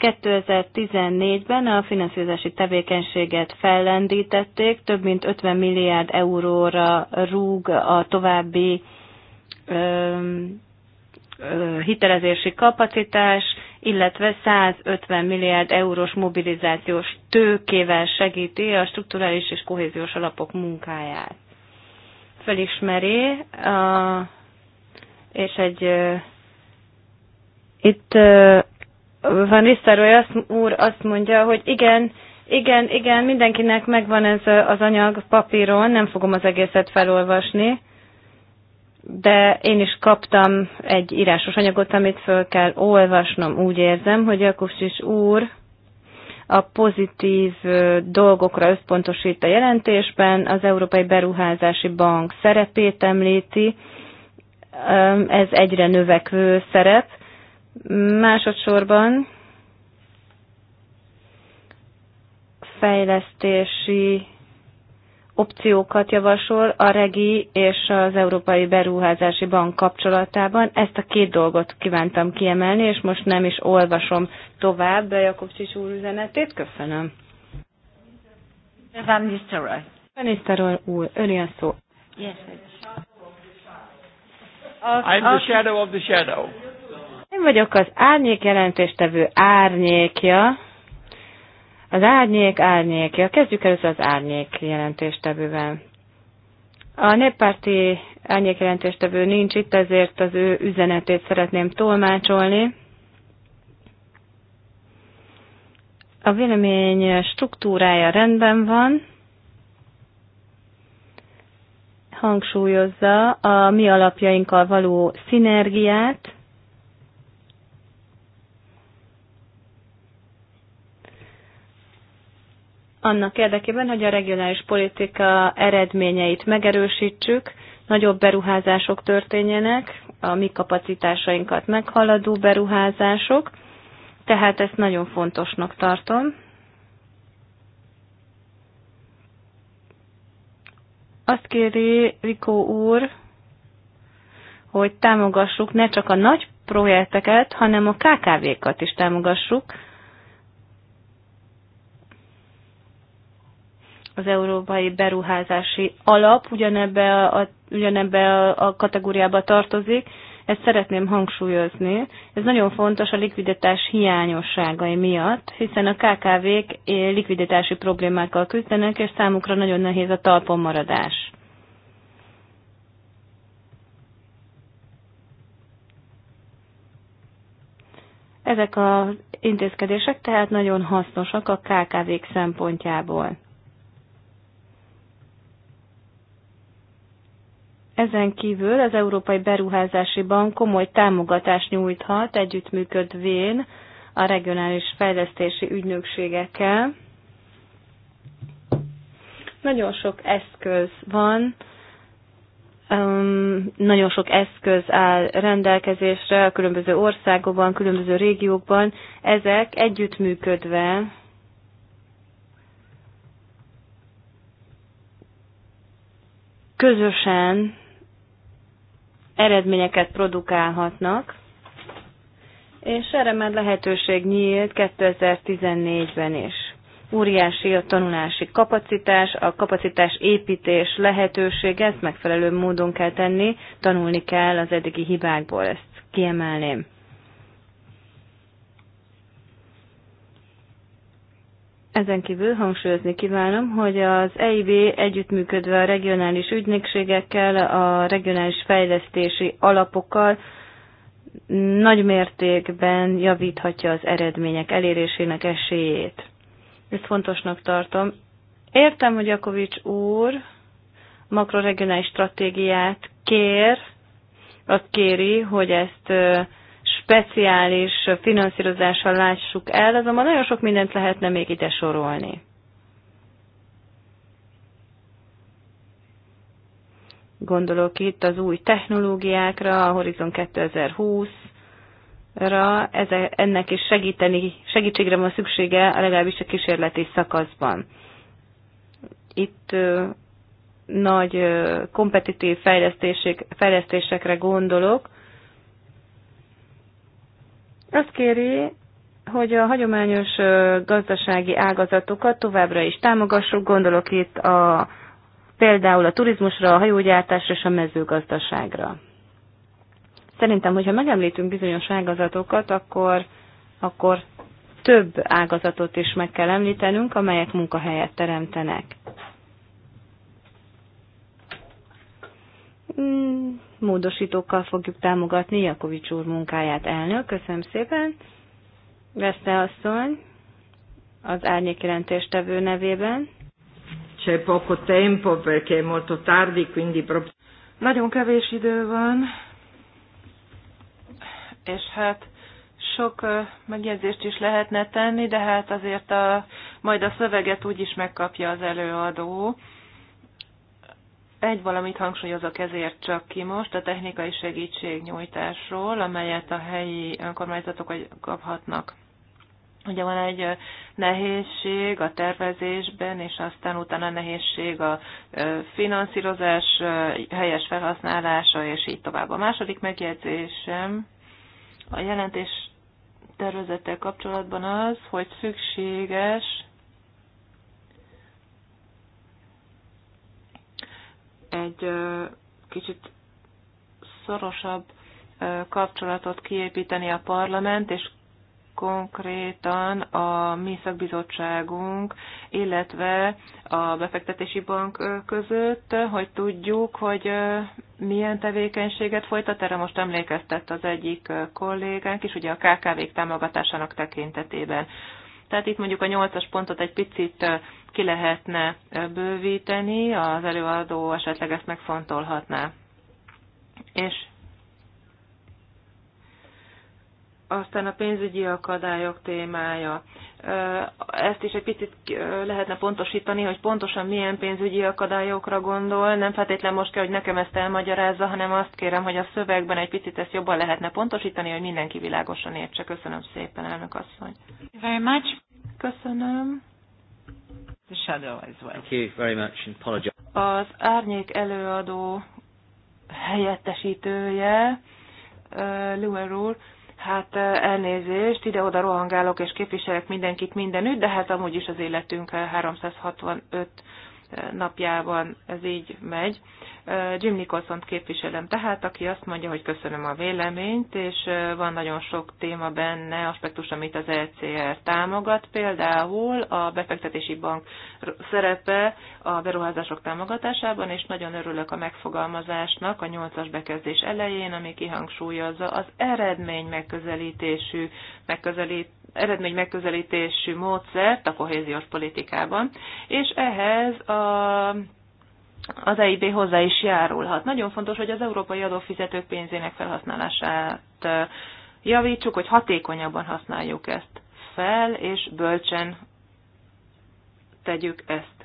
Speaker 3: 2014-ben a finanszírozási tevékenységet fellendítették, több mint 50 milliárd euróra rúg a további ö, ö, hitelezési kapacitás, illetve 150 milliárd eurós mobilizációs tőkével segíti a strukturális és kohéziós alapok munkáját. Felismeri, a, és egy ö, itt van Nisztároly azt, úr azt mondja, hogy igen, igen, igen, mindenkinek megvan ez az anyag papíron, nem fogom az egészet felolvasni, de én is kaptam egy írásos anyagot, amit föl kell olvasnom. Úgy érzem, hogy Jakubsics úr a pozitív dolgokra összpontosít a jelentésben, az Európai Beruházási Bank szerepét említi, ez egyre növekvő szerep, Másodszorban fejlesztési opciókat javasol a REGI és az Európai Beruházási Bank kapcsolatában. Ezt a két dolgot kívántam kiemelni, és most nem is olvasom tovább Jakobcsics úr üzenetét. Köszönöm. Van Nistelrooy. úr, ön szó. Yes, I'm the shadow of the shadow. Én vagyok az árnyék jelentéstevő árnyékja. Az árnyék árnyékja. Kezdjük először az árnyék jelentéstevővel. A néppárti árnyék jelentéstevő nincs itt, ezért az ő üzenetét szeretném tolmácsolni. A vélemény struktúrája rendben van, hangsúlyozza a mi alapjainkkal való szinergiát, annak érdekében, hogy a regionális politika eredményeit megerősítsük, nagyobb beruházások történjenek, a mi kapacitásainkat meghaladó beruházások, tehát ezt nagyon fontosnak tartom. Azt kéri Rikó úr, hogy támogassuk ne csak a nagy projekteket, hanem a KKV-kat is támogassuk, az Európai Beruházási Alap ugyanebbe a, ugyanebbe a kategóriába tartozik, ezt szeretném hangsúlyozni. Ez nagyon fontos a likviditás hiányosságai miatt, hiszen a KKV-k likviditási problémákkal küzdenek, és számukra nagyon nehéz a talpon maradás. Ezek az intézkedések tehát nagyon hasznosak a KKV-k szempontjából. Ezen kívül az Európai Beruházási Bank komoly támogatást nyújthat együttműködvén a regionális fejlesztési ügynökségekkel. Nagyon sok eszköz van, nagyon sok eszköz áll rendelkezésre a különböző országokban, különböző régiókban. Ezek együttműködve közösen eredményeket produkálhatnak, és erre már lehetőség nyílt 2014-ben is. Óriási a tanulási kapacitás, a kapacitás építés lehetőség, ezt megfelelő módon kell tenni, tanulni kell az eddigi hibákból, ezt kiemelném. Ezen kívül hangsúlyozni kívánom, hogy az EIB együttműködve a regionális ügynökségekkel, a regionális fejlesztési alapokkal nagy mértékben javíthatja az eredmények elérésének esélyét. Ezt fontosnak tartom. Értem, hogy Jakovics úr makroregionális stratégiát kér, azt kéri, hogy ezt speciális finanszírozással lássuk el, azonban nagyon sok mindent lehetne még ide sorolni. Gondolok itt az új technológiákra, a Horizon 2020-ra, ennek is segíteni, segítségre van szüksége, legalábbis a kísérleti szakaszban. Itt nagy kompetitív fejlesztésekre gondolok, azt kéri, hogy a hagyományos gazdasági ágazatokat továbbra is támogassuk, gondolok itt a, például a turizmusra, a hajógyártásra és a mezőgazdaságra. Szerintem, hogyha megemlítünk bizonyos ágazatokat, akkor, akkor több ágazatot is meg kell említenünk, amelyek munkahelyet teremtenek. Hmm módosítókkal fogjuk támogatni Jakovics úr munkáját. Elnök, köszönöm szépen. Veszte asszony az árnyékjelentéstevő nevében. C'è poco tempo perché è molto tardi, quindi nagyon kevés
Speaker 2: idő van, és hát sok megjegyzést is lehetne tenni, de hát azért a, majd a szöveget úgy is megkapja az előadó. Egy valamit hangsúlyozok ezért csak ki most, a technikai segítségnyújtásról, amelyet a helyi önkormányzatok kaphatnak. Ugye van egy nehézség a tervezésben, és aztán utána nehézség a finanszírozás helyes felhasználása, és így tovább. A második megjegyzésem a jelentés tervezettel kapcsolatban az, hogy szükséges egy kicsit szorosabb kapcsolatot kiépíteni a parlament, és konkrétan a mi szakbizottságunk, illetve a befektetési bank között, hogy tudjuk, hogy milyen tevékenységet folytat. Erre most emlékeztett az egyik kollégánk is, ugye a KKV-k támogatásának tekintetében. Tehát itt mondjuk a nyolcas pontot egy picit ki lehetne bővíteni, az előadó esetleg ezt megfontolhatná. És Aztán a pénzügyi akadályok témája. Ezt is egy picit lehetne pontosítani, hogy pontosan milyen pénzügyi akadályokra gondol. Nem feltétlen most kell, hogy nekem ezt elmagyarázza, hanem azt kérem, hogy a szövegben egy picit ezt jobban lehetne pontosítani, hogy mindenki világosan értse. Köszönöm szépen, elnök asszony. Very much. Köszönöm.
Speaker 3: The shadow as well. Thank you very much and apologize.
Speaker 2: Az árnyék előadó helyettesítője, uh, úr, Hát elnézést, ide-oda rohangálok és képviselek mindenkit mindenütt, de hát amúgy is az életünk 365 napjában ez így megy. Jim nicholson képviselem tehát, aki azt mondja, hogy köszönöm a véleményt, és van nagyon sok téma benne, aspektus, amit az ECR támogat, például a befektetési bank szerepe a beruházások támogatásában, és nagyon örülök a megfogalmazásnak a nyolcas bekezdés elején, ami kihangsúlyozza az eredmény megközelítésű megközelít eredmény megközelítésű módszert a kohéziós politikában, és ehhez a az EIB hozzá is járulhat. Nagyon fontos, hogy az európai adófizetők pénzének felhasználását javítsuk, hogy hatékonyabban használjuk ezt fel, és bölcsen tegyük ezt.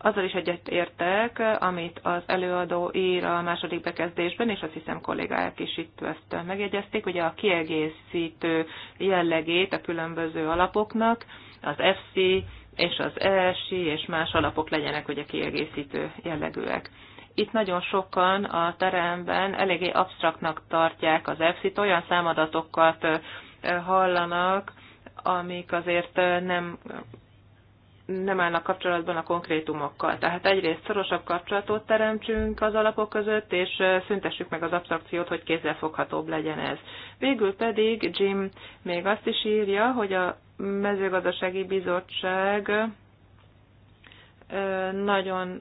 Speaker 2: Azzal is egyetértek, amit az előadó ír a második bekezdésben, és azt hiszem kollégák is itt ezt megjegyezték, hogy a kiegészítő jellegét a különböző alapoknak, az FC és az ESI és más alapok legyenek ugye kiegészítő jellegűek itt nagyon sokan a teremben eléggé absztraktnak tartják az EFSZ-t, olyan számadatokat hallanak, amik azért nem nem állnak kapcsolatban a konkrétumokkal. Tehát egyrészt szorosabb kapcsolatot teremtsünk az alapok között, és szüntessük meg az absztrakciót, hogy kézzelfoghatóbb legyen ez. Végül pedig Jim még azt is írja, hogy a mezőgazdasági bizottság nagyon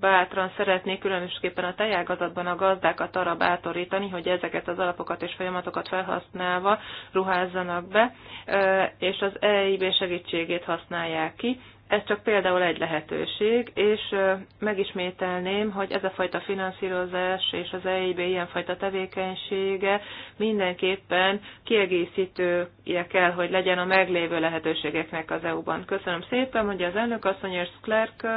Speaker 2: bátran szeretné különösképpen a tejágazatban a gazdákat arra bátorítani, hogy ezeket az alapokat és folyamatokat felhasználva ruházzanak be, és az EIB segítségét használják ki. Ez csak például egy lehetőség, és megismételném, hogy ez a fajta finanszírozás és az EIB ilyenfajta tevékenysége mindenképpen kiegészítője kell, hogy legyen a meglévő lehetőségeknek az EU-ban. Köszönöm szépen, hogy az elnök asszony és Klerk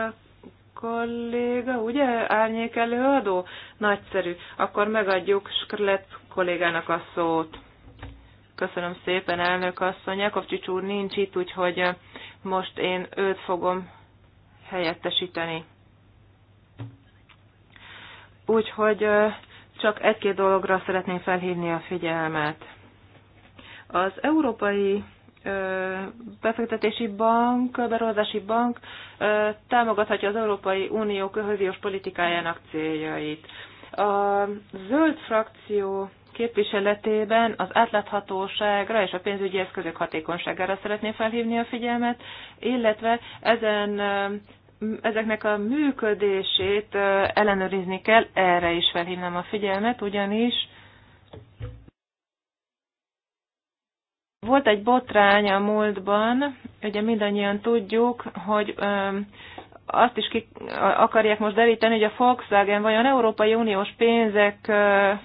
Speaker 2: kolléga, ugye? Árnyék előadó? Nagyszerű. Akkor megadjuk Skrlet kollégának a szót. Köszönöm szépen, elnök asszony. Jakovcsics úr nincs itt, úgyhogy most én őt fogom helyettesíteni. Úgyhogy csak egy-két dologra szeretném felhívni a figyelmet. Az Európai befektetési bank, beruházási bank támogathatja az Európai Unió kohéziós politikájának céljait. A zöld frakció képviseletében az átláthatóságra és a pénzügyi eszközök hatékonyságára szeretném felhívni a figyelmet, illetve ezen ezeknek a működését ellenőrizni kell, erre is felhívnám a figyelmet, ugyanis volt egy botrány a múltban, ugye mindannyian tudjuk, hogy azt is ki akarják most deríteni, hogy a Volkswagen vajon Európai Uniós pénzek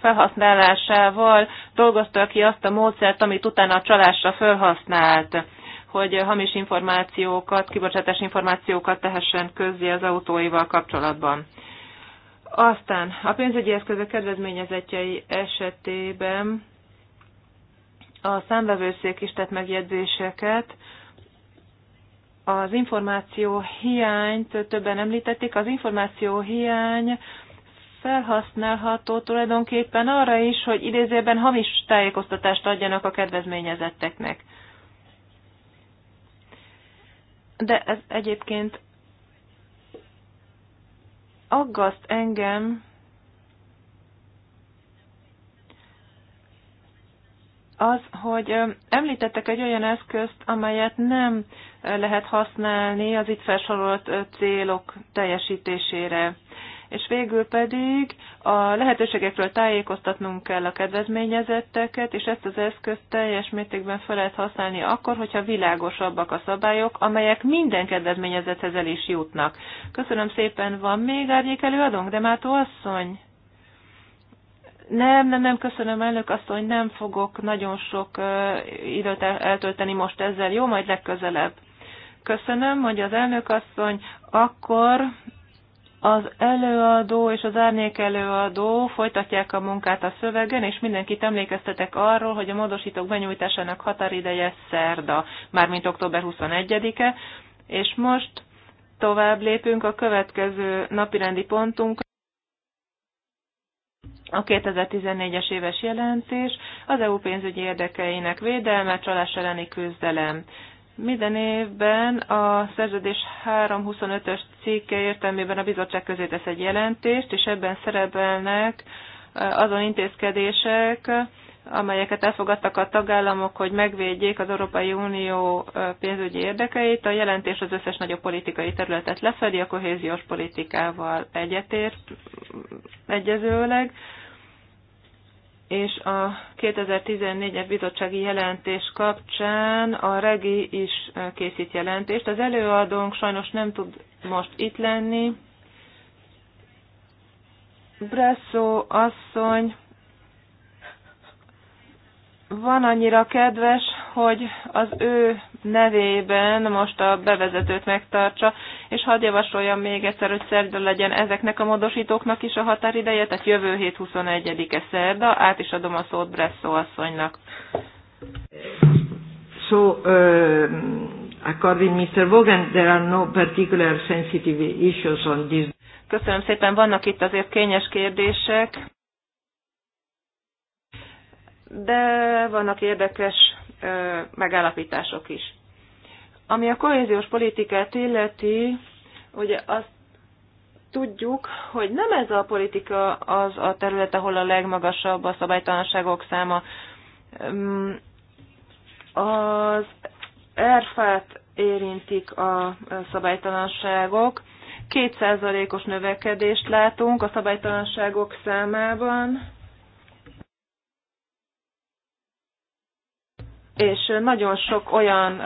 Speaker 2: felhasználásával dolgozta ki azt a módszert, amit utána a csalásra felhasznált hogy hamis információkat, kibocsátás információkat tehessen közzé az autóival kapcsolatban. Aztán a pénzügyi eszközök kedvezményezetjei esetében a számvevőszék is tett megjegyzéseket, az információ hiányt többen említették, az információ hiány felhasználható tulajdonképpen arra is, hogy idézőben hamis tájékoztatást adjanak a kedvezményezetteknek. De ez egyébként aggaszt engem, az, hogy említettek egy olyan eszközt, amelyet nem lehet használni az itt felsorolt célok teljesítésére. És végül pedig a lehetőségekről tájékoztatnunk kell a kedvezményezetteket, és ezt az eszközt teljes mértékben fel lehet használni akkor, hogyha világosabbak a szabályok, amelyek minden kedvezményezethez el is jutnak. Köszönöm szépen, van még árnyék előadónk, de Mátó asszony? Nem, nem, nem, köszönöm elnök azt, hogy nem fogok nagyon sok időt eltölteni most ezzel. Jó, majd legközelebb. Köszönöm, hogy az elnök asszony, akkor az előadó és az árnyék előadó folytatják a munkát a szövegen, és mindenkit emlékeztetek arról, hogy a módosítók benyújtásának határideje szerda, mármint október 21-e, és most tovább lépünk a következő napirendi pontunkra. A 2014-es éves jelentés az EU pénzügyi érdekeinek védelme, csalás elleni küzdelem. Minden évben a szerződés 325-ös cikke értelmében a bizottság közé tesz egy jelentést, és ebben szerepelnek azon intézkedések, amelyeket elfogadtak a tagállamok, hogy megvédjék az Európai Unió pénzügyi érdekeit. A jelentés az összes nagyobb politikai területet lefedi a kohéziós politikával egyetért egyezőleg, és a 2014-es bizottsági jelentés kapcsán a Regi is eh, készít jelentést. Az előadónk sajnos nem tud most itt lenni. Bresszó asszony van annyira kedves, hogy az ő nevében most a bevezetőt megtartsa, és hadd javasoljam még egyszer, hogy szerda legyen ezeknek a módosítóknak is a határideje, tehát jövő hét 21-e szerda, át is adom a szót Bresszó asszonynak. So, uh, according Mr. Vogan, there are no particular sensitive issues on this. Köszönöm szépen, vannak itt azért kényes kérdések de vannak érdekes megállapítások is. Ami a kohéziós politikát illeti, ugye azt tudjuk, hogy nem ez a politika az a terület, ahol a legmagasabb a szabálytalanságok száma. Az erfát érintik a szabálytalanságok. Kétszázalékos növekedést látunk a szabálytalanságok számában, és nagyon sok olyan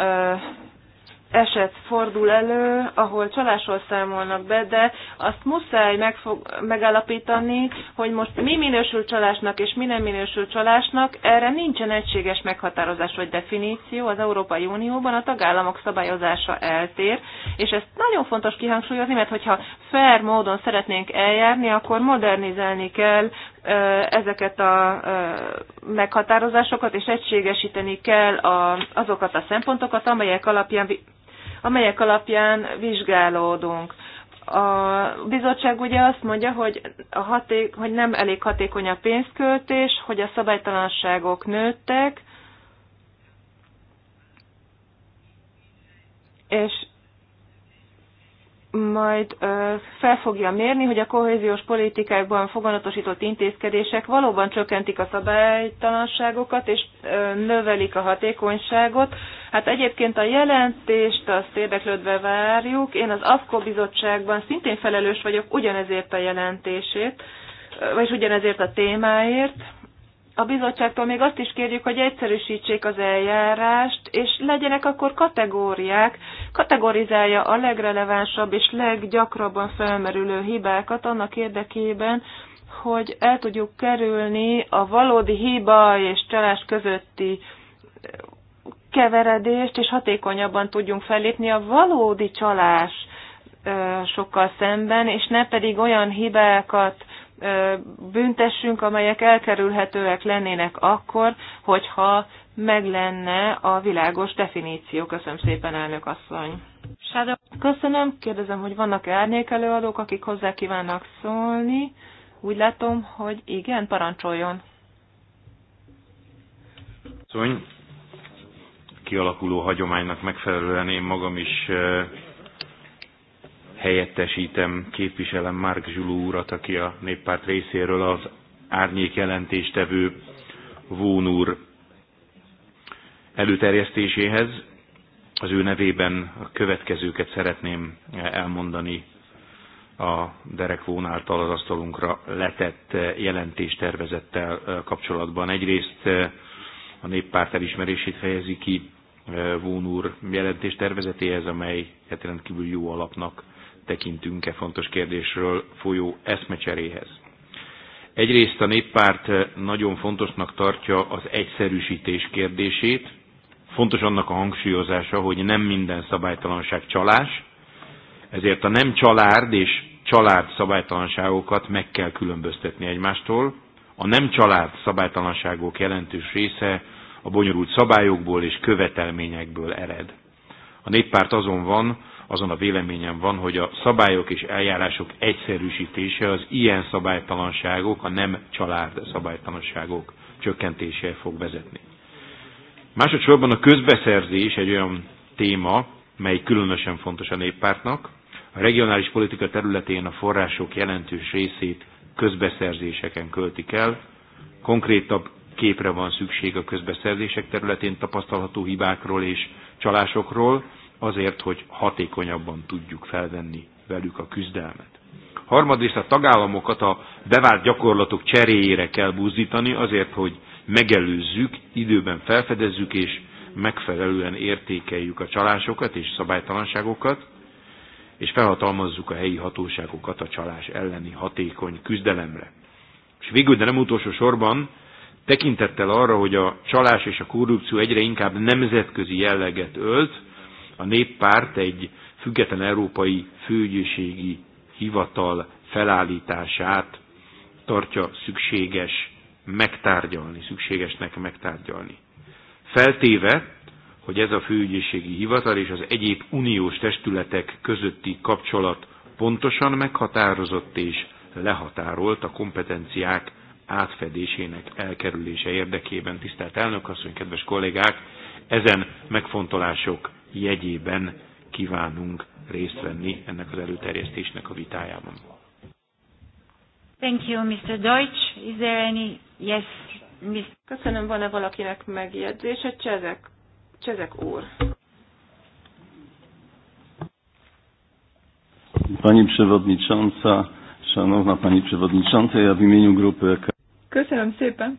Speaker 2: eset fordul elő, ahol csalásról számolnak be, de azt muszáj megfog, megállapítani, hogy most mi minősül csalásnak és mi nem minősül csalásnak, erre nincsen egységes meghatározás vagy definíció az Európai Unióban, a tagállamok szabályozása eltér, és ezt nagyon fontos kihangsúlyozni, mert hogyha fair módon szeretnénk eljárni, akkor modernizálni kell ezeket a meghatározásokat, és egységesíteni kell azokat a szempontokat, amelyek alapján, amelyek alapján vizsgálódunk. A bizottság ugye azt mondja, hogy, a haték, hogy nem elég hatékony a pénzköltés, hogy a szabálytalanságok nőttek, és majd ö, fel fogja mérni, hogy a kohéziós politikákban foganatosított intézkedések valóban csökkentik a szabálytalanságokat és ö, növelik a hatékonyságot. Hát egyébként a jelentést azt érdeklődve várjuk. Én az AFKO bizottságban szintén felelős vagyok ugyanezért a jelentését, vagyis ugyanezért a témáért a bizottságtól még azt is kérjük, hogy egyszerűsítsék az eljárást, és legyenek akkor kategóriák, kategorizálja a legrelevánsabb és leggyakrabban felmerülő hibákat annak érdekében, hogy el tudjuk kerülni a valódi hiba és csalás közötti keveredést, és hatékonyabban tudjunk fellépni a valódi csalás sokkal szemben, és ne pedig olyan hibákat büntessünk, amelyek elkerülhetőek lennének akkor, hogyha meg lenne a világos definíció. Köszönöm szépen, elnök asszony. Köszönöm, kérdezem, hogy vannak-e árnyékelőadók, akik hozzá kívánnak szólni. Úgy látom, hogy igen, parancsoljon.
Speaker 4: Szóval, kialakuló hagyománynak megfelelően én magam is helyettesítem, képviselem Márk Zsulú úrat, aki a néppárt részéről az árnyék jelentéstevő Vón úr előterjesztéséhez. Az ő nevében a következőket szeretném elmondani a Derek Vón által az asztalunkra letett jelentéstervezettel kapcsolatban. Egyrészt a néppárt elismerését fejezi ki Vón úr jelentéstervezetéhez, amely hát rendkívül jó alapnak tekintünk-e fontos kérdésről folyó eszmecseréhez. Egyrészt a néppárt eh, nagyon fontosnak tartja az egyszerűsítés kérdését. Fontos annak a hangsúlyozása, hogy nem minden szabálytalanság csalás, ezért a nem család és család szabálytalanságokat meg kell különböztetni egymástól. A nem család szabálytalanságok jelentős része a bonyolult szabályokból és követelményekből ered. A néppárt azon van, azon a véleményem van, hogy a szabályok és eljárások egyszerűsítése, az ilyen szabálytalanságok, a nem család szabálytalanságok csökkentése fog vezetni. Másodszorban a közbeszerzés egy olyan téma, mely különösen fontos a néppártnak. A regionális politika területén a források jelentős részét közbeszerzéseken költik el. Konkrétabb képre van szükség a közbeszerzések területén tapasztalható hibákról és csalásokról, azért, hogy hatékonyabban tudjuk felvenni velük a küzdelmet. Harmadrészt a tagállamokat a bevált gyakorlatok cseréjére kell buzdítani, azért, hogy megelőzzük, időben felfedezzük és megfelelően értékeljük a csalásokat és szabálytalanságokat, és felhatalmazzuk a helyi hatóságokat a csalás elleni hatékony küzdelemre. És végül, de nem utolsó sorban, tekintettel arra, hogy a csalás és a korrupció egyre inkább nemzetközi jelleget ölt, a néppárt egy független európai főgyőségi hivatal felállítását tartja szükséges megtárgyalni, szükségesnek megtárgyalni. Feltéve, hogy ez a főügyészségi hivatal és az egyéb uniós testületek közötti kapcsolat pontosan meghatározott és lehatárolt a kompetenciák átfedésének elkerülése érdekében. Tisztelt elnök asszony, kedves kollégák, ezen megfontolások jegyében kívánunk részt venni ennek az előterjesztésnek a vitájában.
Speaker 3: Thank you, Mr.
Speaker 2: Deutsch. Is there any... Yes, Mr. Köszönöm, van-e valakinek megjegyzése? Csezek, Csezek úr.
Speaker 4: Pani Przewodnicząca, Szanowna Pani Przewodnicząca, ja w imieniu grupy...
Speaker 1: Köszönöm szépen.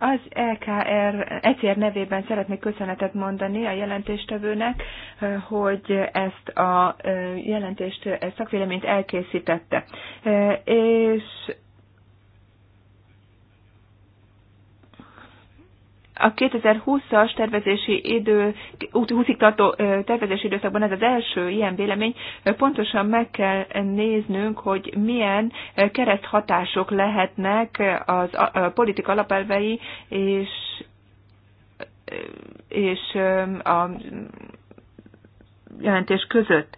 Speaker 1: Az EKR, ECR nevében szeretnék köszönetet mondani a jelentéstevőnek, hogy ezt a jelentést, ezt szakvéleményt elkészítette. És A 2020-as tervezési idő, 20-ig tartó tervezési időszakban ez az első ilyen vélemény, pontosan meg kell néznünk, hogy milyen kereszthatások lehetnek az a politika alapelvei és, és a jelentés között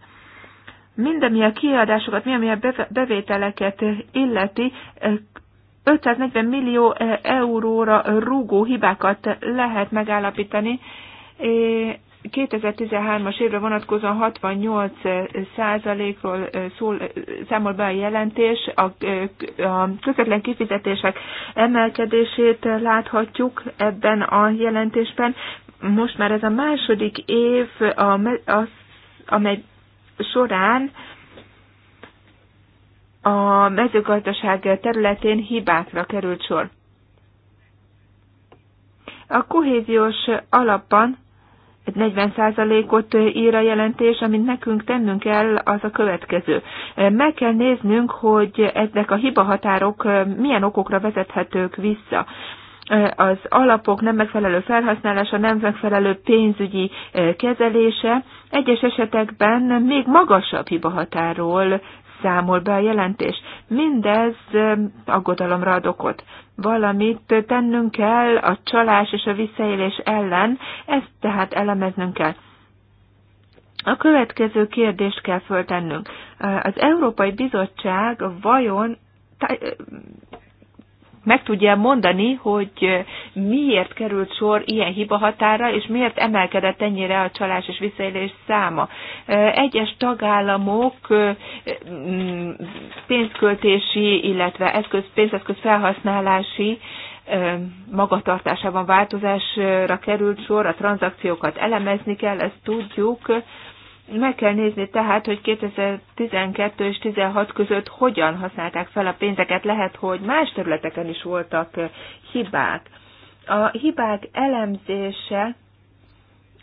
Speaker 1: Mindemilyen a kiadásokat, milyen bevételeket illeti, 540 millió eh, euróra rúgó hibákat lehet megállapítani. 2013-as eh, évre vonatkozóan 68 eh, százalékról szól, számol be a jelentés, a, a közvetlen kifizetések emelkedését láthatjuk ebben a jelentésben. Most már ez a második év, a, amely során a mezőgazdaság területén hibákra került sor. A kohéziós alapban 40%-ot ír a jelentés, amit nekünk tennünk kell, az a következő. Meg kell néznünk, hogy ezek a hibahatárok milyen okokra vezethetők vissza az alapok nem megfelelő felhasználása, nem megfelelő pénzügyi kezelése. Egyes esetekben még magasabb hibahatáról számol be a jelentés. Mindez aggodalomra ad okot. Valamit tennünk kell a csalás és a visszaélés ellen, ezt tehát elemeznünk kell. A következő kérdést kell föltennünk. Az Európai Bizottság vajon meg tudja mondani, hogy miért került sor ilyen hiba határa, és miért emelkedett ennyire a csalás és visszaélés száma. Egyes tagállamok mm, pénzköltési, illetve eszköz, pénzeszköz felhasználási magatartásában változásra került sor, a tranzakciókat elemezni kell, ezt tudjuk, meg kell nézni tehát, hogy 2012 és 2016 között hogyan használták fel a pénzeket. Lehet, hogy más területeken is voltak eh, hibák. A hibák elemzése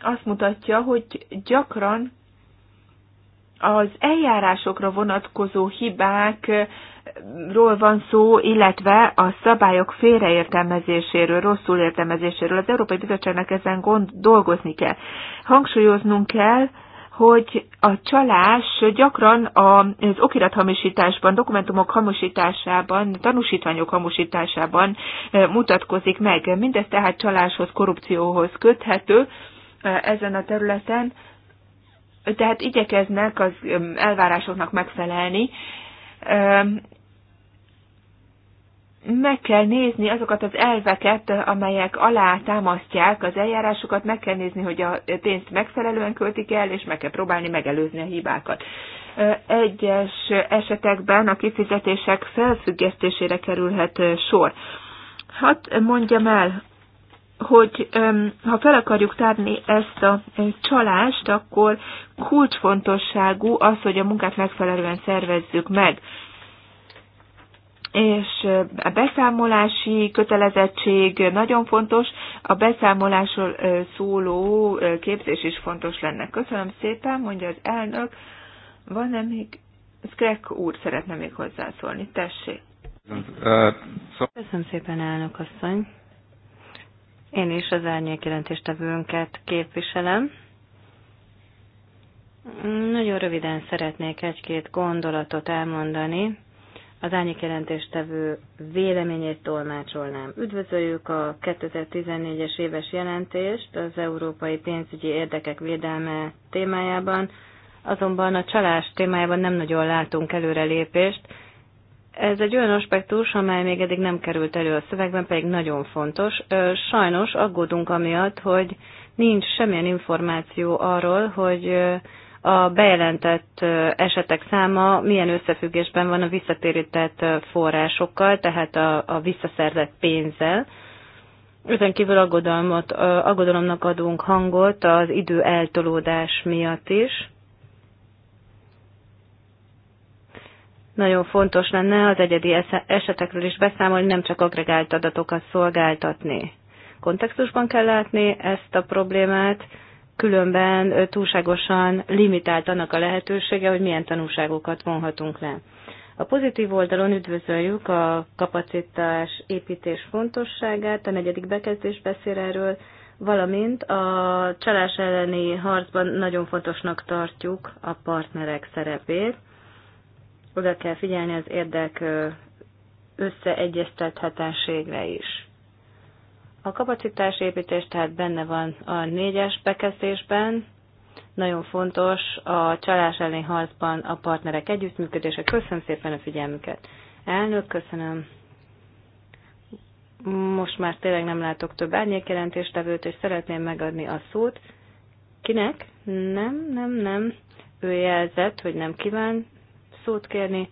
Speaker 1: azt mutatja, hogy gyakran az eljárásokra vonatkozó hibákról van szó, illetve a szabályok félreértelmezéséről, rosszul értelmezéséről. Az Európai Bizottságnak ezen gond, dolgozni kell. Hangsúlyoznunk kell, hogy a csalás gyakran az okirathamisításban, dokumentumok hamisításában, tanúsítványok hamisításában eh, mutatkozik meg. Mindez tehát csaláshoz, korrupcióhoz köthető eh, ezen a területen, tehát igyekeznek az elvárásoknak megfelelni, meg kell nézni azokat az elveket, amelyek alá támasztják az eljárásokat, meg kell nézni, hogy a pénzt megfelelően költik el, és meg kell próbálni megelőzni a hibákat. Egyes esetekben a kifizetések felfüggesztésére kerülhet sor. Hát mondjam el, hogy ha fel akarjuk tárni ezt a csalást, akkor kulcsfontosságú az, hogy a munkát megfelelően szervezzük meg és a beszámolási kötelezettség nagyon fontos, a beszámolásról szóló képzés is fontos lenne. Köszönöm szépen, mondja az elnök.
Speaker 3: Van-e még? Skrek úr szeretne még hozzászólni. Tessék. Köszönöm szépen, elnök asszony. Én is az árnyék jelentéstevőnket képviselem. Nagyon röviden szeretnék egy-két gondolatot elmondani az jelentéstevő véleményét tolmácsolnám. Üdvözöljük a 2014-es éves jelentést az európai pénzügyi érdekek védelme témájában, azonban a csalás témájában nem nagyon látunk előrelépést. Ez egy olyan aspektus, amely még eddig nem került elő a szövegben, pedig nagyon fontos. Sajnos aggódunk amiatt, hogy nincs semmilyen információ arról, hogy a bejelentett esetek száma milyen összefüggésben van a visszatérített forrásokkal, tehát a, a visszaszerzett pénzzel. Ezen kívül aggodalmat, aggodalomnak adunk hangot az idő eltolódás miatt is. Nagyon fontos lenne az egyedi esetekről is beszámolni, nem csak agregált adatokat szolgáltatni. Kontextusban kell látni ezt a problémát, különben túlságosan limitált annak a lehetősége, hogy milyen tanulságokat vonhatunk le. A pozitív oldalon üdvözöljük a kapacitás építés fontosságát, a negyedik bekezdés beszél erről, valamint a csalás elleni harcban nagyon fontosnak tartjuk a partnerek szerepét. Oda kell figyelni az érdek összeegyeztethetőségre is. A kapacitásépítés tehát benne van a négyes bekezdésben. Nagyon fontos a csalás elleni harcban a partnerek együttműködése. Köszönöm szépen a figyelmüket. Elnök, köszönöm. Most már tényleg nem látok több árnyékjelentéstevőt, és szeretném megadni a szót. Kinek? Nem, nem, nem. Ő jelzett, hogy nem kíván szót kérni.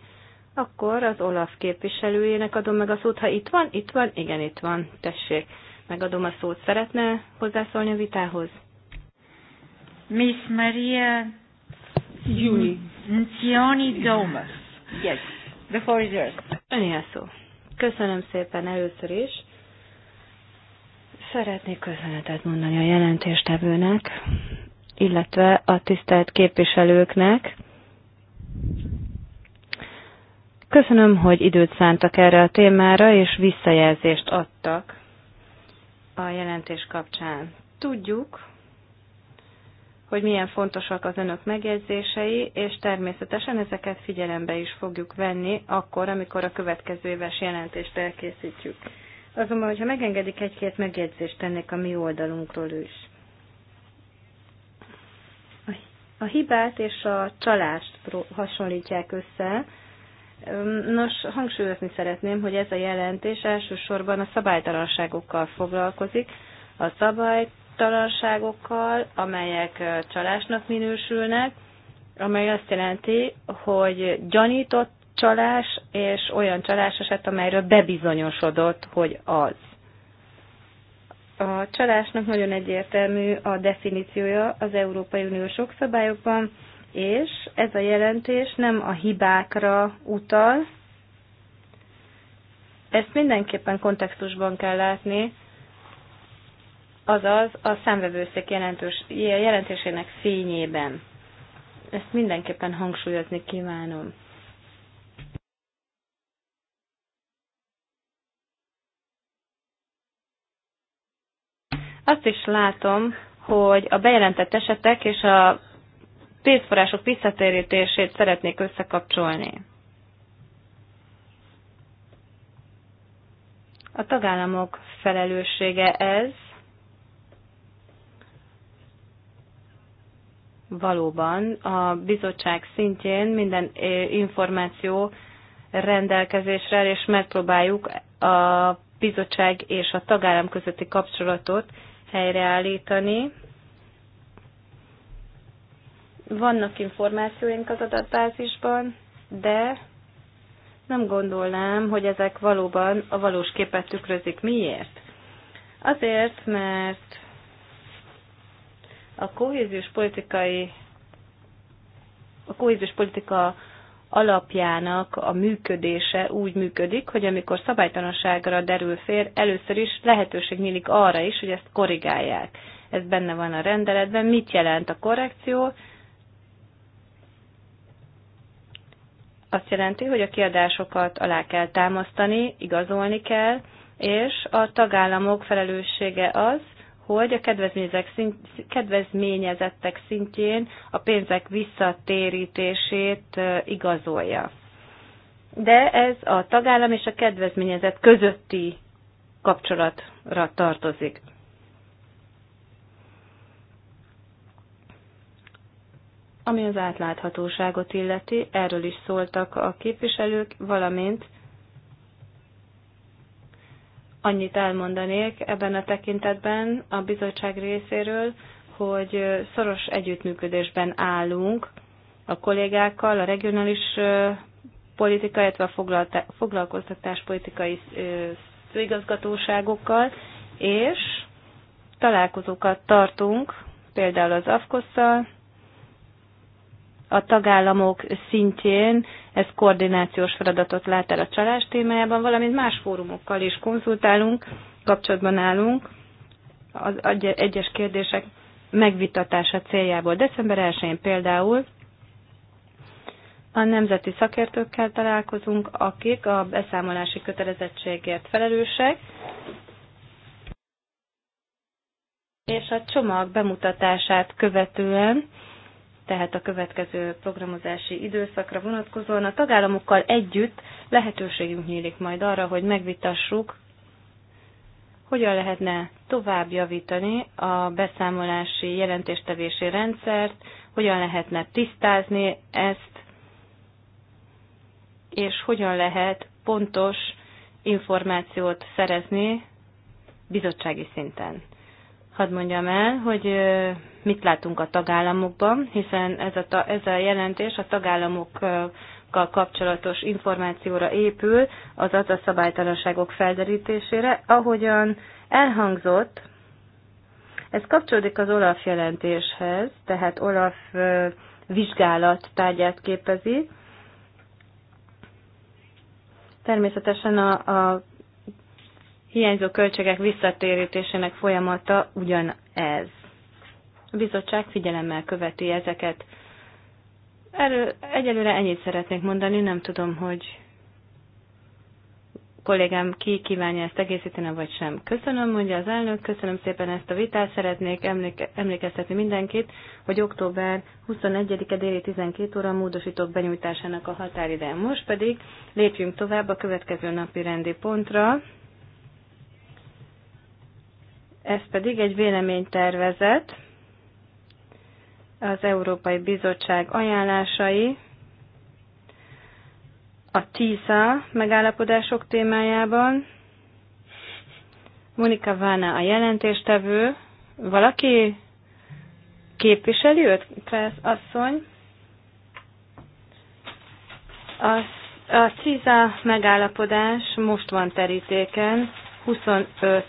Speaker 3: Akkor az Olaf képviselőjének adom meg a szót, ha itt van, itt van, igen, itt van, tessék megadom a szót. Szeretne hozzászólni a vitához? Miss Maria Juli. Ntioni Domas. Yes. The floor is yours. Önél szó. Köszönöm szépen először is. Szeretnék köszönetet mondani a jelentéstevőnek, illetve a tisztelt képviselőknek. Köszönöm, hogy időt szántak erre a témára, és visszajelzést adtak a jelentés kapcsán. Tudjuk, hogy milyen fontosak az önök megjegyzései, és természetesen ezeket figyelembe is fogjuk venni akkor, amikor a következő éves jelentést elkészítjük. Azonban, hogyha megengedik, egy-két megjegyzést tennék a mi oldalunkról is. A hibát és a csalást hasonlítják össze, Nos, hangsúlyozni szeretném, hogy ez a jelentés elsősorban a szabálytalanságokkal foglalkozik, a szabálytalanságokkal, amelyek csalásnak minősülnek, amely azt jelenti, hogy gyanított csalás és olyan csalás eset, amelyről bebizonyosodott, hogy az. A csalásnak nagyon egyértelmű a definíciója az Európai sok szabályokban, és ez a jelentés nem a hibákra utal, ezt mindenképpen kontextusban kell látni, azaz a számvevőszék jelentős, jelentésének fényében. Ezt mindenképpen hangsúlyozni kívánom. Azt is látom, hogy a bejelentett esetek és a pénzforrások visszatérítését szeretnék összekapcsolni. A tagállamok felelőssége ez. Valóban a bizottság szintjén minden információ rendelkezésre, és megpróbáljuk a bizottság és a tagállam közötti kapcsolatot helyreállítani. Vannak információink az adatbázisban, de nem gondolnám, hogy ezek valóban a valós képet tükrözik. Miért? Azért, mert a kohéziós politikai a kohéziós politika alapjának a működése úgy működik, hogy amikor szabálytalanságra derül fér, először is lehetőség nyílik arra is, hogy ezt korrigálják. Ez benne van a rendeletben. Mit jelent a korrekció? azt jelenti, hogy a kiadásokat alá kell támasztani, igazolni kell, és a tagállamok felelőssége az, hogy a kedvezményezettek szintjén a pénzek visszatérítését igazolja. De ez a tagállam és a kedvezményezett közötti kapcsolatra tartozik. Ami az átláthatóságot illeti, erről is szóltak a képviselők, valamint annyit elmondanék ebben a tekintetben a bizottság részéről, hogy szoros együttműködésben állunk a kollégákkal, a regionális politika, illetve a foglalkoztatáspolitikai főigazgatóságokkal, és találkozókat tartunk, például az afkosz a tagállamok szintjén ez koordinációs feladatot lát el a csalás témájában, valamint más fórumokkal is konzultálunk, kapcsolatban állunk az egyes kérdések megvitatása céljából. December 1-én például a nemzeti szakértőkkel találkozunk, akik a beszámolási kötelezettségért felelősek, és a csomag bemutatását követően tehát a következő programozási időszakra vonatkozóan a tagállamokkal együtt lehetőségünk nyílik majd arra, hogy megvitassuk, hogyan lehetne tovább javítani a beszámolási jelentéstevési rendszert, hogyan lehetne tisztázni ezt, és hogyan lehet pontos információt szerezni bizottsági szinten hadd mondjam el, hogy mit látunk a tagállamokban, hiszen ez a, ez a jelentés a tagállamokkal kapcsolatos információra épül, azaz a szabálytalanságok felderítésére. Ahogyan elhangzott, ez kapcsolódik az Olaf jelentéshez, tehát Olaf vizsgálat tárgyát képezi. Természetesen a, a hiányzó költségek visszatérítésének folyamata ugyanez. A bizottság figyelemmel követi ezeket. Erről egyelőre ennyit szeretnék mondani, nem tudom, hogy kollégám ki kívánja ezt egészíteni, vagy sem. Köszönöm, mondja az elnök, köszönöm szépen ezt a vitát, szeretnék emléke, emlékeztetni mindenkit, hogy október 21-e déli 12 óra a módosítók benyújtásának a határideje. Most pedig lépjünk tovább a következő napi rendi pontra. Ez pedig egy véleménytervezet, az Európai Bizottság ajánlásai a TISA megállapodások témájában. Monika Vána a jelentéstevő. Valaki képviseli őt, Klász asszony? A, a CISA megállapodás most van terítéken, 25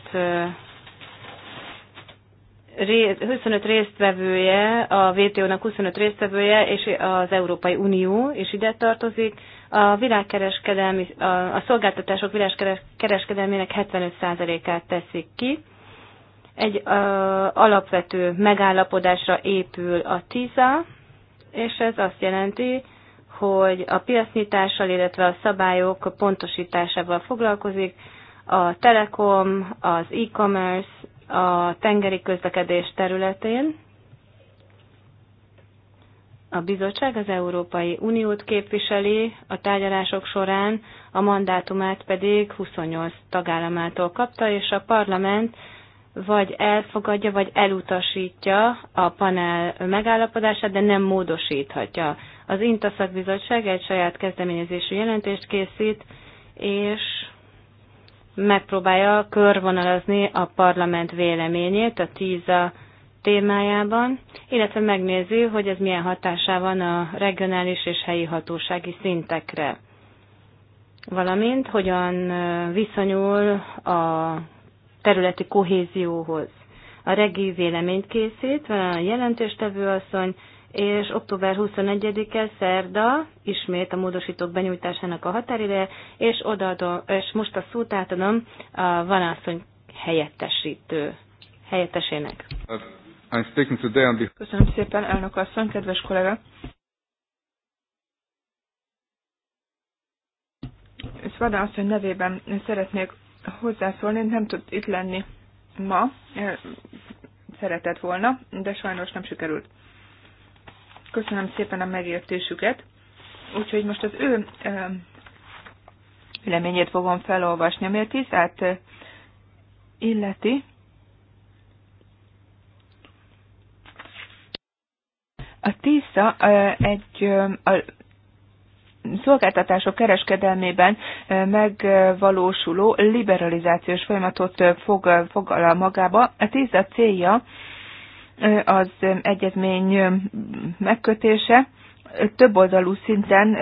Speaker 3: 25 résztvevője, a WTO-nak 25 résztvevője, és az Európai Unió is ide tartozik. A, világkereskedelmi, a, a szolgáltatások világkereskedelmének 75%-át teszik ki. Egy a, alapvető megállapodásra épül a TISA, és ez azt jelenti, hogy a piacnyitással, illetve a szabályok pontosításával foglalkozik, a telekom, az e-commerce, a tengeri közlekedés területén. A bizottság az Európai Uniót képviseli a tárgyalások során, a mandátumát pedig 28 tagállamától kapta, és a parlament vagy elfogadja, vagy elutasítja a panel megállapodását, de nem módosíthatja. Az Intaszak bizottság egy saját kezdeményezésű jelentést készít, és megpróbálja körvonalazni a parlament véleményét a TISA témájában, illetve megnézi, hogy ez milyen hatása van a regionális és helyi hatósági szintekre, valamint hogyan viszonyul a területi kohézióhoz. A regi véleményt készít, van a jelentéstevő asszony, és október 21-e szerda ismét a módosítók benyújtásának a határideje, és, odaadom, és most a szót átadom a vanászony helyettesítő helyettesének.
Speaker 4: Uh,
Speaker 3: Köszönöm szépen, elnök asszony, kedves kollega!
Speaker 1: És asszony nevében szeretnék hozzászólni, nem tud itt lenni ma, szeretett volna, de sajnos nem sikerült köszönöm szépen a megértésüket. Úgyhogy most az ő véleményét fogom felolvasni, ami a tisztát illeti. A TISZA egy a szolgáltatások kereskedelmében megvalósuló liberalizációs folyamatot fog, fogal magába. A TISZA célja az egyezmény megkötése oldalú szinten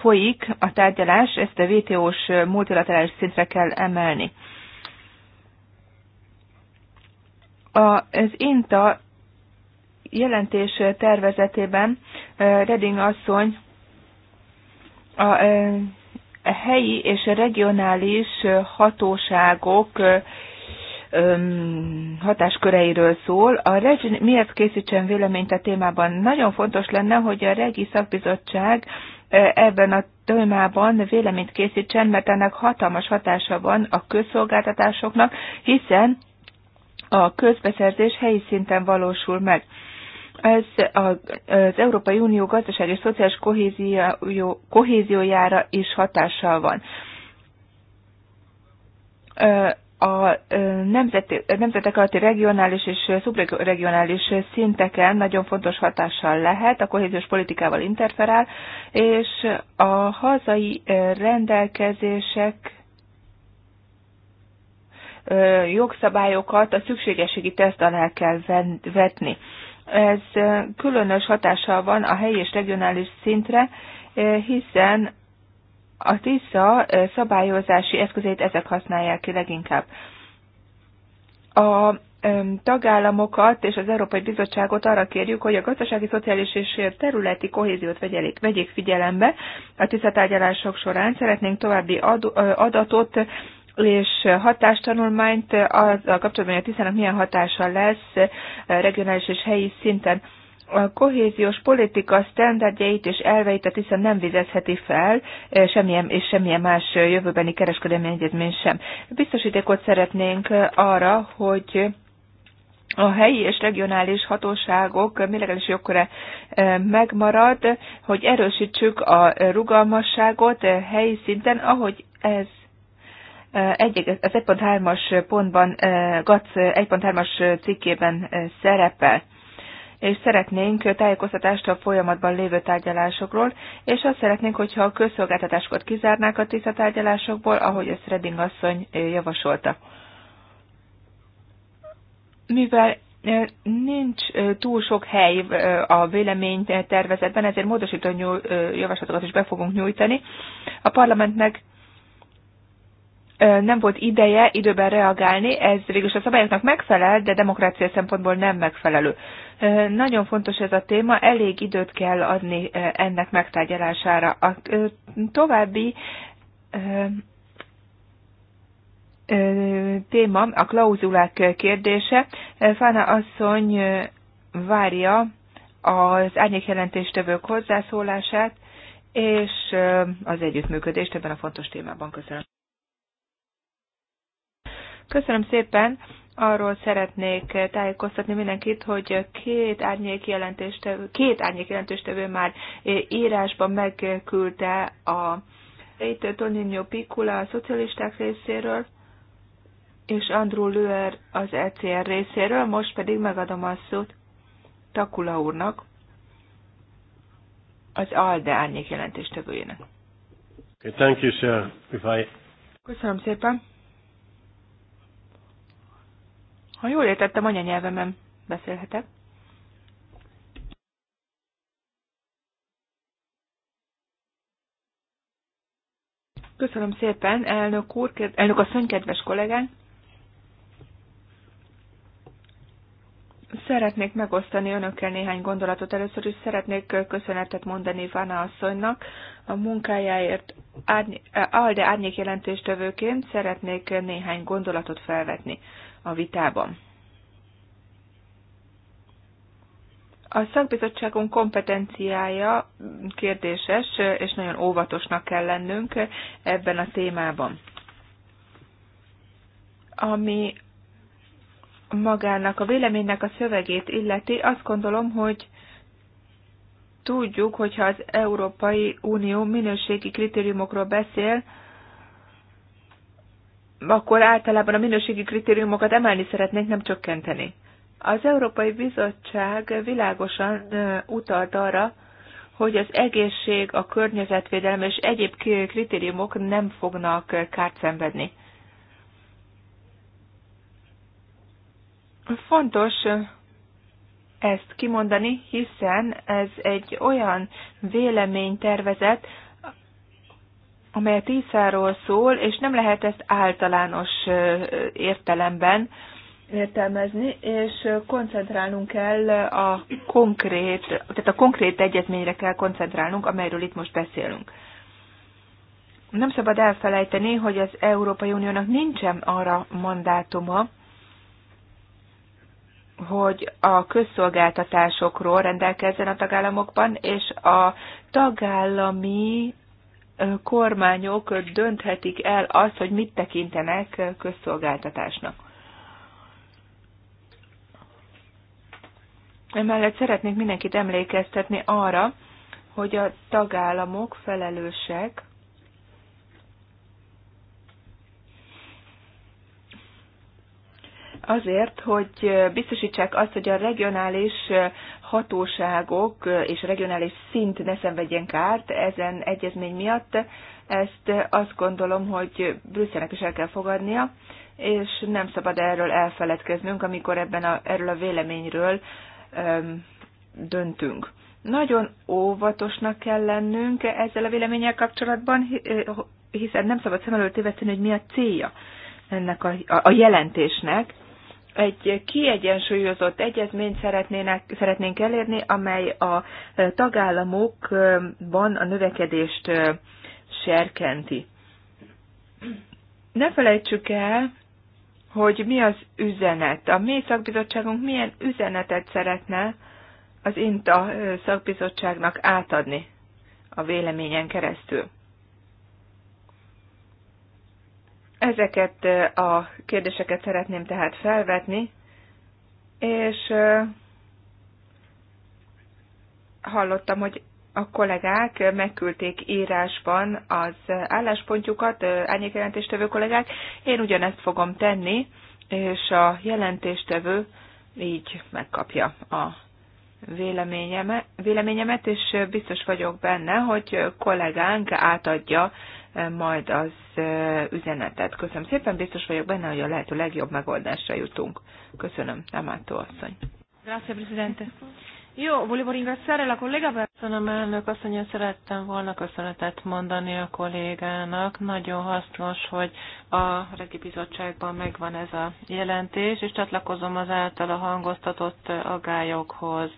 Speaker 1: folyik a tárgyalás, ezt a WTO-s multilaterális szintre kell emelni. Az INTA jelentés tervezetében Reding asszony a helyi és regionális hatóságok hatásköreiről szól. A Regi miért készítsen véleményt a témában? Nagyon fontos lenne, hogy a Regi szakbizottság ebben a témában véleményt készítsen, mert ennek hatalmas hatása van a közszolgáltatásoknak, hiszen a közbeszerzés helyi szinten valósul meg. Ez az Európai Unió gazdasági és szociális kohézió, kohéziójára is hatással van a nemzeti, nemzetek alatti regionális és szubregionális szinteken nagyon fontos hatással lehet, a kohéziós politikával interferál, és a hazai rendelkezések jogszabályokat a szükségességi teszt alá kell vetni. Ez különös hatással van a helyi és regionális szintre, hiszen a TISZA szabályozási eszközét ezek használják ki leginkább. A tagállamokat és az Európai Bizottságot arra kérjük, hogy a gazdasági, szociális és területi kohéziót vegyelik, vegyék figyelembe. A tisztatárgyalások során szeretnénk további adatot és hatástanulmányt a kapcsolatban, hogy a tiszának milyen hatása lesz regionális és helyi szinten a kohéziós politika standardjait és elveit, hiszen nem vizezheti fel semmilyen, és semmilyen más jövőbeni kereskedelmi egyezmény sem. Biztosítékot szeretnénk arra, hogy a helyi és regionális hatóságok millegális jogköre megmarad, hogy erősítsük a rugalmasságot helyi szinten, ahogy ez az 1.3-as pontban, GAC 1.3-as cikkében szerepel és szeretnénk tájékoztatást a folyamatban lévő tárgyalásokról, és azt szeretnénk, hogyha a közszolgáltatásokat kizárnák a tiszta tárgyalásokból, ahogy ezt Redding asszony javasolta. Mivel nincs túl sok hely a vélemény tervezetben, ezért módosító javaslatokat is be fogunk nyújtani. A parlamentnek nem volt ideje időben reagálni, ez végül a szabályoknak megfelel, de demokrácia szempontból nem megfelelő. Nagyon fontos ez a téma, elég időt kell adni ennek megtárgyalására. A további téma a klauzulák kérdése. Fána asszony várja az árnyékjelentéstevők hozzászólását, és az együttműködést ebben a fontos témában. Köszönöm. Köszönöm szépen! Arról szeretnék tájékoztatni mindenkit, hogy két árnyék jelentéstevő, két árnyék jelentéstevő már írásban megküldte a itt Toninho Pikula a szocialisták részéről, és Andrew Lüer az ECR részéről, most pedig megadom a szót Takula úrnak, az ALDE árnyék jelentéstevőjének.
Speaker 4: Okay, thank you, sir. If I...
Speaker 1: Köszönöm szépen. Ha jól értettem, anyanyelvemen beszélhetek. Köszönöm szépen, elnök úr, elnök asszony, kedves kollégánk. Szeretnék megosztani önökkel néhány gondolatot. Először is szeretnék köszönetet mondani Vána asszonynak a munkájáért. Árny, ALDE árnyék jelentéstövőként szeretnék néhány gondolatot felvetni a vitában. A szakbizottságunk kompetenciája kérdéses, és nagyon óvatosnak kell lennünk ebben a témában. Ami magának a véleménynek a szövegét illeti, azt gondolom, hogy tudjuk, hogyha az Európai Unió minőségi kritériumokról beszél, akkor általában a minőségi kritériumokat emelni szeretnék, nem csökkenteni. Az Európai Bizottság világosan utalt arra, hogy az egészség, a környezetvédelem és egyéb kritériumok nem fognak kárt szenvedni. Fontos ezt kimondani, hiszen ez egy olyan véleménytervezet, amely a Tiszáról szól, és nem lehet ezt általános értelemben értelmezni, és koncentrálnunk kell a konkrét, tehát a konkrét egyezményre kell koncentrálnunk, amelyről itt most beszélünk. Nem szabad elfelejteni, hogy az Európai Uniónak nincsen arra mandátuma, hogy a közszolgáltatásokról rendelkezzen a tagállamokban, és a tagállami kormányok dönthetik el azt, hogy mit tekintenek közszolgáltatásnak. Emellett szeretnék mindenkit emlékeztetni arra, hogy a tagállamok felelősek azért, hogy biztosítsák azt, hogy a regionális hatóságok és regionális szint ne szenvedjen kárt ezen egyezmény miatt. Ezt azt gondolom, hogy Brüsszelnek is el kell fogadnia, és nem szabad erről elfeledkeznünk, amikor ebben a, erről a véleményről öm, döntünk. Nagyon óvatosnak kell lennünk ezzel a véleménnyel kapcsolatban, hiszen nem szabad szem előtt téveszteni, hogy mi a célja ennek a, a, a jelentésnek, egy kiegyensúlyozott egyezményt szeretnének, szeretnénk elérni, amely a tagállamokban a növekedést serkenti. Ne felejtsük el, hogy mi az üzenet. A mi szakbizottságunk milyen üzenetet szeretne az INTA szakbizottságnak átadni a véleményen keresztül. Ezeket a kérdéseket szeretném tehát felvetni, és hallottam, hogy a kollégák megküldték írásban az álláspontjukat, árnyékjelentéstevő kollégák. Én ugyanezt fogom tenni, és a jelentéstevő így megkapja a véleményemet, és biztos vagyok benne, hogy kollégánk átadja majd az üzenetet. Köszönöm szépen, biztos vagyok benne, hogy a lehető legjobb megoldásra jutunk. Köszönöm, Amátó asszony. Grazie, Presidente. Jó, volevo ringraziare la collega per...
Speaker 2: Köszönöm, elnök asszony, szerettem volna köszönetet mondani a kollégának. Nagyon hasznos, hogy a Regi Bizottságban megvan ez a jelentés, és csatlakozom az a hangoztatott agályokhoz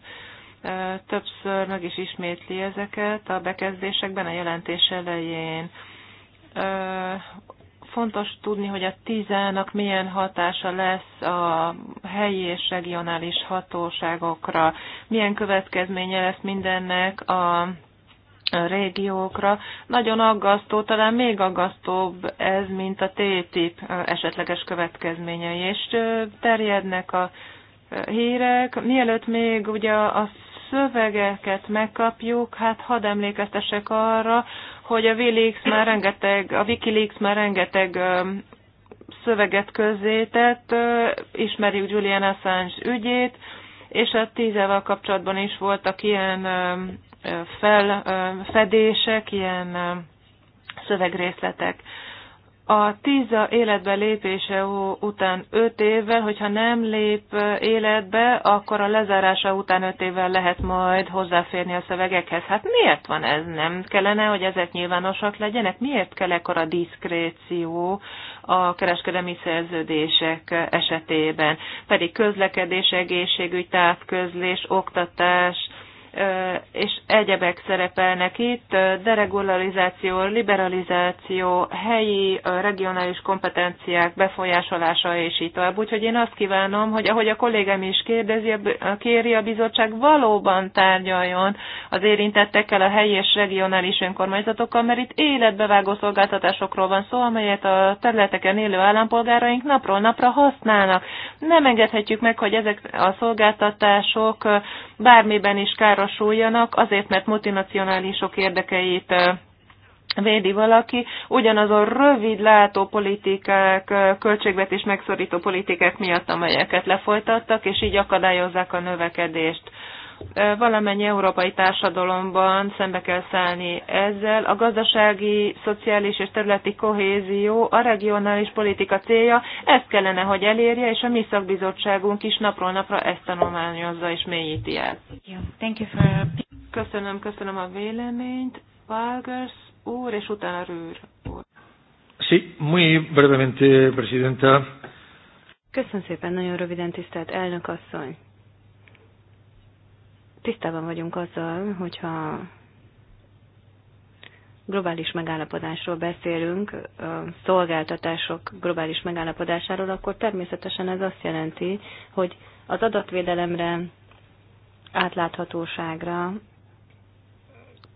Speaker 2: többször meg is ismétli ezeket a bekezdésekben a jelentés elején fontos tudni, hogy a tizának milyen hatása lesz a helyi és regionális hatóságokra, milyen következménye lesz mindennek a régiókra. Nagyon aggasztó, talán még aggasztóbb ez, mint a TTIP esetleges következményei, és terjednek a hírek. Mielőtt még ugye a szövegeket megkapjuk, hát hadd emlékeztesek arra, hogy a Wikileaks már rengeteg, a Wikileaks már rengeteg szöveget közzétett, ismerjük Julian Assange ügyét, és a tízevel kapcsolatban is voltak ilyen felfedések, ilyen szövegrészletek a tíza életbe lépése után öt évvel, hogyha nem lép életbe, akkor a lezárása után öt évvel lehet majd hozzáférni a szövegekhez. Hát miért van ez? Nem kellene, hogy ezek nyilvánosak legyenek? Miért kell a diszkréció a kereskedelmi szerződések esetében? Pedig közlekedés, egészségügy, távközlés, oktatás, és egyebek szerepelnek itt, deregularizáció, liberalizáció, helyi, regionális kompetenciák befolyásolása és így tovább. Úgyhogy én azt kívánom, hogy ahogy a kollégám is kérdezi, kéri a bizottság valóban tárgyaljon az érintettekkel, a helyi és regionális önkormányzatokkal, mert itt életbevágó szolgáltatásokról van szó, amelyet a területeken élő állampolgáraink napról napra használnak. Nem engedhetjük meg, hogy ezek a szolgáltatások bármiben is károsuljanak, azért, mert multinacionálisok érdekeit védi valaki, ugyanazon rövid látó politikák, költségvetés megszorító politikák miatt, amelyeket lefolytattak, és így akadályozzák a növekedést valamennyi európai társadalomban szembe kell szállni ezzel. A gazdasági, szociális és területi kohézió a regionális politika célja, ezt kellene, hogy elérje, és a mi szakbizottságunk is napról napra ezt tanulmányozza és mélyíti el. Köszönöm, köszönöm a véleményt. Valgers úr, és utána Rőr úr.
Speaker 1: Sí, muy brevemente, presidenta.
Speaker 3: Köszönöm szépen, nagyon röviden tisztelt elnök asszony. Tisztában vagyunk azzal, hogyha globális megállapodásról beszélünk, szolgáltatások globális megállapodásáról, akkor természetesen ez azt jelenti, hogy az adatvédelemre, átláthatóságra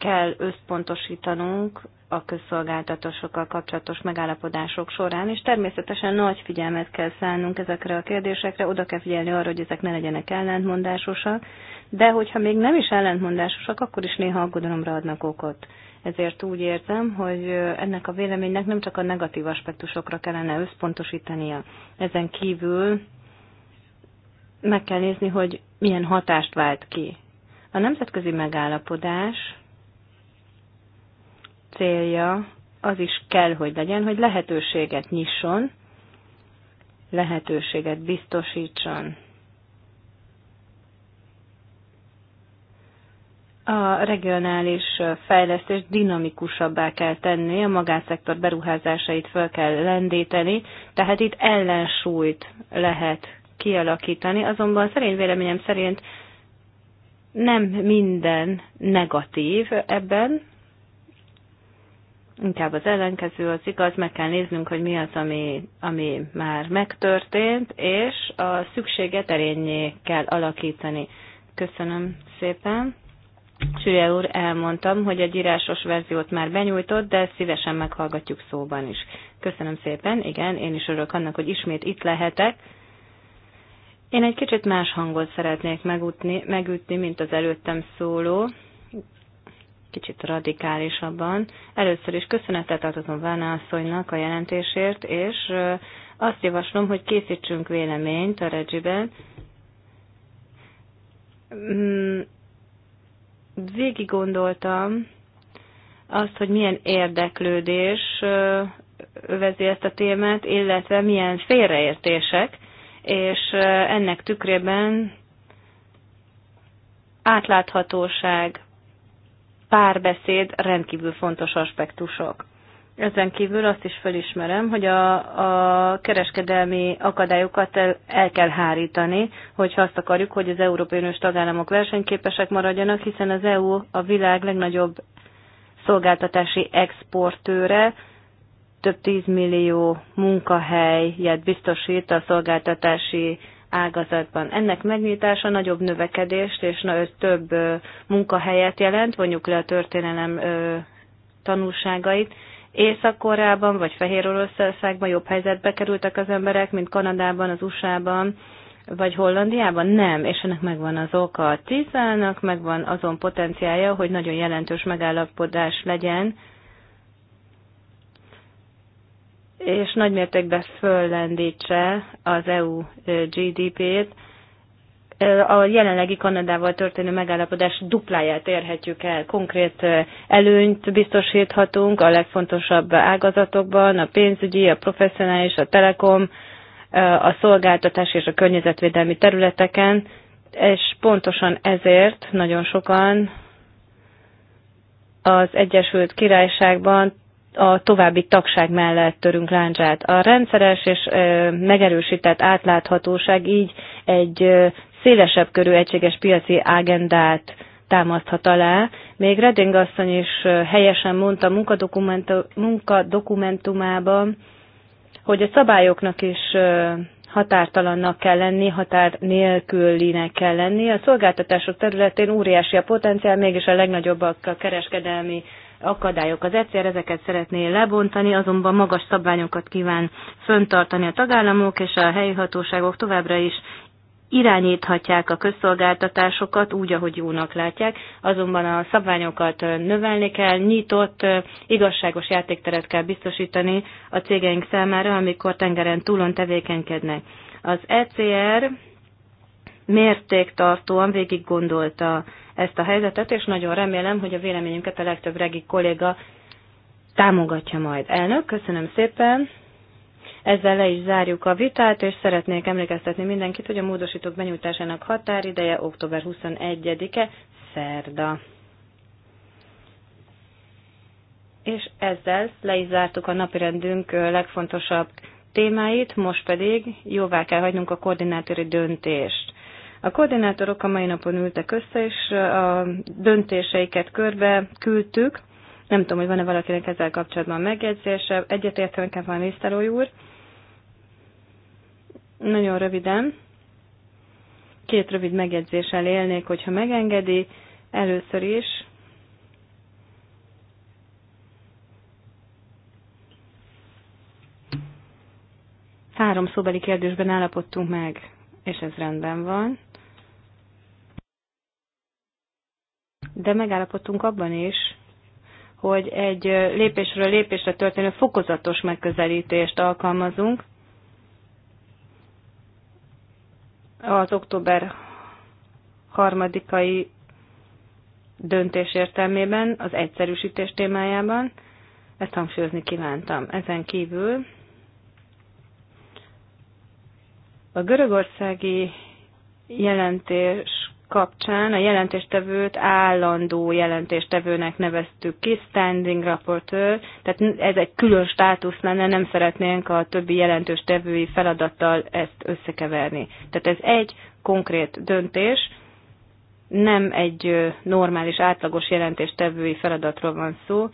Speaker 3: kell összpontosítanunk a közszolgáltatásokkal kapcsolatos megállapodások során, és természetesen nagy figyelmet kell szánnunk ezekre a kérdésekre, oda kell figyelni arra, hogy ezek ne legyenek ellentmondásosak, de hogyha még nem is ellentmondásosak, akkor is néha aggodalomra adnak okot. Ezért úgy érzem, hogy ennek a véleménynek nem csak a negatív aspektusokra kellene összpontosítania. Ezen kívül meg kell nézni, hogy milyen hatást vált ki. A nemzetközi megállapodás célja az is kell, hogy legyen, hogy lehetőséget nyisson, lehetőséget biztosítson. A regionális fejlesztést dinamikusabbá kell tenni, a magánszektor beruházásait föl kell lendíteni, tehát itt ellensúlyt lehet kialakítani, azonban szerint véleményem szerint nem minden negatív ebben, inkább az ellenkező az igaz, meg kell néznünk, hogy mi az, ami, ami már megtörtént, és a szükséget erényé kell alakítani. Köszönöm szépen. Sülye úr, elmondtam, hogy egy írásos verziót már benyújtott, de szívesen meghallgatjuk szóban is. Köszönöm szépen, igen, én is örülök annak, hogy ismét itt lehetek. Én egy kicsit más hangot szeretnék megütni, megütni mint az előttem szóló kicsit radikálisabban. Először is köszönetet adhatom Vána asszonynak a jelentésért, és azt javaslom, hogy készítsünk véleményt a Regiben. Mm, végig gondoltam azt, hogy milyen érdeklődés övezi ezt a témát, illetve milyen félreértések, és ennek tükrében átláthatóság, párbeszéd rendkívül fontos aspektusok. Ezen kívül azt is felismerem, hogy a, a kereskedelmi akadályokat el, el kell hárítani, hogyha azt akarjuk, hogy az Európai Uniós tagállamok versenyképesek maradjanak, hiszen az EU a világ legnagyobb szolgáltatási exportőre, több tízmillió munkahelyet biztosít a szolgáltatási ágazatban. Ennek megnyitása nagyobb növekedést és több munkahelyet jelent, vonjuk le a történelem tanulságait. Észak-Koreában vagy Fehér Oroszországban jobb helyzetbe kerültek az emberek, mint Kanadában, az USA-ban, vagy Hollandiában? Nem, és ennek megvan az oka. A tízának megvan azon potenciája, hogy nagyon jelentős megállapodás legyen és nagymértékben föllendítse az EU GDP-t. A jelenlegi Kanadával történő megállapodás dupláját érhetjük el. Konkrét előnyt biztosíthatunk a legfontosabb ágazatokban, a pénzügyi, a professzionális, a telekom, a szolgáltatás és a környezetvédelmi területeken, és pontosan ezért nagyon sokan az Egyesült Királyságban a további tagság mellett törünk láncsát. A rendszeres és megerősített átláthatóság így egy szélesebb körű egységes piaci ágendát támaszthat alá. Még Reding asszony is helyesen mondta munkadokumentumában, hogy a szabályoknak is határtalannak kell lenni, határ nélkülinek kell lenni. A szolgáltatások területén óriási a potenciál, mégis a legnagyobbak a kereskedelmi akadályok. Az egyszer ezeket szeretné lebontani, azonban magas szabványokat kíván föntartani a tagállamok, és a helyi hatóságok továbbra is irányíthatják a közszolgáltatásokat úgy, ahogy jónak látják, azonban a szabványokat növelni kell, nyitott, igazságos játékteret kell biztosítani a cégeink számára, amikor tengeren túlon tevékenykednek. Az ECR mértéktartóan végig gondolta ezt a helyzetet, és nagyon remélem, hogy a véleményünket a legtöbb regi kolléga támogatja majd. Elnök, köszönöm szépen! Ezzel le is zárjuk a vitát, és szeretnék emlékeztetni mindenkit, hogy a módosítók benyújtásának határideje október 21-e, szerda. És ezzel le is zártuk a napirendünk legfontosabb témáit, most pedig jóvá kell hagynunk a koordinátori döntést. A koordinátorok a mai napon ültek össze, és a döntéseiket körbe küldtük. Nem tudom, hogy van-e valakinek ezzel kapcsolatban megjegyzése. Egyetértenek-e van Lisztelói úr? Nagyon röviden. Két rövid megjegyzéssel élnék, hogyha megengedi. Először is három szóbeli kérdésben állapodtunk meg, és ez rendben van. de megállapodtunk abban is, hogy egy lépésről lépésre történő fokozatos megközelítést alkalmazunk. Az október harmadikai döntés értelmében, az egyszerűsítés témájában, ezt hangsúlyozni kívántam. Ezen kívül a görögországi jelentés kapcsán a jelentéstevőt állandó jelentéstevőnek neveztük ki, standing rapporteur, tehát ez egy külön státusz lenne, nem szeretnénk a többi jelentéstevői feladattal ezt összekeverni. Tehát ez egy konkrét döntés, nem egy normális, átlagos jelentéstevői feladatról van szó.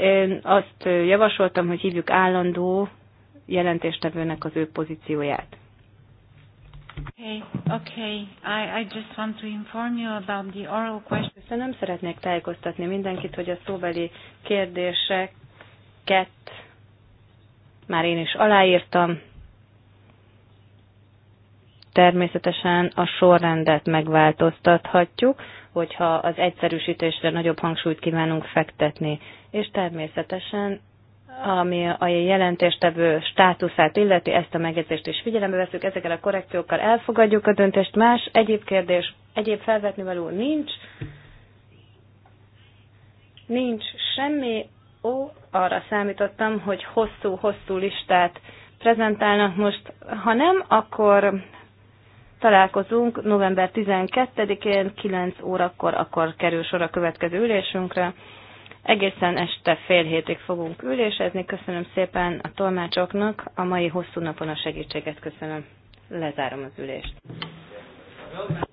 Speaker 3: Én azt javasoltam, hogy hívjuk állandó jelentéstevőnek az ő pozícióját. Okay, I, I just want to inform you about the oral Köszönöm, szeretnék tájékoztatni mindenkit, hogy a szóbeli kérdéseket már én is aláírtam. Természetesen a sorrendet megváltoztathatjuk, hogyha az egyszerűsítésre nagyobb hangsúlyt kívánunk fektetni, és természetesen ami a jelentéstevő státuszát illeti, ezt a megjegyzést is figyelembe veszük, ezekkel a korrekciókkal elfogadjuk a döntést. Más egyéb kérdés, egyéb felvetni való nincs, nincs semmi, ó, arra számítottam, hogy hosszú-hosszú listát prezentálnak most, ha nem, akkor találkozunk november 12-én 9 órakor, akkor kerül sor a következő ülésünkre. Egészen este fél hétig fogunk ülésezni. Köszönöm szépen a tolmácsoknak, a mai hosszú napon a segítséget köszönöm. Lezárom az
Speaker 1: ülést.